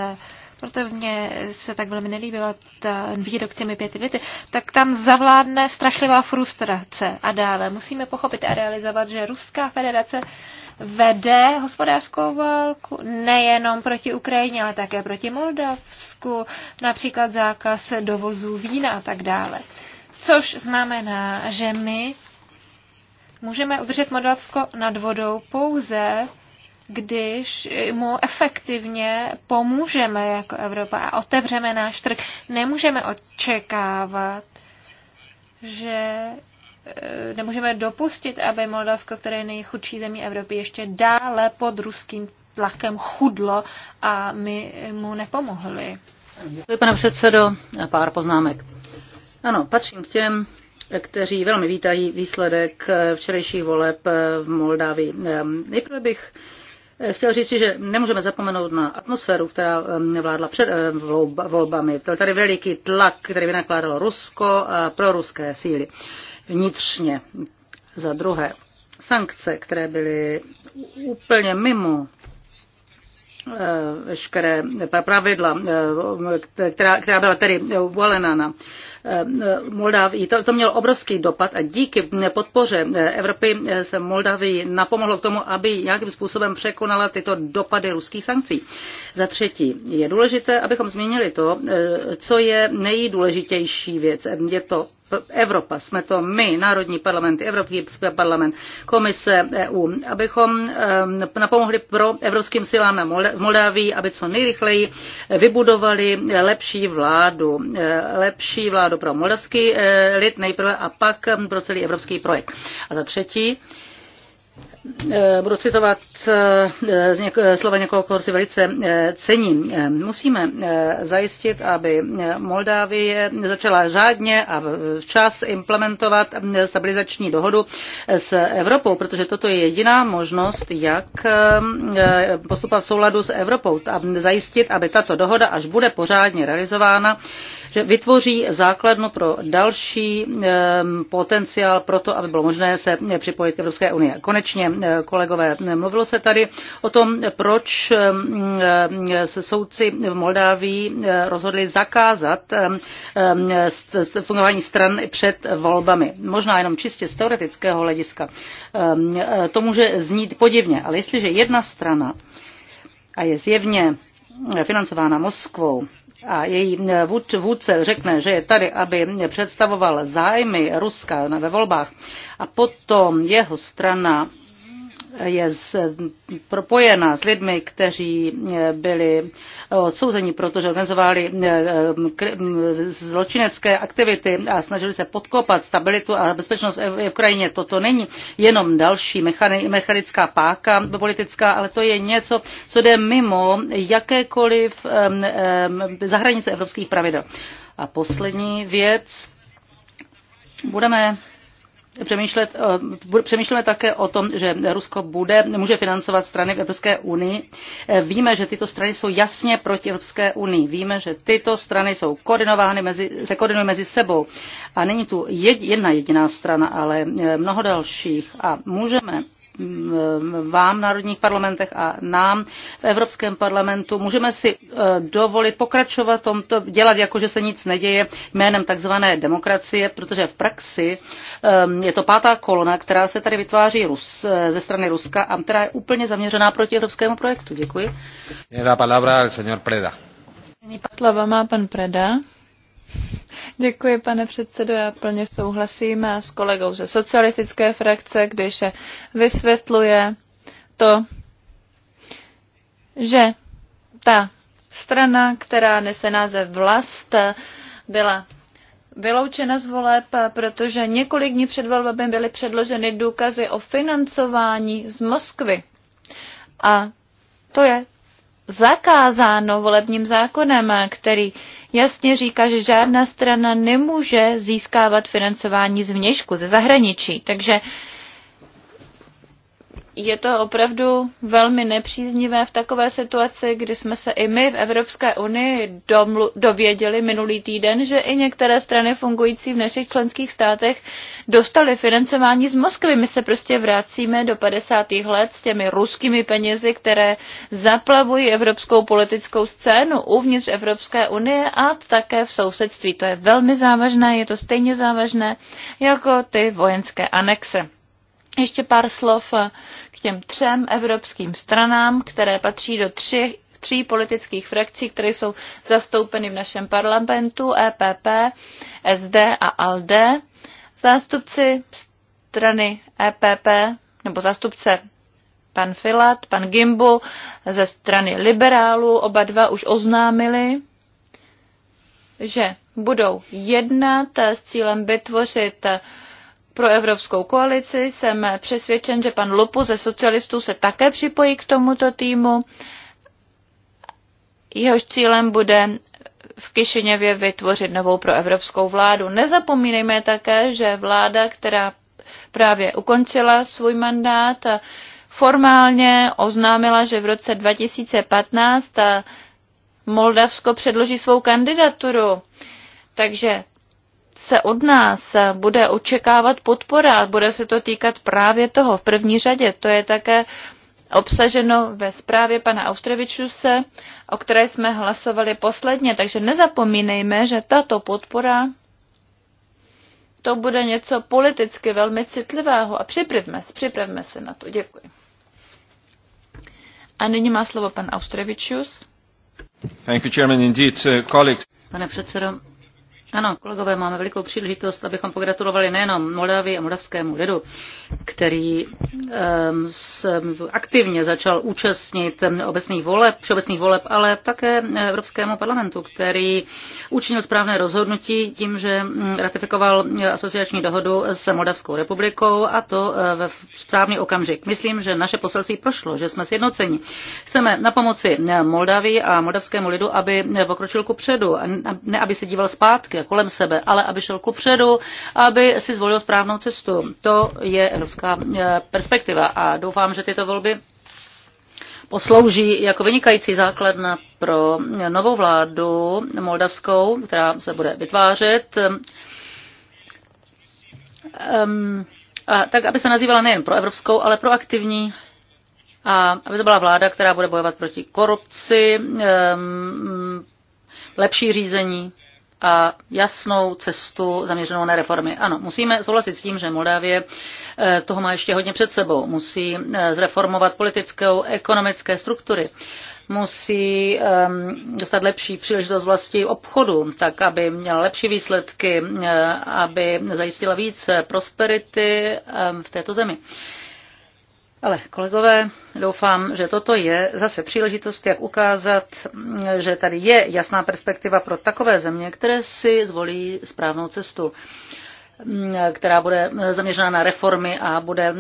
proto mě se tak velmi nelíbila ta výrok těmi pěti lety, tak tam zavládne strašlivá frustrace a dále. Musíme pochopit a realizovat, že Ruská federace vede hospodářskou válku nejenom proti Ukrajině, ale také proti Moldavsku, například zákaz dovozu vína a tak dále což znamená, že my můžeme udržet modlavsko nad vodou pouze, když mu efektivně pomůžeme jako Evropa a otevřeme náš trh. Nemůžeme očekávat, že eh, nemůžeme dopustit, aby Moldavsko, které je nejchudší zemí Evropy, ještě dále pod ruským tlakem chudlo a my mu nepomohli. Pane předsedo, pár poznámek. Ano, patřím k těm, kteří velmi vítají výsledek eh, včerejších voleb eh, v Moldávii. Ehm, nejprve bych eh, chtěl říct, že nemůžeme zapomenout na atmosféru, která ehm, vládla před volbami. je tady veliký tlak, který vynakládalo Rusko a proruské síly vnitřně. Za druhé, sankce, které byly úplně mimo veškeré pravidla, která, která byla tedy uvalena na Eh, Moldavii To, to mělo obrovský dopad a díky podpoře Evropy se Moldavii napomohlo k tomu, aby nějakým způsobem překonala tyto dopady ruských sankcí. Za třetí, je důležité, abychom změnili to, eh, co je nejdůležitější věc. Je to Evropa, jsme to my, Národní parlament, Evropský parlament, komise EU, abychom napomohli pro evropským silám v Moldávii, aby co nejrychleji vybudovali lepší vládu, e, lepší vládu pro moldavský e, lid nejprve a pak pro celý evropský projekt. A za třetí, Eh, budu citovat eh, z něko, eh, slova někoho, koho si velice cením. Musíme zajistit, aby Moldávie začala řádně a včas implementovat stabilizační dohodu s Evropou, protože toto je jediná možnost, jak postupovat v souladu s Evropou a zajistit, aby tato dohoda, až bude pořádně realizována, že vytvoří základnu pro další ehm, potenciál pro to, aby bylo možné se připojit k Evropské unii. Konečně, eh, kolegové, mluvilo se tady o tom, proč ehm, eh, se soudci v Moldávii eh, rozhodli zakázat ehm, fungování stran před volbami. Možná jenom čistě z teoretického hlediska. To může znít podivně, ale jestliže jedna strana a je zjevně financována Moskvou, a její eh, vůdce řekne, že je tady, aby představoval zájmy Ruska ve volbách a potom jeho strana je z, propojena s lidmi, kteří eh, byli eh, odsouzeni, protože organizovali eh, zločinecké aktivity a snažili se podkopat stabilitu a bezpečnost v Ukrajině. Toto není jenom další mechanická páka politická, ale to je něco, co jde mimo jakékoliv zahranice evropských pravidel. A poslední věc. Budeme přemýšlet, eh, přemýšlíme také o tom, že Rusko bude, může financovat strany v Evropské unii. Eh, víme, že tyto strany jsou jasně proti Evropské unii. Víme, že tyto strany jsou koordinovány mezi, se koordinují mezi sebou. A není tu jedna jediná strana, ale eh, mnoho dalších. A můžeme vám v národních parlamentech a nám v Evropském parlamentu. Můžeme si eh, dovolit pokračovat tomto, dělat jako, že se nic neděje jménem takzvané demokracie, protože v praxi eh, je to pátá kolona, která se tady vytváří Rus, eh, ze strany Ruska a která je úplně zaměřená proti evropskému projektu. Děkuji. Je la palabra al señor Preda. Nyní slova má pan Preda. Děkuji, pane předsedo. Já plně souhlasím s kolegou ze socialistické frakce, když se vysvětluje to, že ta strana, která nese název vlast, byla vyloučena z voleb, protože několik dní před volbami byly předloženy důkazy o financování z Moskvy. A to je zakázáno volebním zákonem, který jasně říká, že žádná strana nemůže získávat financování z vnějšku, ze zahraničí. Takže je to opravdu velmi nepříznivé v takové situaci, kdy jsme se i my v Evropské unii domlu- dověděli minulý týden, že i některé strany fungující v našich členských státech dostaly financování z Moskvy. My se prostě vracíme do 50. let s těmi ruskými penězi, které zaplavují evropskou politickou scénu uvnitř Evropské unie a také v sousedství. To je velmi závažné, je to stejně závažné jako ty vojenské anexe. Ještě pár slov eh, k těm třem evropským stranám, které patří do tři, tří politických frakcí, které jsou zastoupeny v našem parlamentu, EPP, SD a ALDE. Zástupci strany EPP, nebo zástupce pan Filat, pan Gimbu ze strany liberálů, oba dva už oznámili, že budou jednat s cílem vytvořit pro Evropskou koalici. Jsem přesvědčen, že pan Lupu ze socialistů se také připojí k tomuto týmu. Jehož cílem bude v Kišiněvě vytvořit novou proevropskou vládu. Nezapomínejme také, že vláda, která právě ukončila svůj mandát, formálně oznámila, že v roce 2015 Moldavsko předloží svou kandidaturu. Takže se od nás bude očekávat podpora, bude se to týkat právě toho v první řadě. To je také obsaženo ve zprávě pana Austrevičuse, o které jsme hlasovali posledně, takže nezapomínejme, že tato podpora to bude něco politicky velmi citlivého a připravme, připravme se na to. Děkuji. A nyní má slovo pan Austrevičus. Thank you, Chairman. Indeed, uh, colleagues. Pane předsedo, ano, kolegové, máme velikou příležitost, abychom pogratulovali nejenom Moldavi a moldavskému lidu, který um, s, aktivně začal účastnit obecných voleb, všeobecných voleb, ale také Evropskému parlamentu, který učinil správné rozhodnutí tím, že mm, ratifikoval asociační dohodu s Moldavskou republikou a to eh, ve správný okamžik. Myslím, že naše poselství prošlo, že jsme sjednoceni. Chceme na pomoci Moldavii a moldavskému lidu, aby pokročil ku předu, ne aby se díval zpátky, kolem sebe, ale aby šel ku předu, aby si zvolil správnou cestu. To je evropská eh, perspektiva a doufám, že tyto volby poslouží jako vynikající základna pro novou vládu moldavskou, která se bude vytvářet. Um, a tak, aby se nazývala nejen proevropskou, ale proaktivní a aby to byla vláda, která bude bojovat proti korupci, um, lepší řízení a jasnou cestu zaměřenou na reformy. Ano, musíme souhlasit s tím, že Moldávie eh, toho má ještě hodně před sebou. Musí eh, zreformovat politickou, ekonomické struktury musí um, dostat lepší příležitost vlastní obchodu, tak aby měla lepší výsledky, eh, aby zajistila více prosperity um, v této zemi. Uh, ale kolegové, doufám, že toto je zase příležitost, jak ukázat, že tady je jasná perspektiva pro takové země, které si zvolí správnou cestu která bude zaměřena na reformy a bude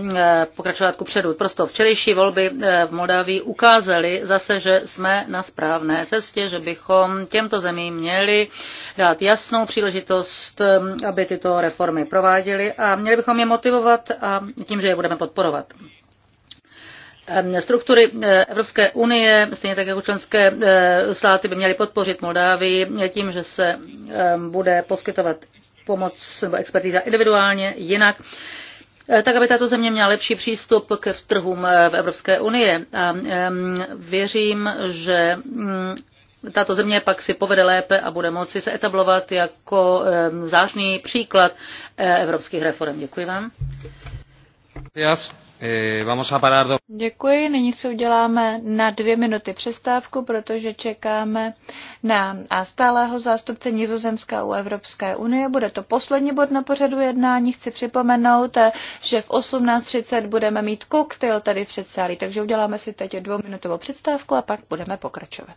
pokračovat ku předu. Prosto včerejší volby v Moldávii ukázaly zase, že jsme na správné cestě, že bychom těmto zemím měli dát jasnou příležitost, aby tyto reformy prováděly a měli bychom je motivovat a tím, že je budeme podporovat. Ehm, struktury eh, Evropské unie, stejně tak jako členské eh, státy, by měly podpořit Moldávii tím, že se ehm, bude poskytovat pomoc nebo expertíza individuálně, jinak eh, tak aby tato země měla lepší přístup k trhům v Evropské unii. A ehm, věřím, že mm, tato země pak si povede lépe a bude moci se etablovat jako zářný příklad evropských reform. Děkuji vám. Yes. Eh, vamos a parar do... Děkuji, nyní si uděláme na dvě minuty přestávku, protože čekáme na a stálého zástupce Nizozemská u Evropské unie. Bude to poslední bod na pořadu jednání. Chci připomenout, eh, že v 18.30 budeme mít koktejl tady v předsálí, takže uděláme si teď dvouminutovou přestávku a pak budeme pokračovat.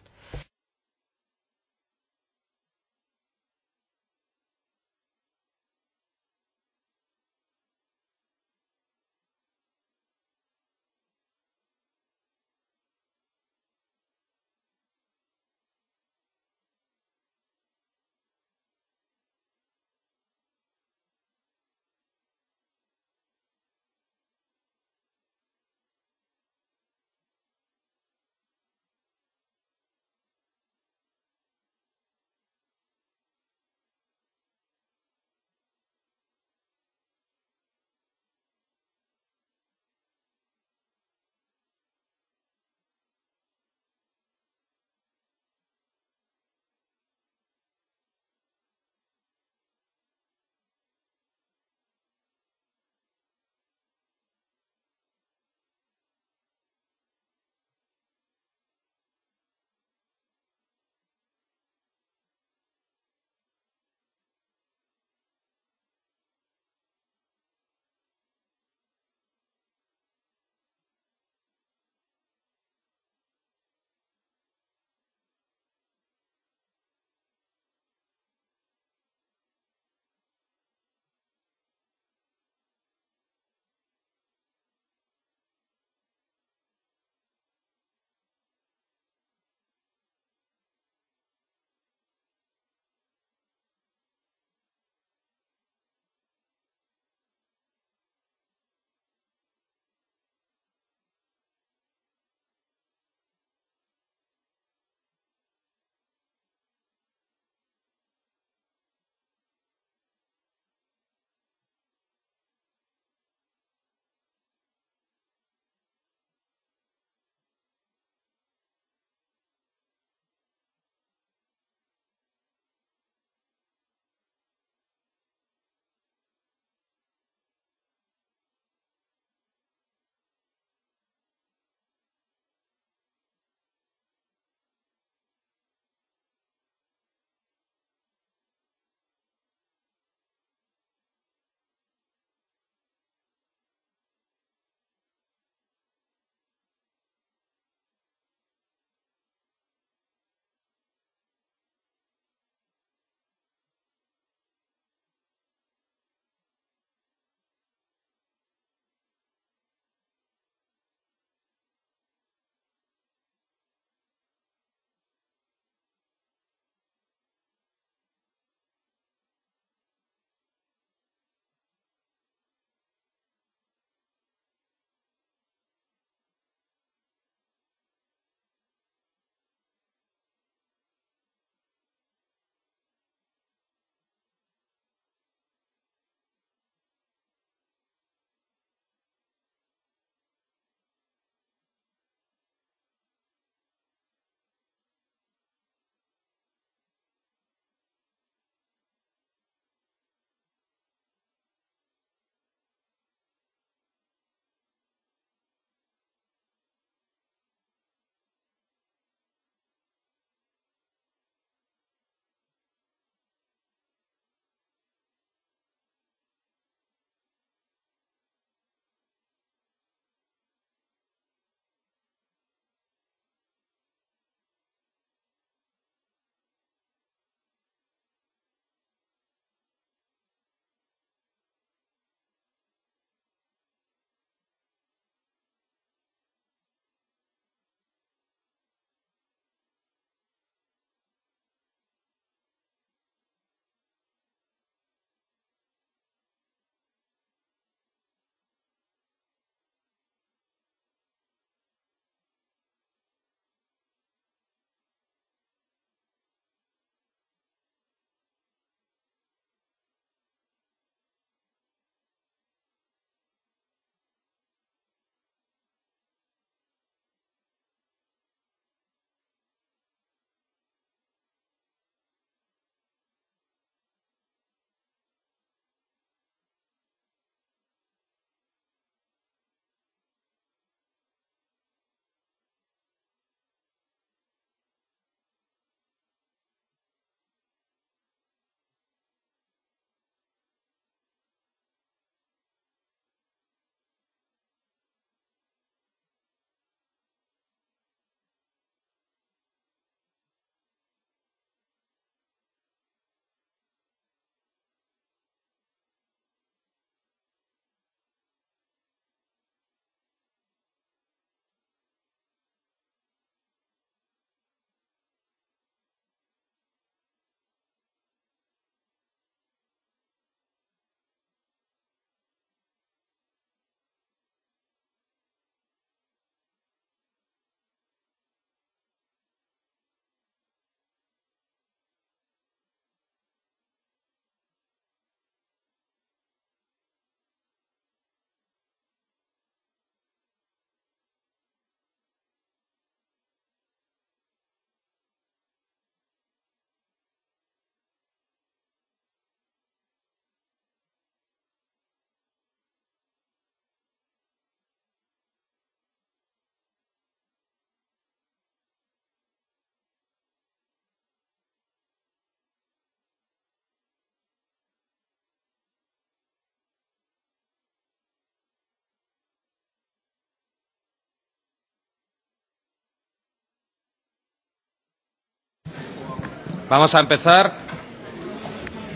Vamos a empezar.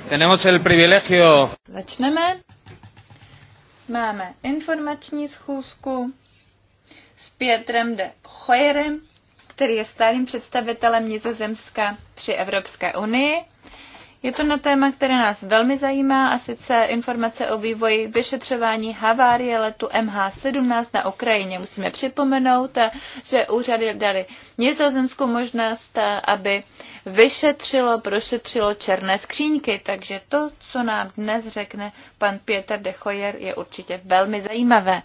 Tenemos el privilegio. Začneme. Máme informační schůzku s Pietrem de Hoyerem, který je starým představitelem Nizozemska při Evropské unii. Je to na téma, které nás velmi zajímá, a sice informace o vývoji vyšetřování havárie letu MH17 na Ukrajině. Musíme připomenout, že úřady dali nizozemskou možnost, aby vyšetřilo, prošetřilo černé skřínky, takže to, co nám dnes řekne pan Pěter de Hoyer, je určitě velmi zajímavé.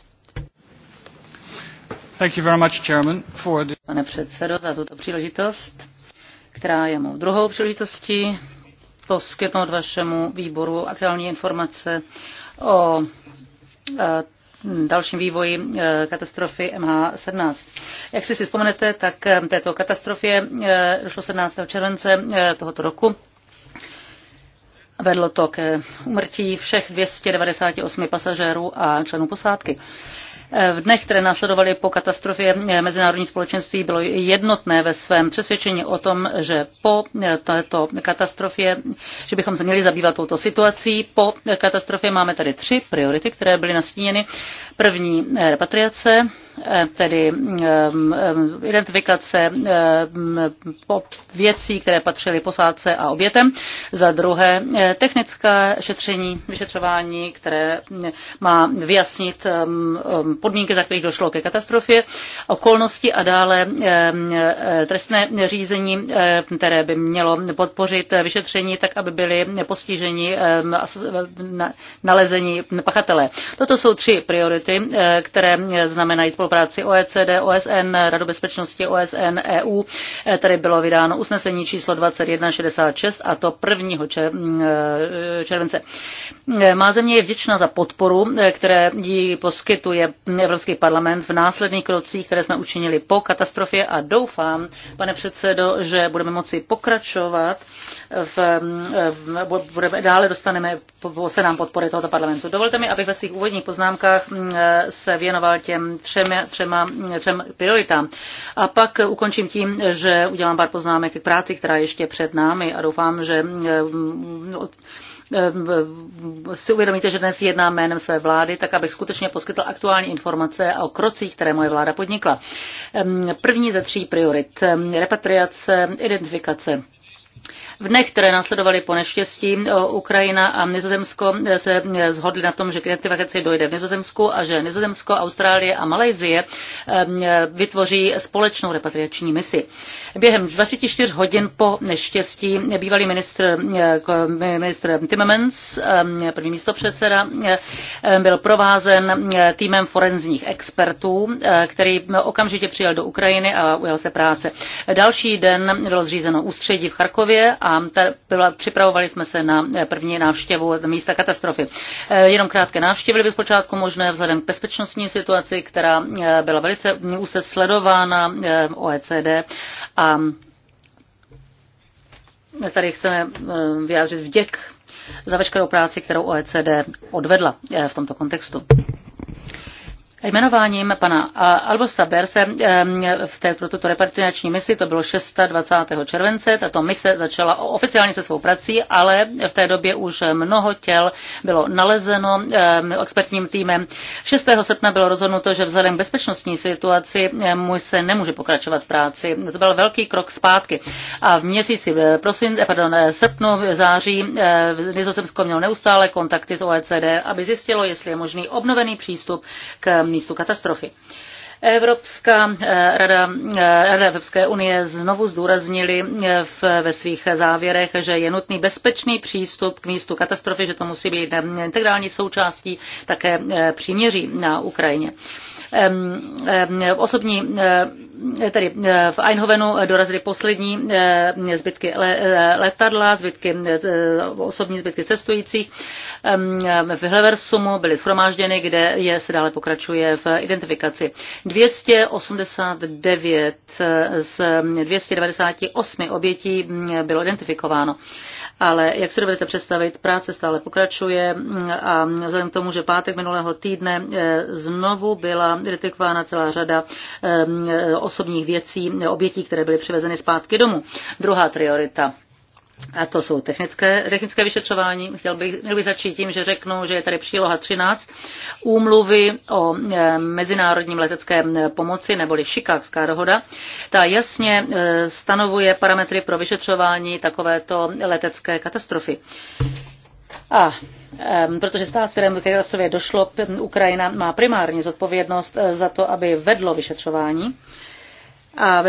Thank you very much, Chairman, for the... Pane předsedo, za tuto příležitost, která je mou druhou příležitostí poskytnout vašemu výboru aktuální informace o eh, dalším vývoji eh, katastrofy MH17. Jak si si vzpomenete, tak eh, této katastrofě došlo 17. července tohoto roku. Vedlo to ke umrtí všech 298 pasažérů a členů posádky. V dnech, které následovaly po katastrofě, mezinárodní společenství bylo jednotné ve svém přesvědčení o tom, že po této katastrofě, že bychom se měli zabývat touto situací. Po katastrofě máme tady tři priority, které byly nastíněny. První repatriace, Eh, tedy identifikace věcí, které patřily posádce a obětem. Za druhé eh, technická šetření, vyšetřování, které mm, má vyjasnit podmínky, za kterých došlo ke katastrofě, okolnosti a dále eh, trestné řízení, které by mělo podpořit vyšetření tak, aby byly postiženi nalezení pachatelé. Toto jsou tři priority, které znamenají spolu spolupráci OECD, OSN, Radu bezpečnosti OSN, EU. E, Tady bylo vydáno usnesení číslo 2166 a to 1. E, července. E, má země je vděčná za podporu, které jí poskytuje Evropský parlament v následných krocích, které jsme učinili po katastrofě a doufám, pane předsedo, že budeme moci pokračovat v, v, budeme, dále dostaneme, se nám podpory tohoto parlamentu. Dovolte mi, abych ve svých úvodních poznámkách mm, se věnoval těm třemi, třema, třem prioritám. A pak ukončím tím, že udělám pár poznámek k práci, která ještě před námi a doufám, že mm, no, si uvědomíte, že dnes jednám jménem své vlády, tak abych skutečně poskytl aktuální informace o krocích, které moje vláda podnikla. První ze tří priorit. Repatriace, identifikace v dnech, které následovaly po neštěstí, eh, Ukrajina a Nizozemsko eh, se zhodli eh, na tom, že k identifikaci dojde v Nizozemsku a že Nizozemsko, Austrálie a Malajzie ehm, vytvoří společnou repatriační misi. Během 24 hodin po neštěstí bývalý ministr, ministr Timmermans, ehm, první místo předseda, byl provázen týmem forenzních expertů, který okamžitě přijel do Ukrajiny a ujel se práce. Další den bylo zřízeno ústředí v Charkově a byla, připravovali jsme se na eh, první návštěvu místa katastrofy. Eh, jenom krátké návštěvy byly zpočátku možné vzhledem k bezpečnostní situaci, která eh, byla velice mm, úzce sledována OECD a tady chceme vyjádřit vděk za veškerou práci, kterou OECD odvedla v tomto kontextu. Jmenováním pana Albosta Berse v té, pro tuto repatriační misi, to bylo 26. července, tato mise začala oficiálně se svou prací, ale v té době už mnoho těl bylo nalezeno expertním týmem. 6. srpna bylo rozhodnuto, že vzhledem k bezpečnostní situaci můj se nemůže pokračovat v práci. To byl velký krok zpátky. A v měsíci eh, prosin, eh, pardon, eh, srpnu, září Nizozemsko mělo neustále kontakty s OECD, aby zjistilo, jestli je možný obnovený přístup k místu katastrofy. Evropská eh, rada, eh, rada Evropské unie znovu zdůraznili eh, v, ve svých závěrech, že je nutný bezpečný přístup k místu katastrofy, že to musí být integrální součástí také příměří na Ukrajině osobní e, tedy e, v Einhovenu dorazily poslední e, zbytky letadla, zbytky, osobní zbytky cestujících. V Hleversumu byly schromážděny, kde je, se dále pokračuje v identifikaci. 289 z 298 obětí bylo identifikováno ale jak si dovedete představit, práce stále pokračuje mm, a vzhledem k tomu, že pátek minulého týdne eh, znovu byla detekována celá řada eh, osobních věcí obětí, které byly přivezeny zpátky domů. Druhá priorita a to jsou technické, technické vyšetřování. Chtěl bych, měl bych začít tím, že řeknu, že je tady příloha 13 úmluvy o e, mezinárodním letecké pomoci, neboli Šikákská dohoda. Ta jasně e, stanovuje parametry pro vyšetřování takovéto letecké katastrofy. A protože stát, kterému ke katastrofě došlo, Ukrajina má primárně zodpovědnost e, za to, aby vedlo vyšetřování a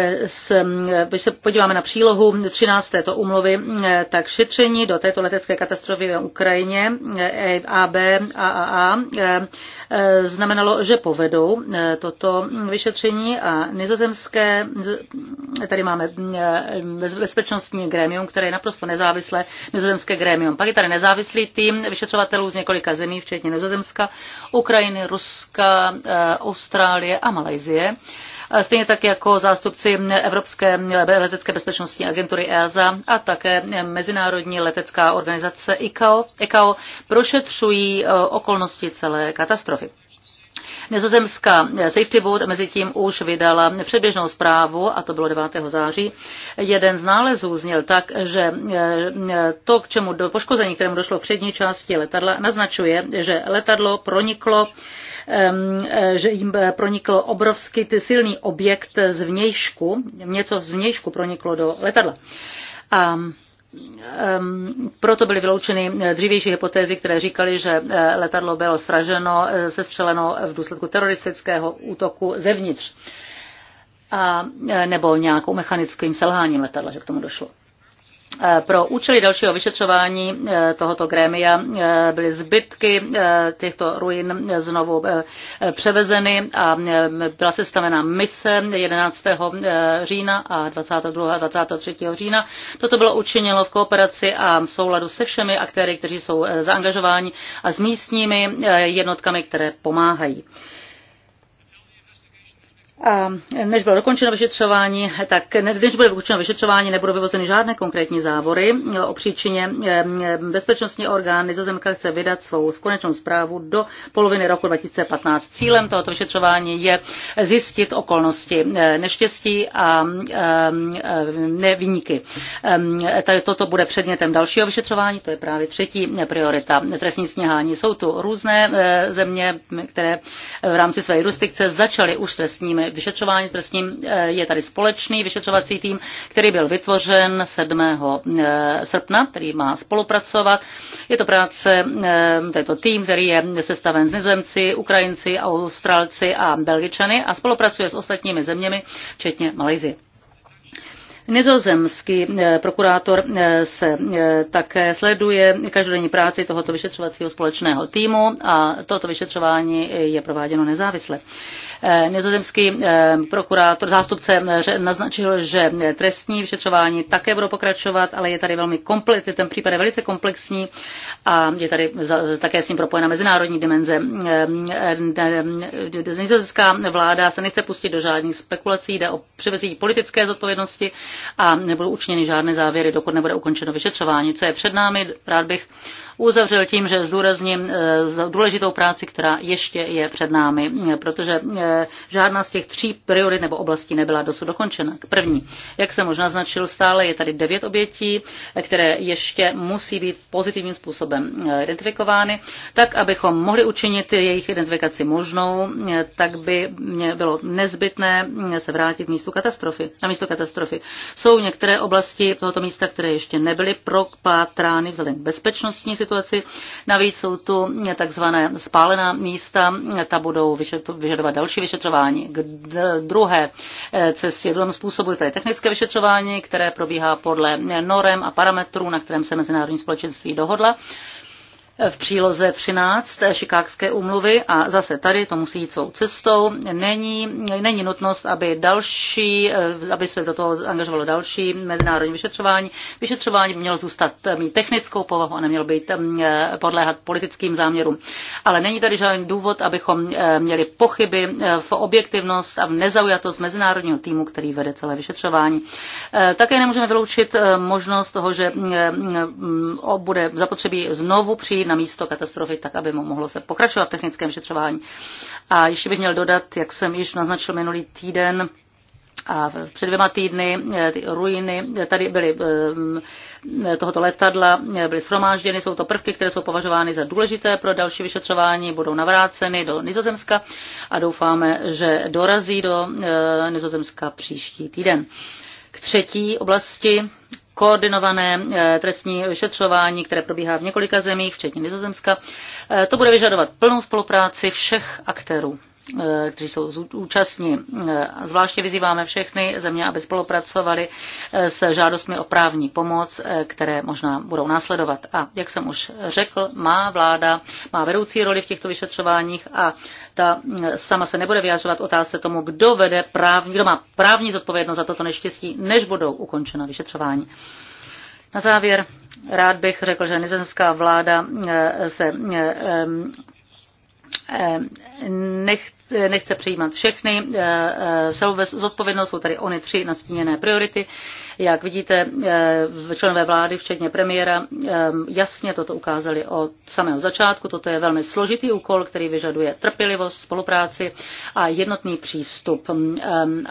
když se podíváme na přílohu 13. této umluvy, tak šetření do této letecké katastrofy na Ukrajině AB a AAA znamenalo, že povedou toto vyšetření a nizozemské, tady máme bezpečnostní grémium, které je naprosto nezávislé, nizozemské grémium. Pak je tady nezávislý tým vyšetřovatelů z několika zemí, včetně Nizozemska, Ukrajiny, Ruska, e, Austrálie a Malajzie stejně tak jako zástupci Evropské letecké bezpečnostní agentury EASA a také Mezinárodní letecká organizace ICAO, ICAO prošetřují e, okolnosti celé katastrofy. Nizozemská Safety Board mezi tím už vydala předběžnou zprávu, a to bylo 9. září. Jeden z nálezů zněl tak, že eh, to, k čemu do poškození, kterému došlo v přední části letadla, naznačuje, že letadlo proniklo eh, že jim eh, pronikl obrovský ty silný objekt z vnějšku, něco z vnějšku proniklo do letadla. A Ehm, proto byly vyloučeny eh, dřívější hypotézy, které říkaly, že eh, letadlo bylo sraženo, eh, sestřeleno v důsledku teroristického útoku zevnitř a, nebo nějakou mechanickým selháním letadla, že k tomu došlo. Eh, pro účely dalšího vyšetřování eh, tohoto grémia eh, byly zbytky těchto ruin znovu převezeny a byla sestavena mise 11. října a 22. a 23. října. Toto bylo učiněno v kooperaci a v souladu se všemi aktéry, kteří jsou zaangažováni a s místními jednotkami, které pomáhají. A než bylo dokončeno vyšetřování, tak než bude dokončeno vyšetřování, nebudou vyvozeny žádné konkrétní závory. O příčině bezpečnostní orgán Nizozemka chce vydat svou konečnou zprávu do poloviny roku 2015. Cílem tohoto vyšetřování je zjistit okolnosti e, neštěstí a neviníky. Tady toto bude předmětem dalšího vyšetřování, to je právě třetí priorita. Trestní sněhání jsou tu různé e, země, které v rámci své jurisdikce začaly už trestními vyšetřování trestním. Eh, je tady společný vyšetřovací tým, který byl vytvořen 7. Eh, srpna, který má spolupracovat. Je to práce, eh, tento tým, který je sestaven z Nizozemci, Ukrajinci, Australci a Belgičany a spolupracuje s ostatními zeměmi, včetně Malajzie. Nizozemský prokurátor se také sleduje každodenní práci tohoto vyšetřovacího společného týmu a toto vyšetřování je prováděno nezávisle. Eh, nizozemský eh, prokurátor, zástupce eh, naznačil, že trestní vyšetřování také budou pokračovat, ale je tady velmi komplet, ten případ je velice komplexní a je tady také s ním propojena mezinárodní dimenze. Nizozemská vláda se nechce pustit do žádných spekulací, jde o převezení politické zodpovědnosti a nebudou učiněny žádné závěry, dokud nebude ukončeno vyšetřování. Co je před námi, rád bych uzavřel tím, že zdůrazním eh, důležitou práci, která ještě je před námi, eh, protože eh, žádná z těch tří priorit nebo oblastí nebyla dosud dokončena. K první, jak jsem už naznačil, stále je tady devět obětí, které ještě musí být pozitivním způsobem identifikovány, tak abychom mohli učinit jejich identifikaci možnou, tak by mě bylo nezbytné se vrátit místu katastrofy. Na místo katastrofy jsou některé oblasti tohoto místa, které ještě nebyly propátrány vzhledem k bezpečnostní situaci situaci. Navíc jsou tu takzvané spálená místa, ta budou vyžadovat další vyšetřování. K druhé eh, cestě druhém způsobu je tady technické vyšetřování, které probíhá podle norem a parametrů, na kterém se mezinárodní společenství dohodla v příloze 13 Šikákské umluvy a zase tady to musí jít svou cestou. Není, není nutnost, aby další, eh, aby se do toho angažovalo další mezinárodní vyšetřování. Vyšetřování by mělo zůstat eh, mít technickou povahu a nemělo být eh, podléhat politickým záměrům. Ale není tady žádný důvod, abychom měli pochyby v objektivnost a v nezaujatost mezinárodního týmu, který vede celé vyšetřování. Také nemůžeme vyloučit možnost toho, že bude zapotřebí znovu přijít na místo katastrofy, tak aby mu mohlo se pokračovat v technickém šetřování. A ještě bych měl dodat, jak jsem již naznačil minulý týden, a před dvěma týdny eh, ty ruiny tady byly eh, tohoto letadla eh, byly shromážděny. Jsou to prvky, které jsou považovány za důležité pro další vyšetřování, budou navráceny do Nizozemska a doufáme, že dorazí do Nizozemska příští týden. K třetí oblasti koordinované eh, trestní šetřování, které probíhá v několika zemích, včetně Nizozemska. Eh, to bude vyžadovat plnou spolupráci všech aktérů. Eh, kteří jsou účastní. Eh, zvláště vyzýváme všechny země, aby spolupracovali eh, s žádostmi o právní pomoc, které možná budou následovat. A jak jsem už řekl, má vláda, má vedoucí roli v těchto vyšetřováních a ta sama se nebude vyjadřovat otázce tomu, kdo vede právní, kdo má právní zodpovědnost za toto neštěstí, než budou ukončena vyšetřování. Na závěr rád bych řekl, že nizozemská vláda se nech, nechce přijímat všechny. Eh, eh, zodpovědnost jsou tady ony tři nastíněné priority. Jak vidíte, eh, členové vlády, včetně premiéra, jasně toto ukázali od samého začátku. Toto je velmi složitý úkol, který vyžaduje trpělivost, spolupráci a jednotný přístup.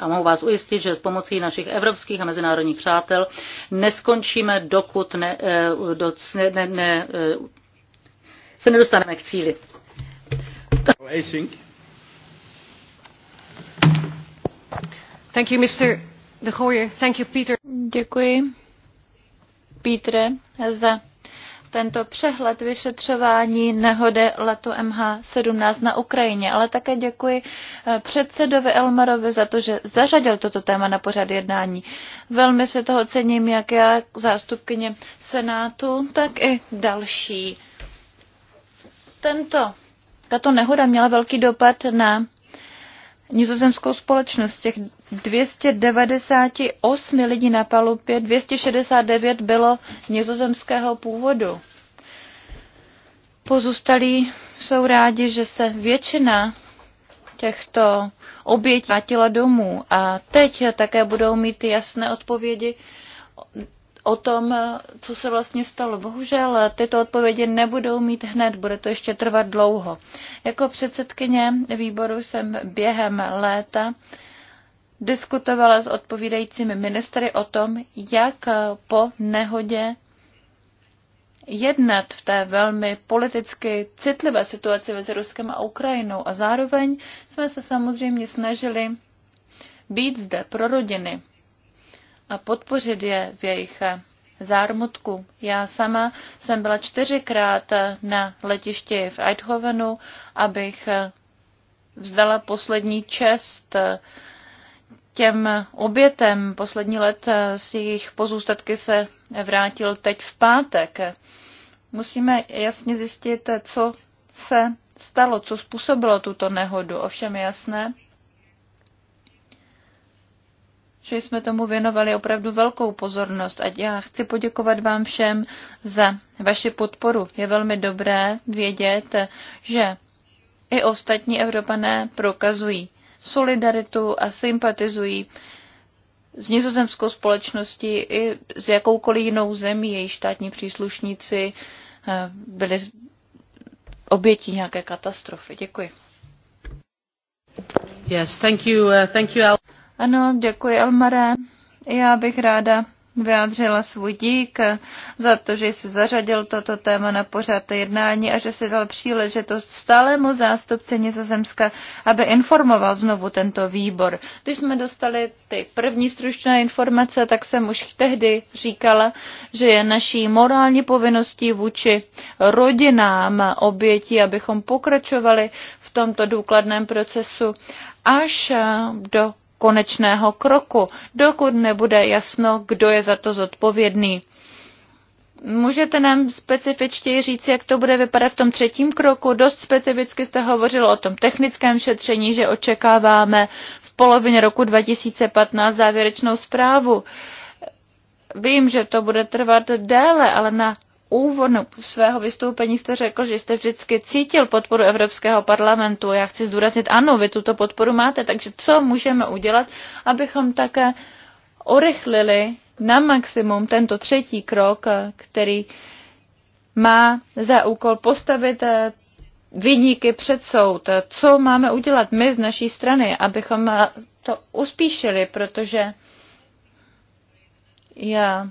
A mohu vás ujistit, že s pomocí našich evropských a mezinárodních přátel neskončíme, dokud ne, do, ne, ne, se nedostaneme k cíli minuta. Thank you, Mr. De Goyer. Thank you, Peter. Děkuji, Peter, za tento přehled vyšetřování nehody letu MH17 na Ukrajině, ale také děkuji eh, předsedovi Elmarovi za to, že zařadil toto téma na pořad jednání. Velmi se toho cením, jak já, zástupkyně Senátu, tak i další. Tento tato nehoda měla velký dopad na nizozemskou společnost. Těch 298 lidí na palubě, 269 bylo nizozemského původu. Pozůstalí jsou rádi, že se většina těchto obětí vrátila domů a teď také budou mít jasné odpovědi o tom, co se vlastně stalo. Bohužel tyto odpovědi nebudou mít hned, bude to ještě trvat dlouho. Jako předsedkyně výboru jsem během léta diskutovala s odpovídajícími ministry o tom, jak po nehodě jednat v té velmi politicky citlivé situaci mezi Ruskem a Ukrajinou. A zároveň jsme se samozřejmě snažili být zde pro rodiny, a podpořit je v jejich zármutku. Já sama jsem byla čtyřikrát na letišti v Eidhovenu, abych vzdala poslední čest těm obětem. Poslední let s jejich pozůstatky se vrátil teď v pátek. Musíme jasně zjistit, co se stalo, co způsobilo tuto nehodu. Ovšem jasné, že jsme tomu věnovali opravdu velkou pozornost a já chci poděkovat vám všem za vaši podporu. Je velmi dobré vědět, že i ostatní Evropané prokazují solidaritu a sympatizují s nizozemskou společností i s jakoukoliv jinou zemí, její státní příslušníci eh, byli obětí nějaké katastrofy. Děkuji. Yes, thank you, uh, thank you, ano, děkuji, Elmare. Já bych ráda vyjádřila svůj dík za to, že jsi zařadil toto téma na pořad jednání a že si dal příležitost stálemu zástupci Nizozemska, aby informoval znovu tento výbor. Když jsme dostali ty první stručné informace, tak jsem už tehdy říkala, že je naší morální povinností vůči rodinám obětí, abychom pokračovali v tomto důkladném procesu až do konečného kroku, dokud nebude jasno, kdo je za to zodpovědný. Můžete nám specifičtěji říct, jak to bude vypadat v tom třetím kroku? Dost specificky jste hovořil o tom technickém šetření, že očekáváme v polovině roku 2015 závěrečnou zprávu. Vím, že to bude trvat déle, ale na úvodu no, svého vystoupení jste řekl, že jste vždycky cítil podporu Evropského parlamentu. Já chci zdůraznit, ano, vy tuto podporu máte, takže co můžeme udělat, abychom také urychlili na maximum tento třetí krok, který má za úkol postavit eh, vyníky před soud. Co máme udělat my z naší strany, abychom eh, to uspíšili, protože já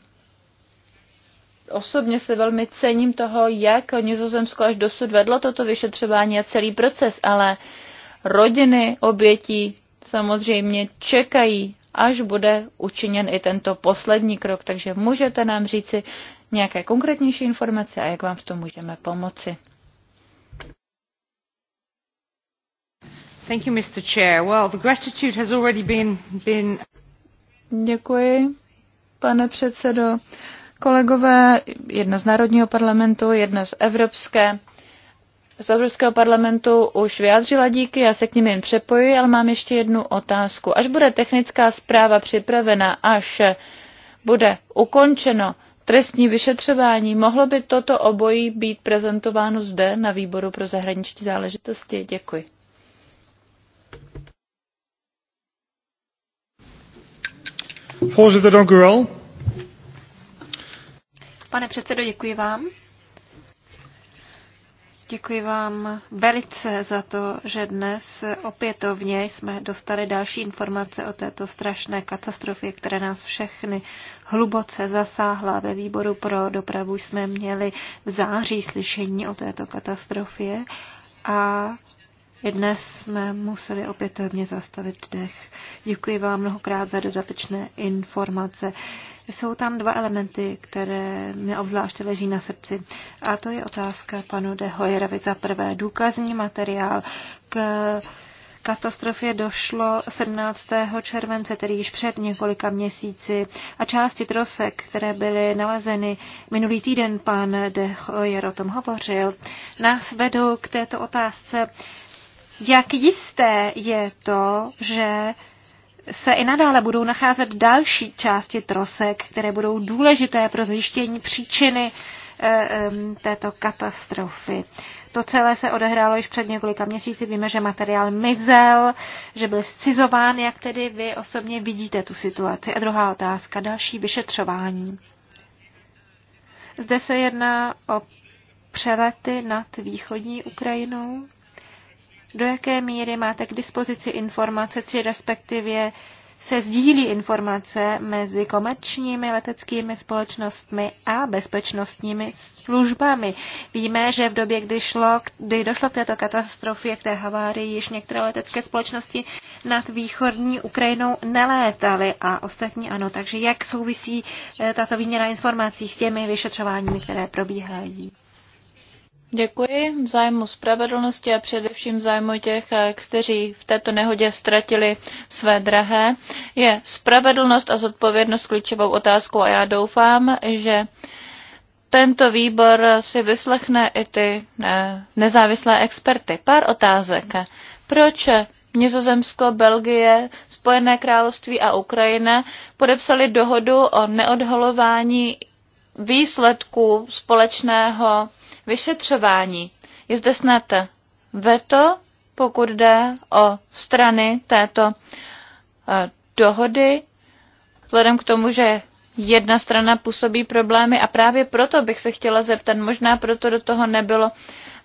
osobně se velmi cením toho, jak Nizozemsko až dosud vedlo toto vyšetřování a celý proces, ale rodiny obětí samozřejmě čekají, až bude učiněn i tento poslední krok, takže můžete nám říci nějaké konkrétnější informace a jak vám v tom můžeme pomoci. Thank you, Mr. Chair. Well, the gratitude has already been, been... Děkuji, pane předsedo kolegové, jedna z Národního parlamentu, jedna z Evropské, z Evropského parlamentu už vyjádřila díky, já se k ním jen přepojuji, ale mám ještě jednu otázku. Až bude technická zpráva připravena, až bude ukončeno trestní vyšetřování, mohlo by toto obojí být prezentováno zde na výboru pro zahraniční záležitosti? Děkuji. Voorzitter, dank u wel. Pane předsedo, děkuji vám. Děkuji vám velice za to, že dnes opětovně jsme dostali další informace o této strašné katastrofě, která nás všechny hluboce zasáhla. Ve výboru pro dopravu jsme měli v září slyšení o této katastrofě a dnes jsme museli opětovně zastavit dech. Děkuji vám mnohokrát za dodatečné informace. Jsou tam dva elementy, které mi obzvláště leží na srdci. A to je otázka panu de Hojerovi za prvé. Důkazní materiál k katastrofě došlo 17. července, tedy již před několika měsíci, a části trosek, které byly nalezeny minulý týden, pan de Hojer o tom hovořil, nás vedou k této otázce, jak jisté je to, že se i nadále budou nacházet další části trosek, které budou důležité pro zjištění příčiny eh, této katastrofy. To celé se odehrálo již před několika měsíci. Víme, že materiál mizel, že byl scizován. Jak tedy vy osobně vidíte tu situaci? A druhá otázka, další vyšetřování. Zde se jedná o přelety nad východní Ukrajinou do jaké míry máte k dispozici informace, či respektive se sdílí informace mezi komerčními leteckými společnostmi a bezpečnostními službami. Víme, že v době, kdy, šlo, kdy došlo k této katastrofě, k té havárii, již některé letecké společnosti nad východní Ukrajinou nelétaly a ostatní ano. Takže jak souvisí eh, tato výměna informací s těmi vyšetřováními, které probíhají? Děkuji. V zájmu spravedlnosti a především v zájmu těch, eh, kteří v této nehodě ztratili své drahé, je spravedlnost a zodpovědnost klíčovou otázkou a já doufám, že tento výbor si vyslechne i ty eh, nezávislé experty. Pár otázek. Proč Nizozemsko, Belgie, Spojené království a Ukrajina podepsali dohodu o neodhalování výsledků společného vyšetřování. Je zde snad veto, pokud jde o strany této eh, dohody, vzhledem k tomu, že jedna strana působí problémy a právě proto bych se chtěla zeptat, možná proto do toho nebylo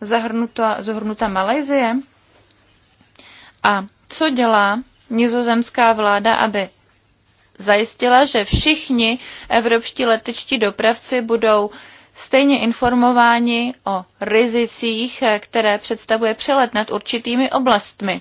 zahrnuto, zahrnuta Malajzie. A co dělá nizozemská vláda, aby zajistila, že všichni evropští letečtí dopravci budou stejně informováni o rizicích, eh, které představuje přelet nad určitými oblastmi.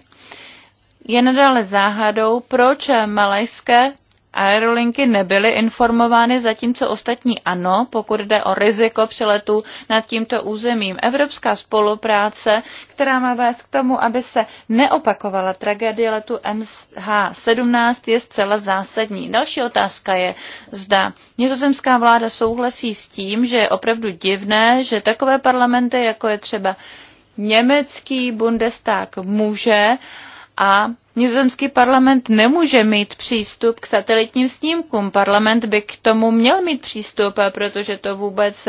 Je nadále záhadou, proč eh, malajské aerolinky nebyly informovány, zatímco ostatní ano, pokud jde o riziko přeletu nad tímto územím. Evropská spolupráce, která má vést k tomu, aby se neopakovala tragédie letu MH17, je zcela zásadní. Další otázka je, zda nizozemská vláda souhlasí s tím, že je opravdu divné, že takové parlamenty, jako je třeba německý Bundestag, může uh, a nizozemský parlament nemůže mít přístup k satelitním snímkům. Parlament by k tomu měl mít přístup, protože to vůbec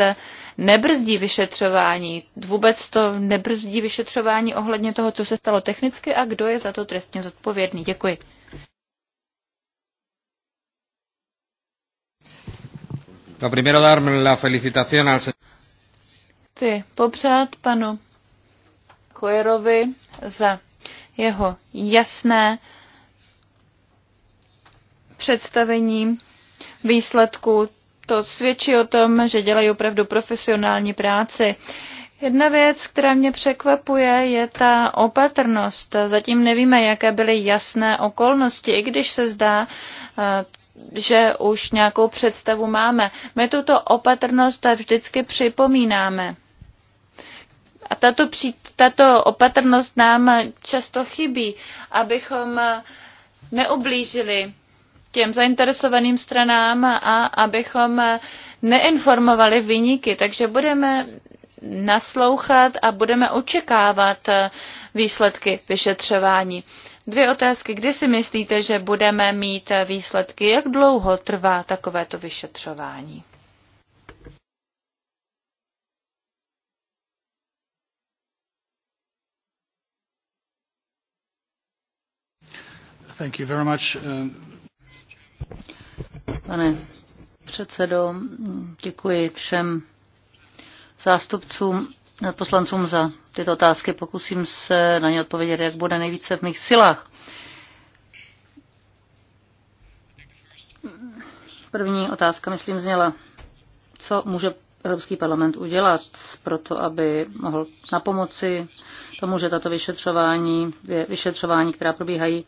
nebrzdí vyšetřování. Vůbec to nebrzdí vyšetřování ohledně toho, co se stalo technicky a kdo je za to trestně zodpovědný. Děkuji. No, la Chci popřát panu Kojerovi za jeho jasné představení výsledků. To svědčí o tom, že dělají opravdu profesionální práci. Jedna věc, která mě překvapuje, je ta opatrnost. Zatím nevíme, jaké byly jasné okolnosti, i když se zdá, eh, že už nějakou představu máme. My tuto opatrnost vždycky připomínáme. A tato, při, tato opatrnost nám často chybí, abychom neublížili těm zainteresovaným stranám a abychom neinformovali vyníky. Takže budeme naslouchat a budeme očekávat výsledky vyšetřování. Dvě otázky. Kdy si myslíte, že budeme mít výsledky? Jak dlouho trvá takovéto vyšetřování? Uh, Pane předsedo, děkuji všem zástupcům, poslancům za tyto otázky. Pokusím se na ně odpovědět, jak bude nejvíce v mých silách. První otázka, myslím, zněla, co může Evropský parlament udělat pro to, aby mohl na pomoci tomu, že tato vyšetřování, vyšetřování, která probíhají,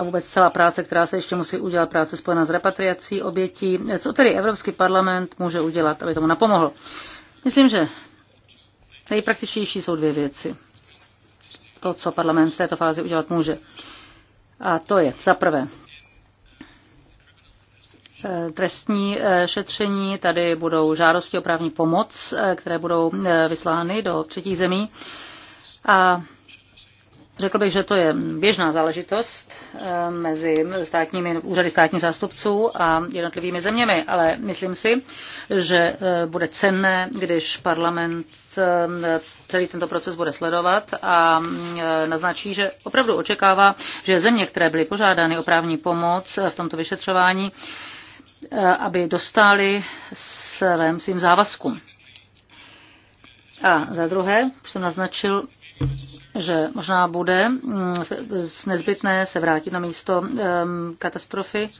a vůbec celá práce, která se ještě musí udělat, práce spojená s repatriací obětí. Co tedy Evropský parlament může udělat, aby tomu napomohl? Myslím, že nejpraktičtější jsou dvě věci. To, co parlament v této fázi udělat může. A to je za prvé trestní eh, šetření, tady budou žádosti o právní pomoc, eh, které budou eh, vyslány do třetích zemí. A Řekl bych, že to je běžná záležitost eh, mezi státními, úřady státních zástupců a jednotlivými zeměmi, ale myslím si, že eh, bude cenné, když parlament eh, celý tento proces bude sledovat a naznačí, že opravdu očekává, že země, které byly požádány o právní pomoc v tomto vyšetřování, aby dostali svém svým závazkům. A za druhé, už jsem naznačil, že možná bude mm, nezbytné se vrátit na místo katastrofy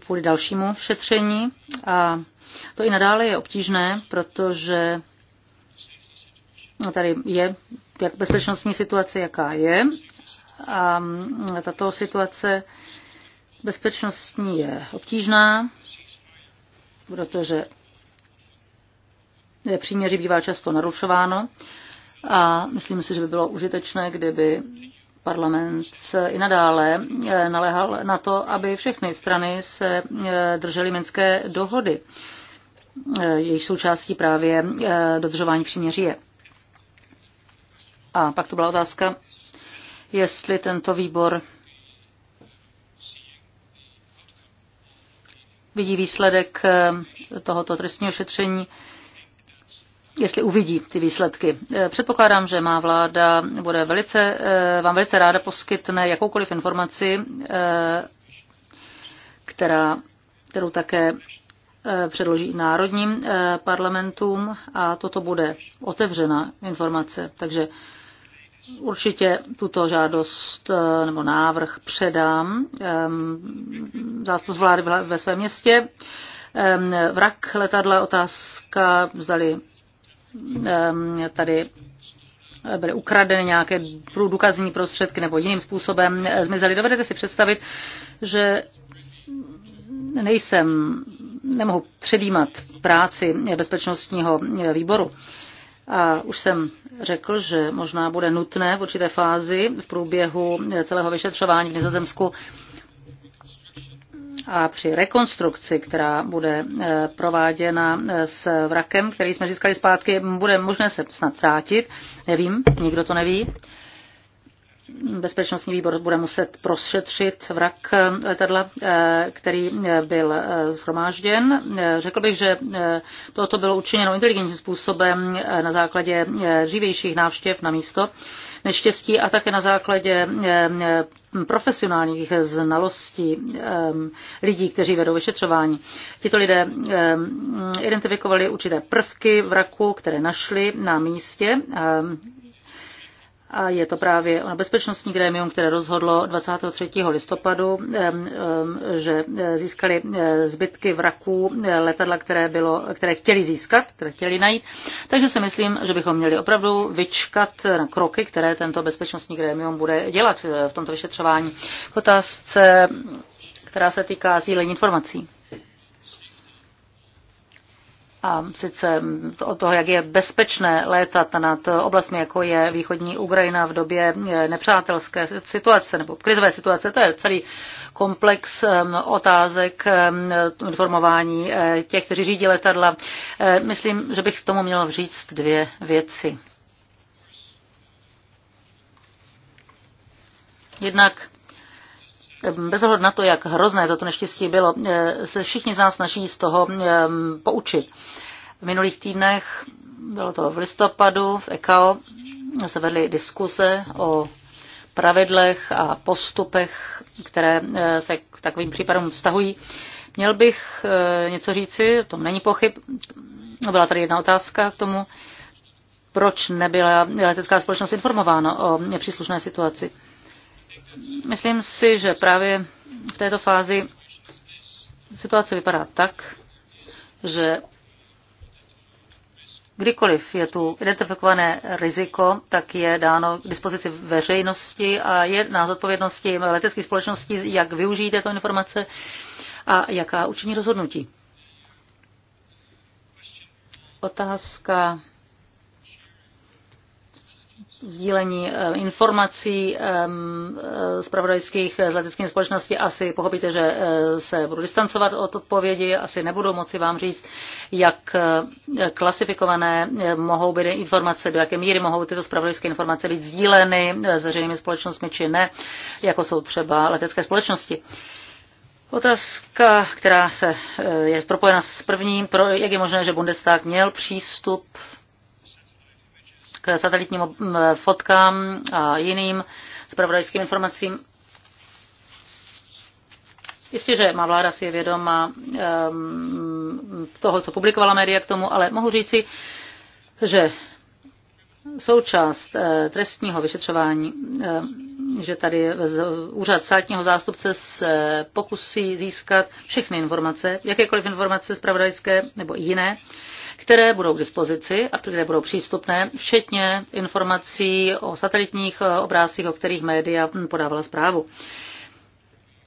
kvůli dalšímu šetření. A to i nadále je obtížné, protože tady je jak bezpečnostní situace, jaká je. A mm, tato situace bezpečnostní je obtížná, protože příměří bývá často narušováno. A myslím si, že by bylo užitečné, kdyby parlament i nadále eh, naléhal na to, aby všechny strany se eh, držely minské dohody. Eh, Jejich součástí právě dodržování příměří je. A pak to byla otázka, jestli tento výbor vidí výsledek tohoto trestního šetření jestli uvidí ty výsledky. Eh, předpokládám, že má vláda bude velice, eh, vám velice ráda poskytne jakoukoliv informaci, eh, která, kterou také předloží národním parlamentům a toto bude otevřená informace. Takže určitě tuto žádost nebo návrh předám zástup vlády ve svém městě. Vrak letadla, otázka, zdali Ehm, tady byly ukradeny nějaké průdukazní prostředky nebo jiným způsobem eh, zmizely. Dovedete si představit, že nejsem, nemohu předjímat práci bezpečnostního výboru. A už jsem řekl, že možná bude nutné v určité fázi v průběhu celého vyšetřování v Nizozemsku a při rekonstrukci, která bude eh, prováděna eh, s vrakem, který jsme získali zpátky, bude možné se snad vrátit. Nevím, nikdo to neví. Bezpečnostní výbor bude muset prošetřit vrak eh, letadla, který byl zhromážděn. Řekl bych, že toto bylo učiněno inteligentním způsobem na základě dřívějších návštěv na místo neštěstí a také na základě eh, eh, profesionálních znalostí eh, lidí, kteří vedou vyšetřování. Tito lidé identifikovali určité prvky vraku, které našli na místě a je to právě na bezpečnostní grémium, které rozhodlo 23. listopadu, že eh, získali eh, zbytky vraků eh, letadla, které, bylo, které chtěli získat, které chtěli najít. Takže si myslím, že bychom měli opravdu vyčkat na kroky, které tento bezpečnostní grémium bude dělat v tomto vyšetřování. K otázce, která se týká sílení informací a sice o toho, jak je bezpečné létat nad oblastmi, jako je východní Ukrajina v době eh, nepřátelské situace nebo krizové situace. To je celý komplex ehm, otázek ehm, informování eh, těch, kteří řídí letadla. Eh, myslím, že bych k tomu měl říct dvě věci. Jednak bez ohledu na to, jak hrozné toto neštěstí bylo, eh, se všichni z nás snaží z toho eh, poučit. V minulých týdnech, bylo to v listopadu, v ECAO, se vedly diskuze o pravidlech a postupech, které eh, se k takovým případům vztahují. Měl bych něco říci, o tom není pochyb. No, byla tady jedna otázka k tomu, proč nebyla letecká společnost informována o příslušné situaci. Myslím si, že právě v této fázi situace vypadá tak, že Kdykoliv je tu identifikované riziko, tak je dáno k dispozici veřejnosti a je na zodpovědnosti leteckých společností, jak využijí této informace a jaká učiní rozhodnutí. Otázka sdílení eh, informací eh, eh, pravodajských z leteckými společnosti. Asi pochopíte, že se budu distancovat od odpovědi, asi nebudu moci vám říct, jak klasifikované mohou být informace, do jaké míry mohou tyto zpravodajské informace být sdíleny s veřejnými společnostmi či ne, jako jsou třeba letecké společnosti. Otázka, která se je propojena s prvním, pro, jak je možné, že Bundestag měl přístup k satelitním eh, fotkám a jiným zpravodajským informacím. Jistě, že má vláda si je vědoma um, toho, co publikovala média k tomu, ale mohu říci, že součást eh, trestního vyšetřování, eh, že tady úřad státního zástupce se pokusí získat všechny informace, jakékoliv informace zpravodajské nebo jiné, které budou k dispozici a které budou přístupné, včetně informací o satelitních eh, obrázcích, o kterých média podávala zprávu.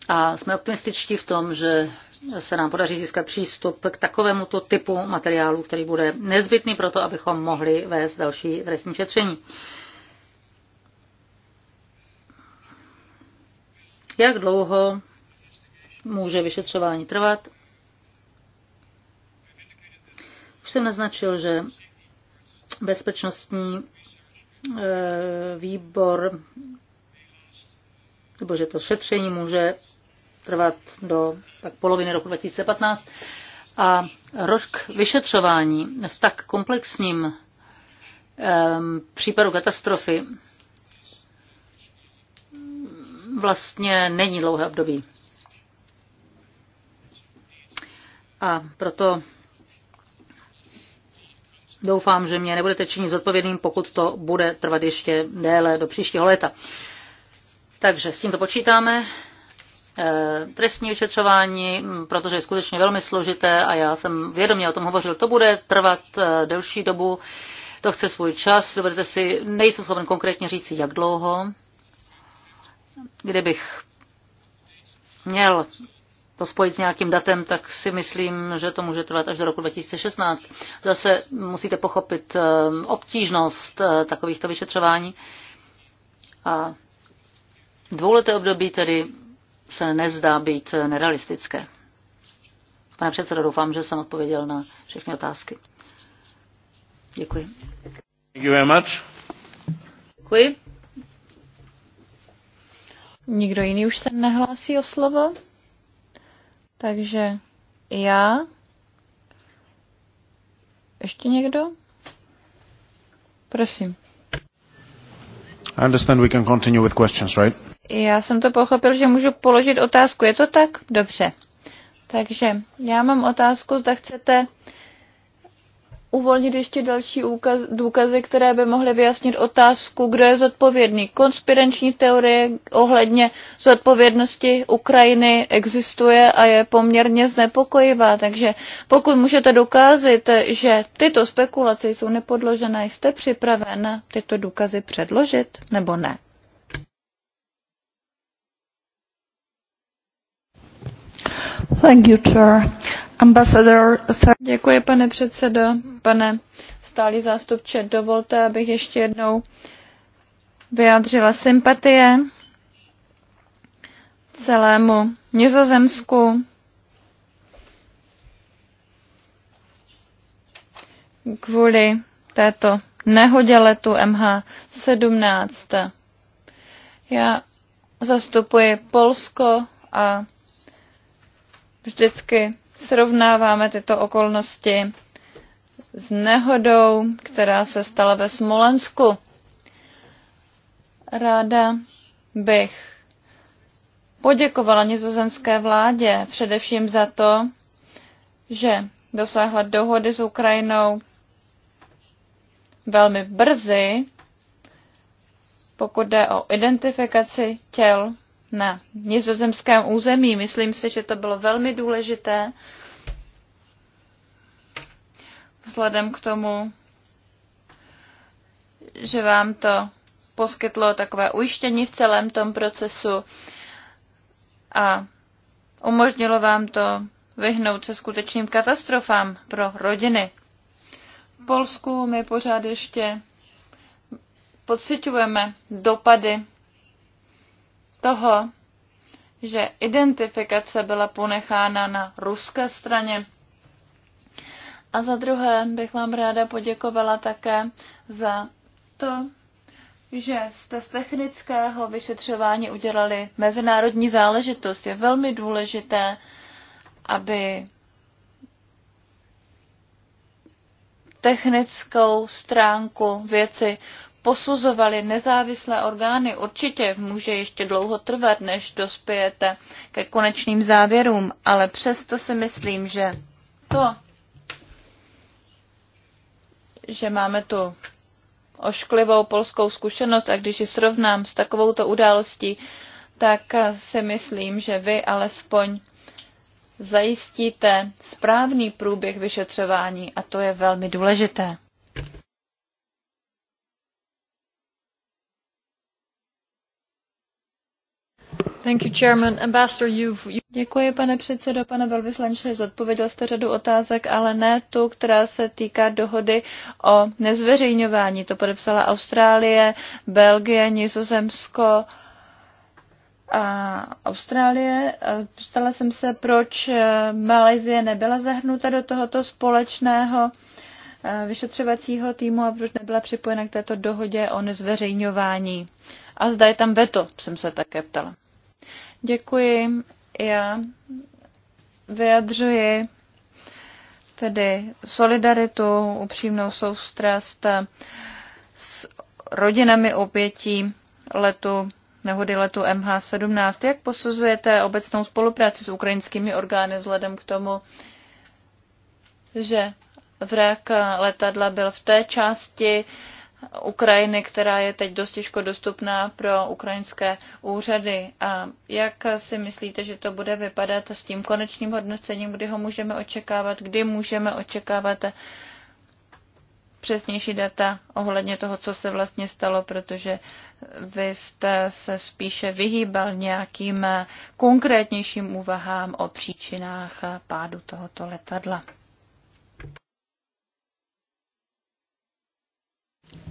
A jsme optimističtí v tom, že se nám podaří získat přístup k takovému typu materiálu, který bude nezbytný pro to, abychom mohli vést další trestní šetření. Jak dlouho může vyšetřování trvat? Už jsem naznačil, že bezpečnostní eh, výbor nebo že to šetření může trvat do tak poloviny roku 2015. A rok vyšetřování v tak komplexním případu katastrofy vlastně není dlouhé období. A proto doufám, že mě nebudete činit zodpovědným, pokud to bude trvat ještě déle do příštího léta. Takže s tímto počítáme. Eh, trestní vyšetřování, mm, protože je skutečně velmi složité a já jsem vědomě o tom hovořil, to bude trvat eh, delší dobu, to chce svůj čas, dovedete si, nejsem schopen konkrétně říct, jak dlouho, kdybych měl to spojit s nějakým datem, tak si myslím, že to může trvat až do roku 2016. Zase musíte pochopit eh, obtížnost takovýchto vyšetřování. A dvouleté období tedy se nezdá být nerealistické. Pane předsedo, doufám, že jsem odpověděl na všechny otázky. Děkuji. Thank you very much. Děkuji. Nikdo jiný už se nehlásí o slovo, takže já. Ještě někdo? Prosím. I understand we can continue with questions, right? Já jsem to pochopil, že můžu položit otázku. Je to tak? Dobře. Takže já mám otázku, zda chcete uvolnit ještě další úkaz, důkazy, které by mohly vyjasnit otázku, kdo je zodpovědný. Konspirační teorie ohledně zodpovědnosti Ukrajiny existuje a je poměrně znepokojivá, takže pokud můžete dokázat, že tyto spekulace jsou nepodložené, jste připraven tyto důkazy předložit nebo ne? Děkuji, pane předsedo. Pane stálý zástupče, dovolte, abych ještě jednou vyjádřila sympatie celému Nizozemsku, kvůli této nehodě letu MH17. Já zastupuji Polsko a vždycky srovnáváme tyto okolnosti s nehodou, která se stala ve Smolensku. Ráda bych poděkovala nizozemské vládě především za to, že dosáhla dohody s Ukrajinou velmi brzy, pokud jde o identifikaci těl na nizozemském území. Myslím si, že to bylo velmi důležité vzhledem k tomu, že vám to poskytlo takové ujištění v celém tom procesu a umožnilo vám to vyhnout se skutečným katastrofám pro rodiny. V Polsku my pořád ještě pocitujeme dopady toho, že identifikace byla ponechána na ruské straně. A za druhé bych vám ráda poděkovala také za to, že jste z technického vyšetřování udělali mezinárodní záležitost. Je velmi důležité, aby technickou stránku věci posuzovaly nezávislé orgány. Určitě může ještě dlouho trvat, než dospějete ke konečným závěrům, ale přesto si myslím, že to, že máme tu ošklivou polskou zkušenost a když ji srovnám s takovouto událostí, tak si myslím, že vy alespoň zajistíte správný průběh vyšetřování a to je velmi důležité. Děkuji, pane předsedo, pane velvyslanče. Zodpověděl jste řadu otázek, ale ne tu, která se týká dohody o nezveřejňování. To podepsala Austrálie, Belgie, Nizozemsko a Austrálie. Stala jsem se, proč eh, Malajzie nebyla zahrnuta do tohoto společného eh, vyšetřovacího týmu a proč nebyla připojena k této dohodě o nezveřejňování. A zda je tam veto, jsem se také ptala. Děkuji. Já vyjadřuji tedy solidaritu, upřímnou soustrast s rodinami obětí letu nehody letu MH17. Jak posuzujete obecnou spolupráci s ukrajinskými orgány vzhledem k tomu, že vrak letadla byl v té části Ukrajiny, která je teď dost těžko dostupná pro ukrajinské úřady. A jak si myslíte, že to bude vypadat s tím konečným hodnocením, kdy ho můžeme očekávat, kdy můžeme očekávat přesnější data ohledně toho, co se vlastně stalo, protože vy jste se spíše vyhýbal nějakým konkrétnějším úvahám o příčinách pádu tohoto letadla.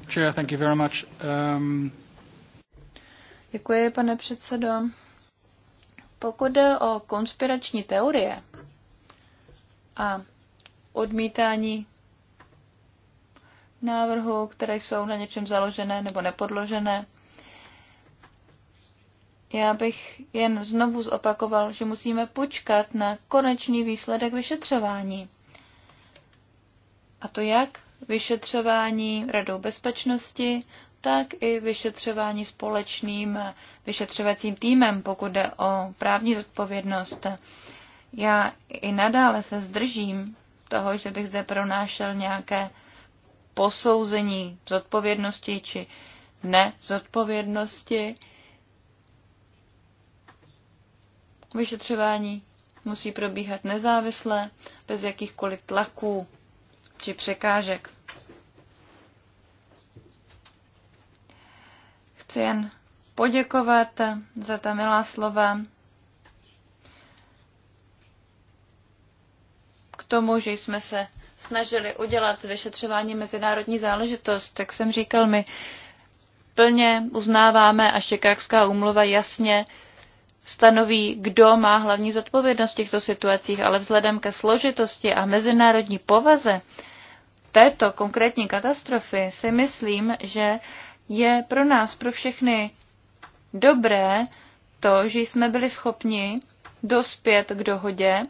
Chair, thank you very much. Um... Děkuji, pane předsedo. Pokud jde o konspirační teorie a odmítání návrhů, které jsou na něčem založené nebo nepodložené, já bych jen znovu zopakoval, že musíme počkat na konečný výsledek vyšetřování. A to jak vyšetřování Radou bezpečnosti, tak i vyšetřování společným vyšetřovacím týmem, pokud jde o právní odpovědnost. Já i nadále se zdržím toho, že bych zde pronášel nějaké posouzení zodpovědnosti či ne odpovědnosti Vyšetřování musí probíhat nezávisle, bez jakýchkoliv tlaků či překážek. Chci jen poděkovat za ta milá slova k tomu, že jsme se snažili udělat z vyšetřování mezinárodní záležitost, Jak jsem říkal, my plně uznáváme a Šikákská úmluva jasně stanoví, kdo má hlavní zodpovědnost v těchto situacích, ale vzhledem ke složitosti a mezinárodní povaze této konkrétní katastrofy si myslím, že je pro nás, pro všechny dobré to, že jsme byli schopni dospět k dohodě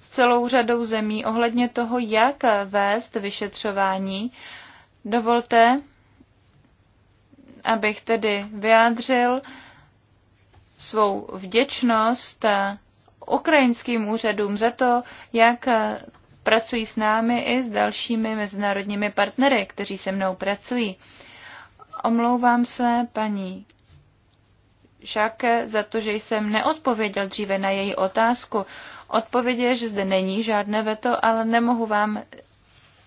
s celou řadou zemí ohledně toho, jak vést vyšetřování. Dovolte, abych tedy vyjádřil, svou vděčnost eh, ukrajinským úřadům za to, jak eh, pracují s námi i s dalšími mezinárodními partnery, kteří se mnou pracují. Omlouvám se paní Žáke za to, že jsem neodpověděl dříve na její otázku. Odpověď je, že zde není žádné veto, ale nemohu vám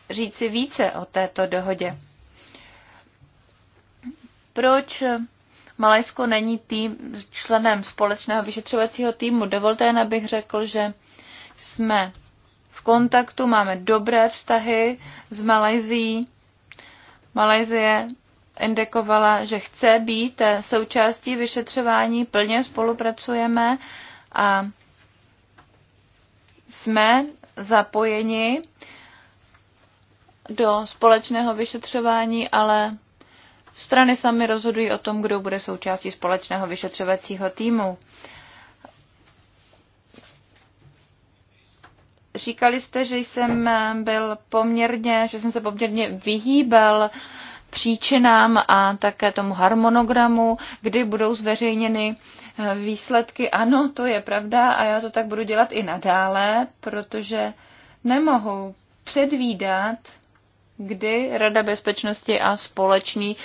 říci více o této dohodě. Proč Malajsko není tým, členem společného vyšetřovacího týmu. Dovolte jen, abych řekl, že jsme v kontaktu, máme dobré vztahy s Malajzií. Malajzie indikovala, že chce být součástí vyšetřování, plně spolupracujeme a jsme zapojeni do společného vyšetřování, ale Strany sami rozhodují o tom, kdo bude součástí společného vyšetřovacího týmu. Říkali jste, že jsem byl poměrně, že jsem se poměrně vyhýbal příčinám a také tomu harmonogramu, kdy budou zveřejněny eh, výsledky. Ano, to je pravda a já to tak budu dělat i nadále, protože nemohu předvídat, kdy Rada bezpečnosti a společný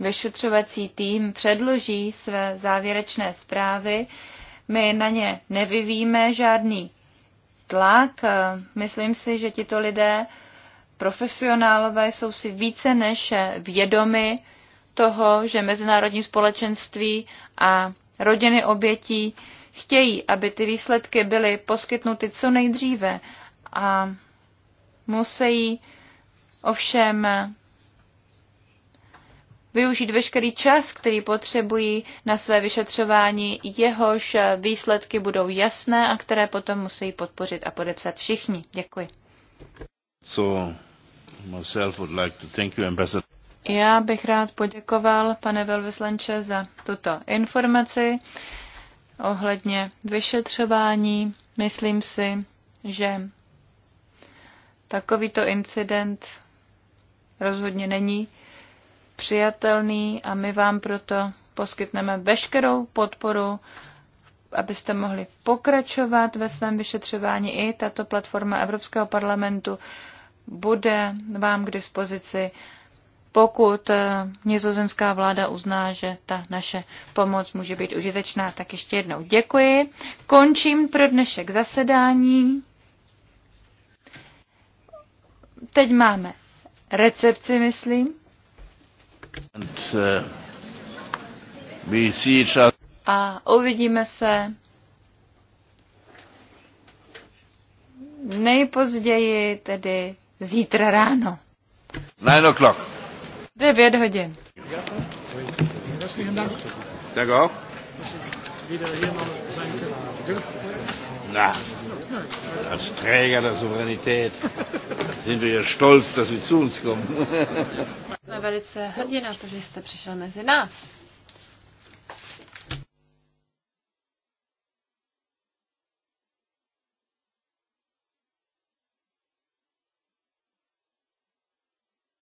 vyšetřovací tým předloží své závěrečné zprávy. My na ně nevyvíjíme žádný tlak. Myslím si, že tito lidé, profesionálové, jsou si více než vědomi toho, že mezinárodní společenství a rodiny obětí chtějí, aby ty výsledky byly poskytnuty co nejdříve a musí ovšem využít veškerý čas, který potřebují na své vyšetřování, jehož výsledky budou jasné a které potom musí podpořit a podepsat všichni. Děkuji. So, myself would like to thank you, Ambassador. Já bych rád poděkoval, pane velvyslanče, za tuto informaci ohledně vyšetřování. Myslím si, že takovýto incident rozhodně není přijatelný a my vám proto poskytneme veškerou podporu, abyste mohli pokračovat ve svém vyšetřování. I tato platforma Evropského parlamentu bude vám k dispozici, pokud eh, nizozemská vláda uzná, že ta naše pomoc může být užitečná. Tak ještě jednou děkuji. Končím pro dnešek zasedání. Teď máme recepci, myslím. And, uh, A uvidíme se nejpozději tedy zítra ráno. Nine o'clock. Devět hodin. Tak Děkuji. Děkuji. Als Träger der Souveränität sind wir ja stolz, dass Sie zu uns kommen. Jsme velice sehr na dass Sie zu uns kommen.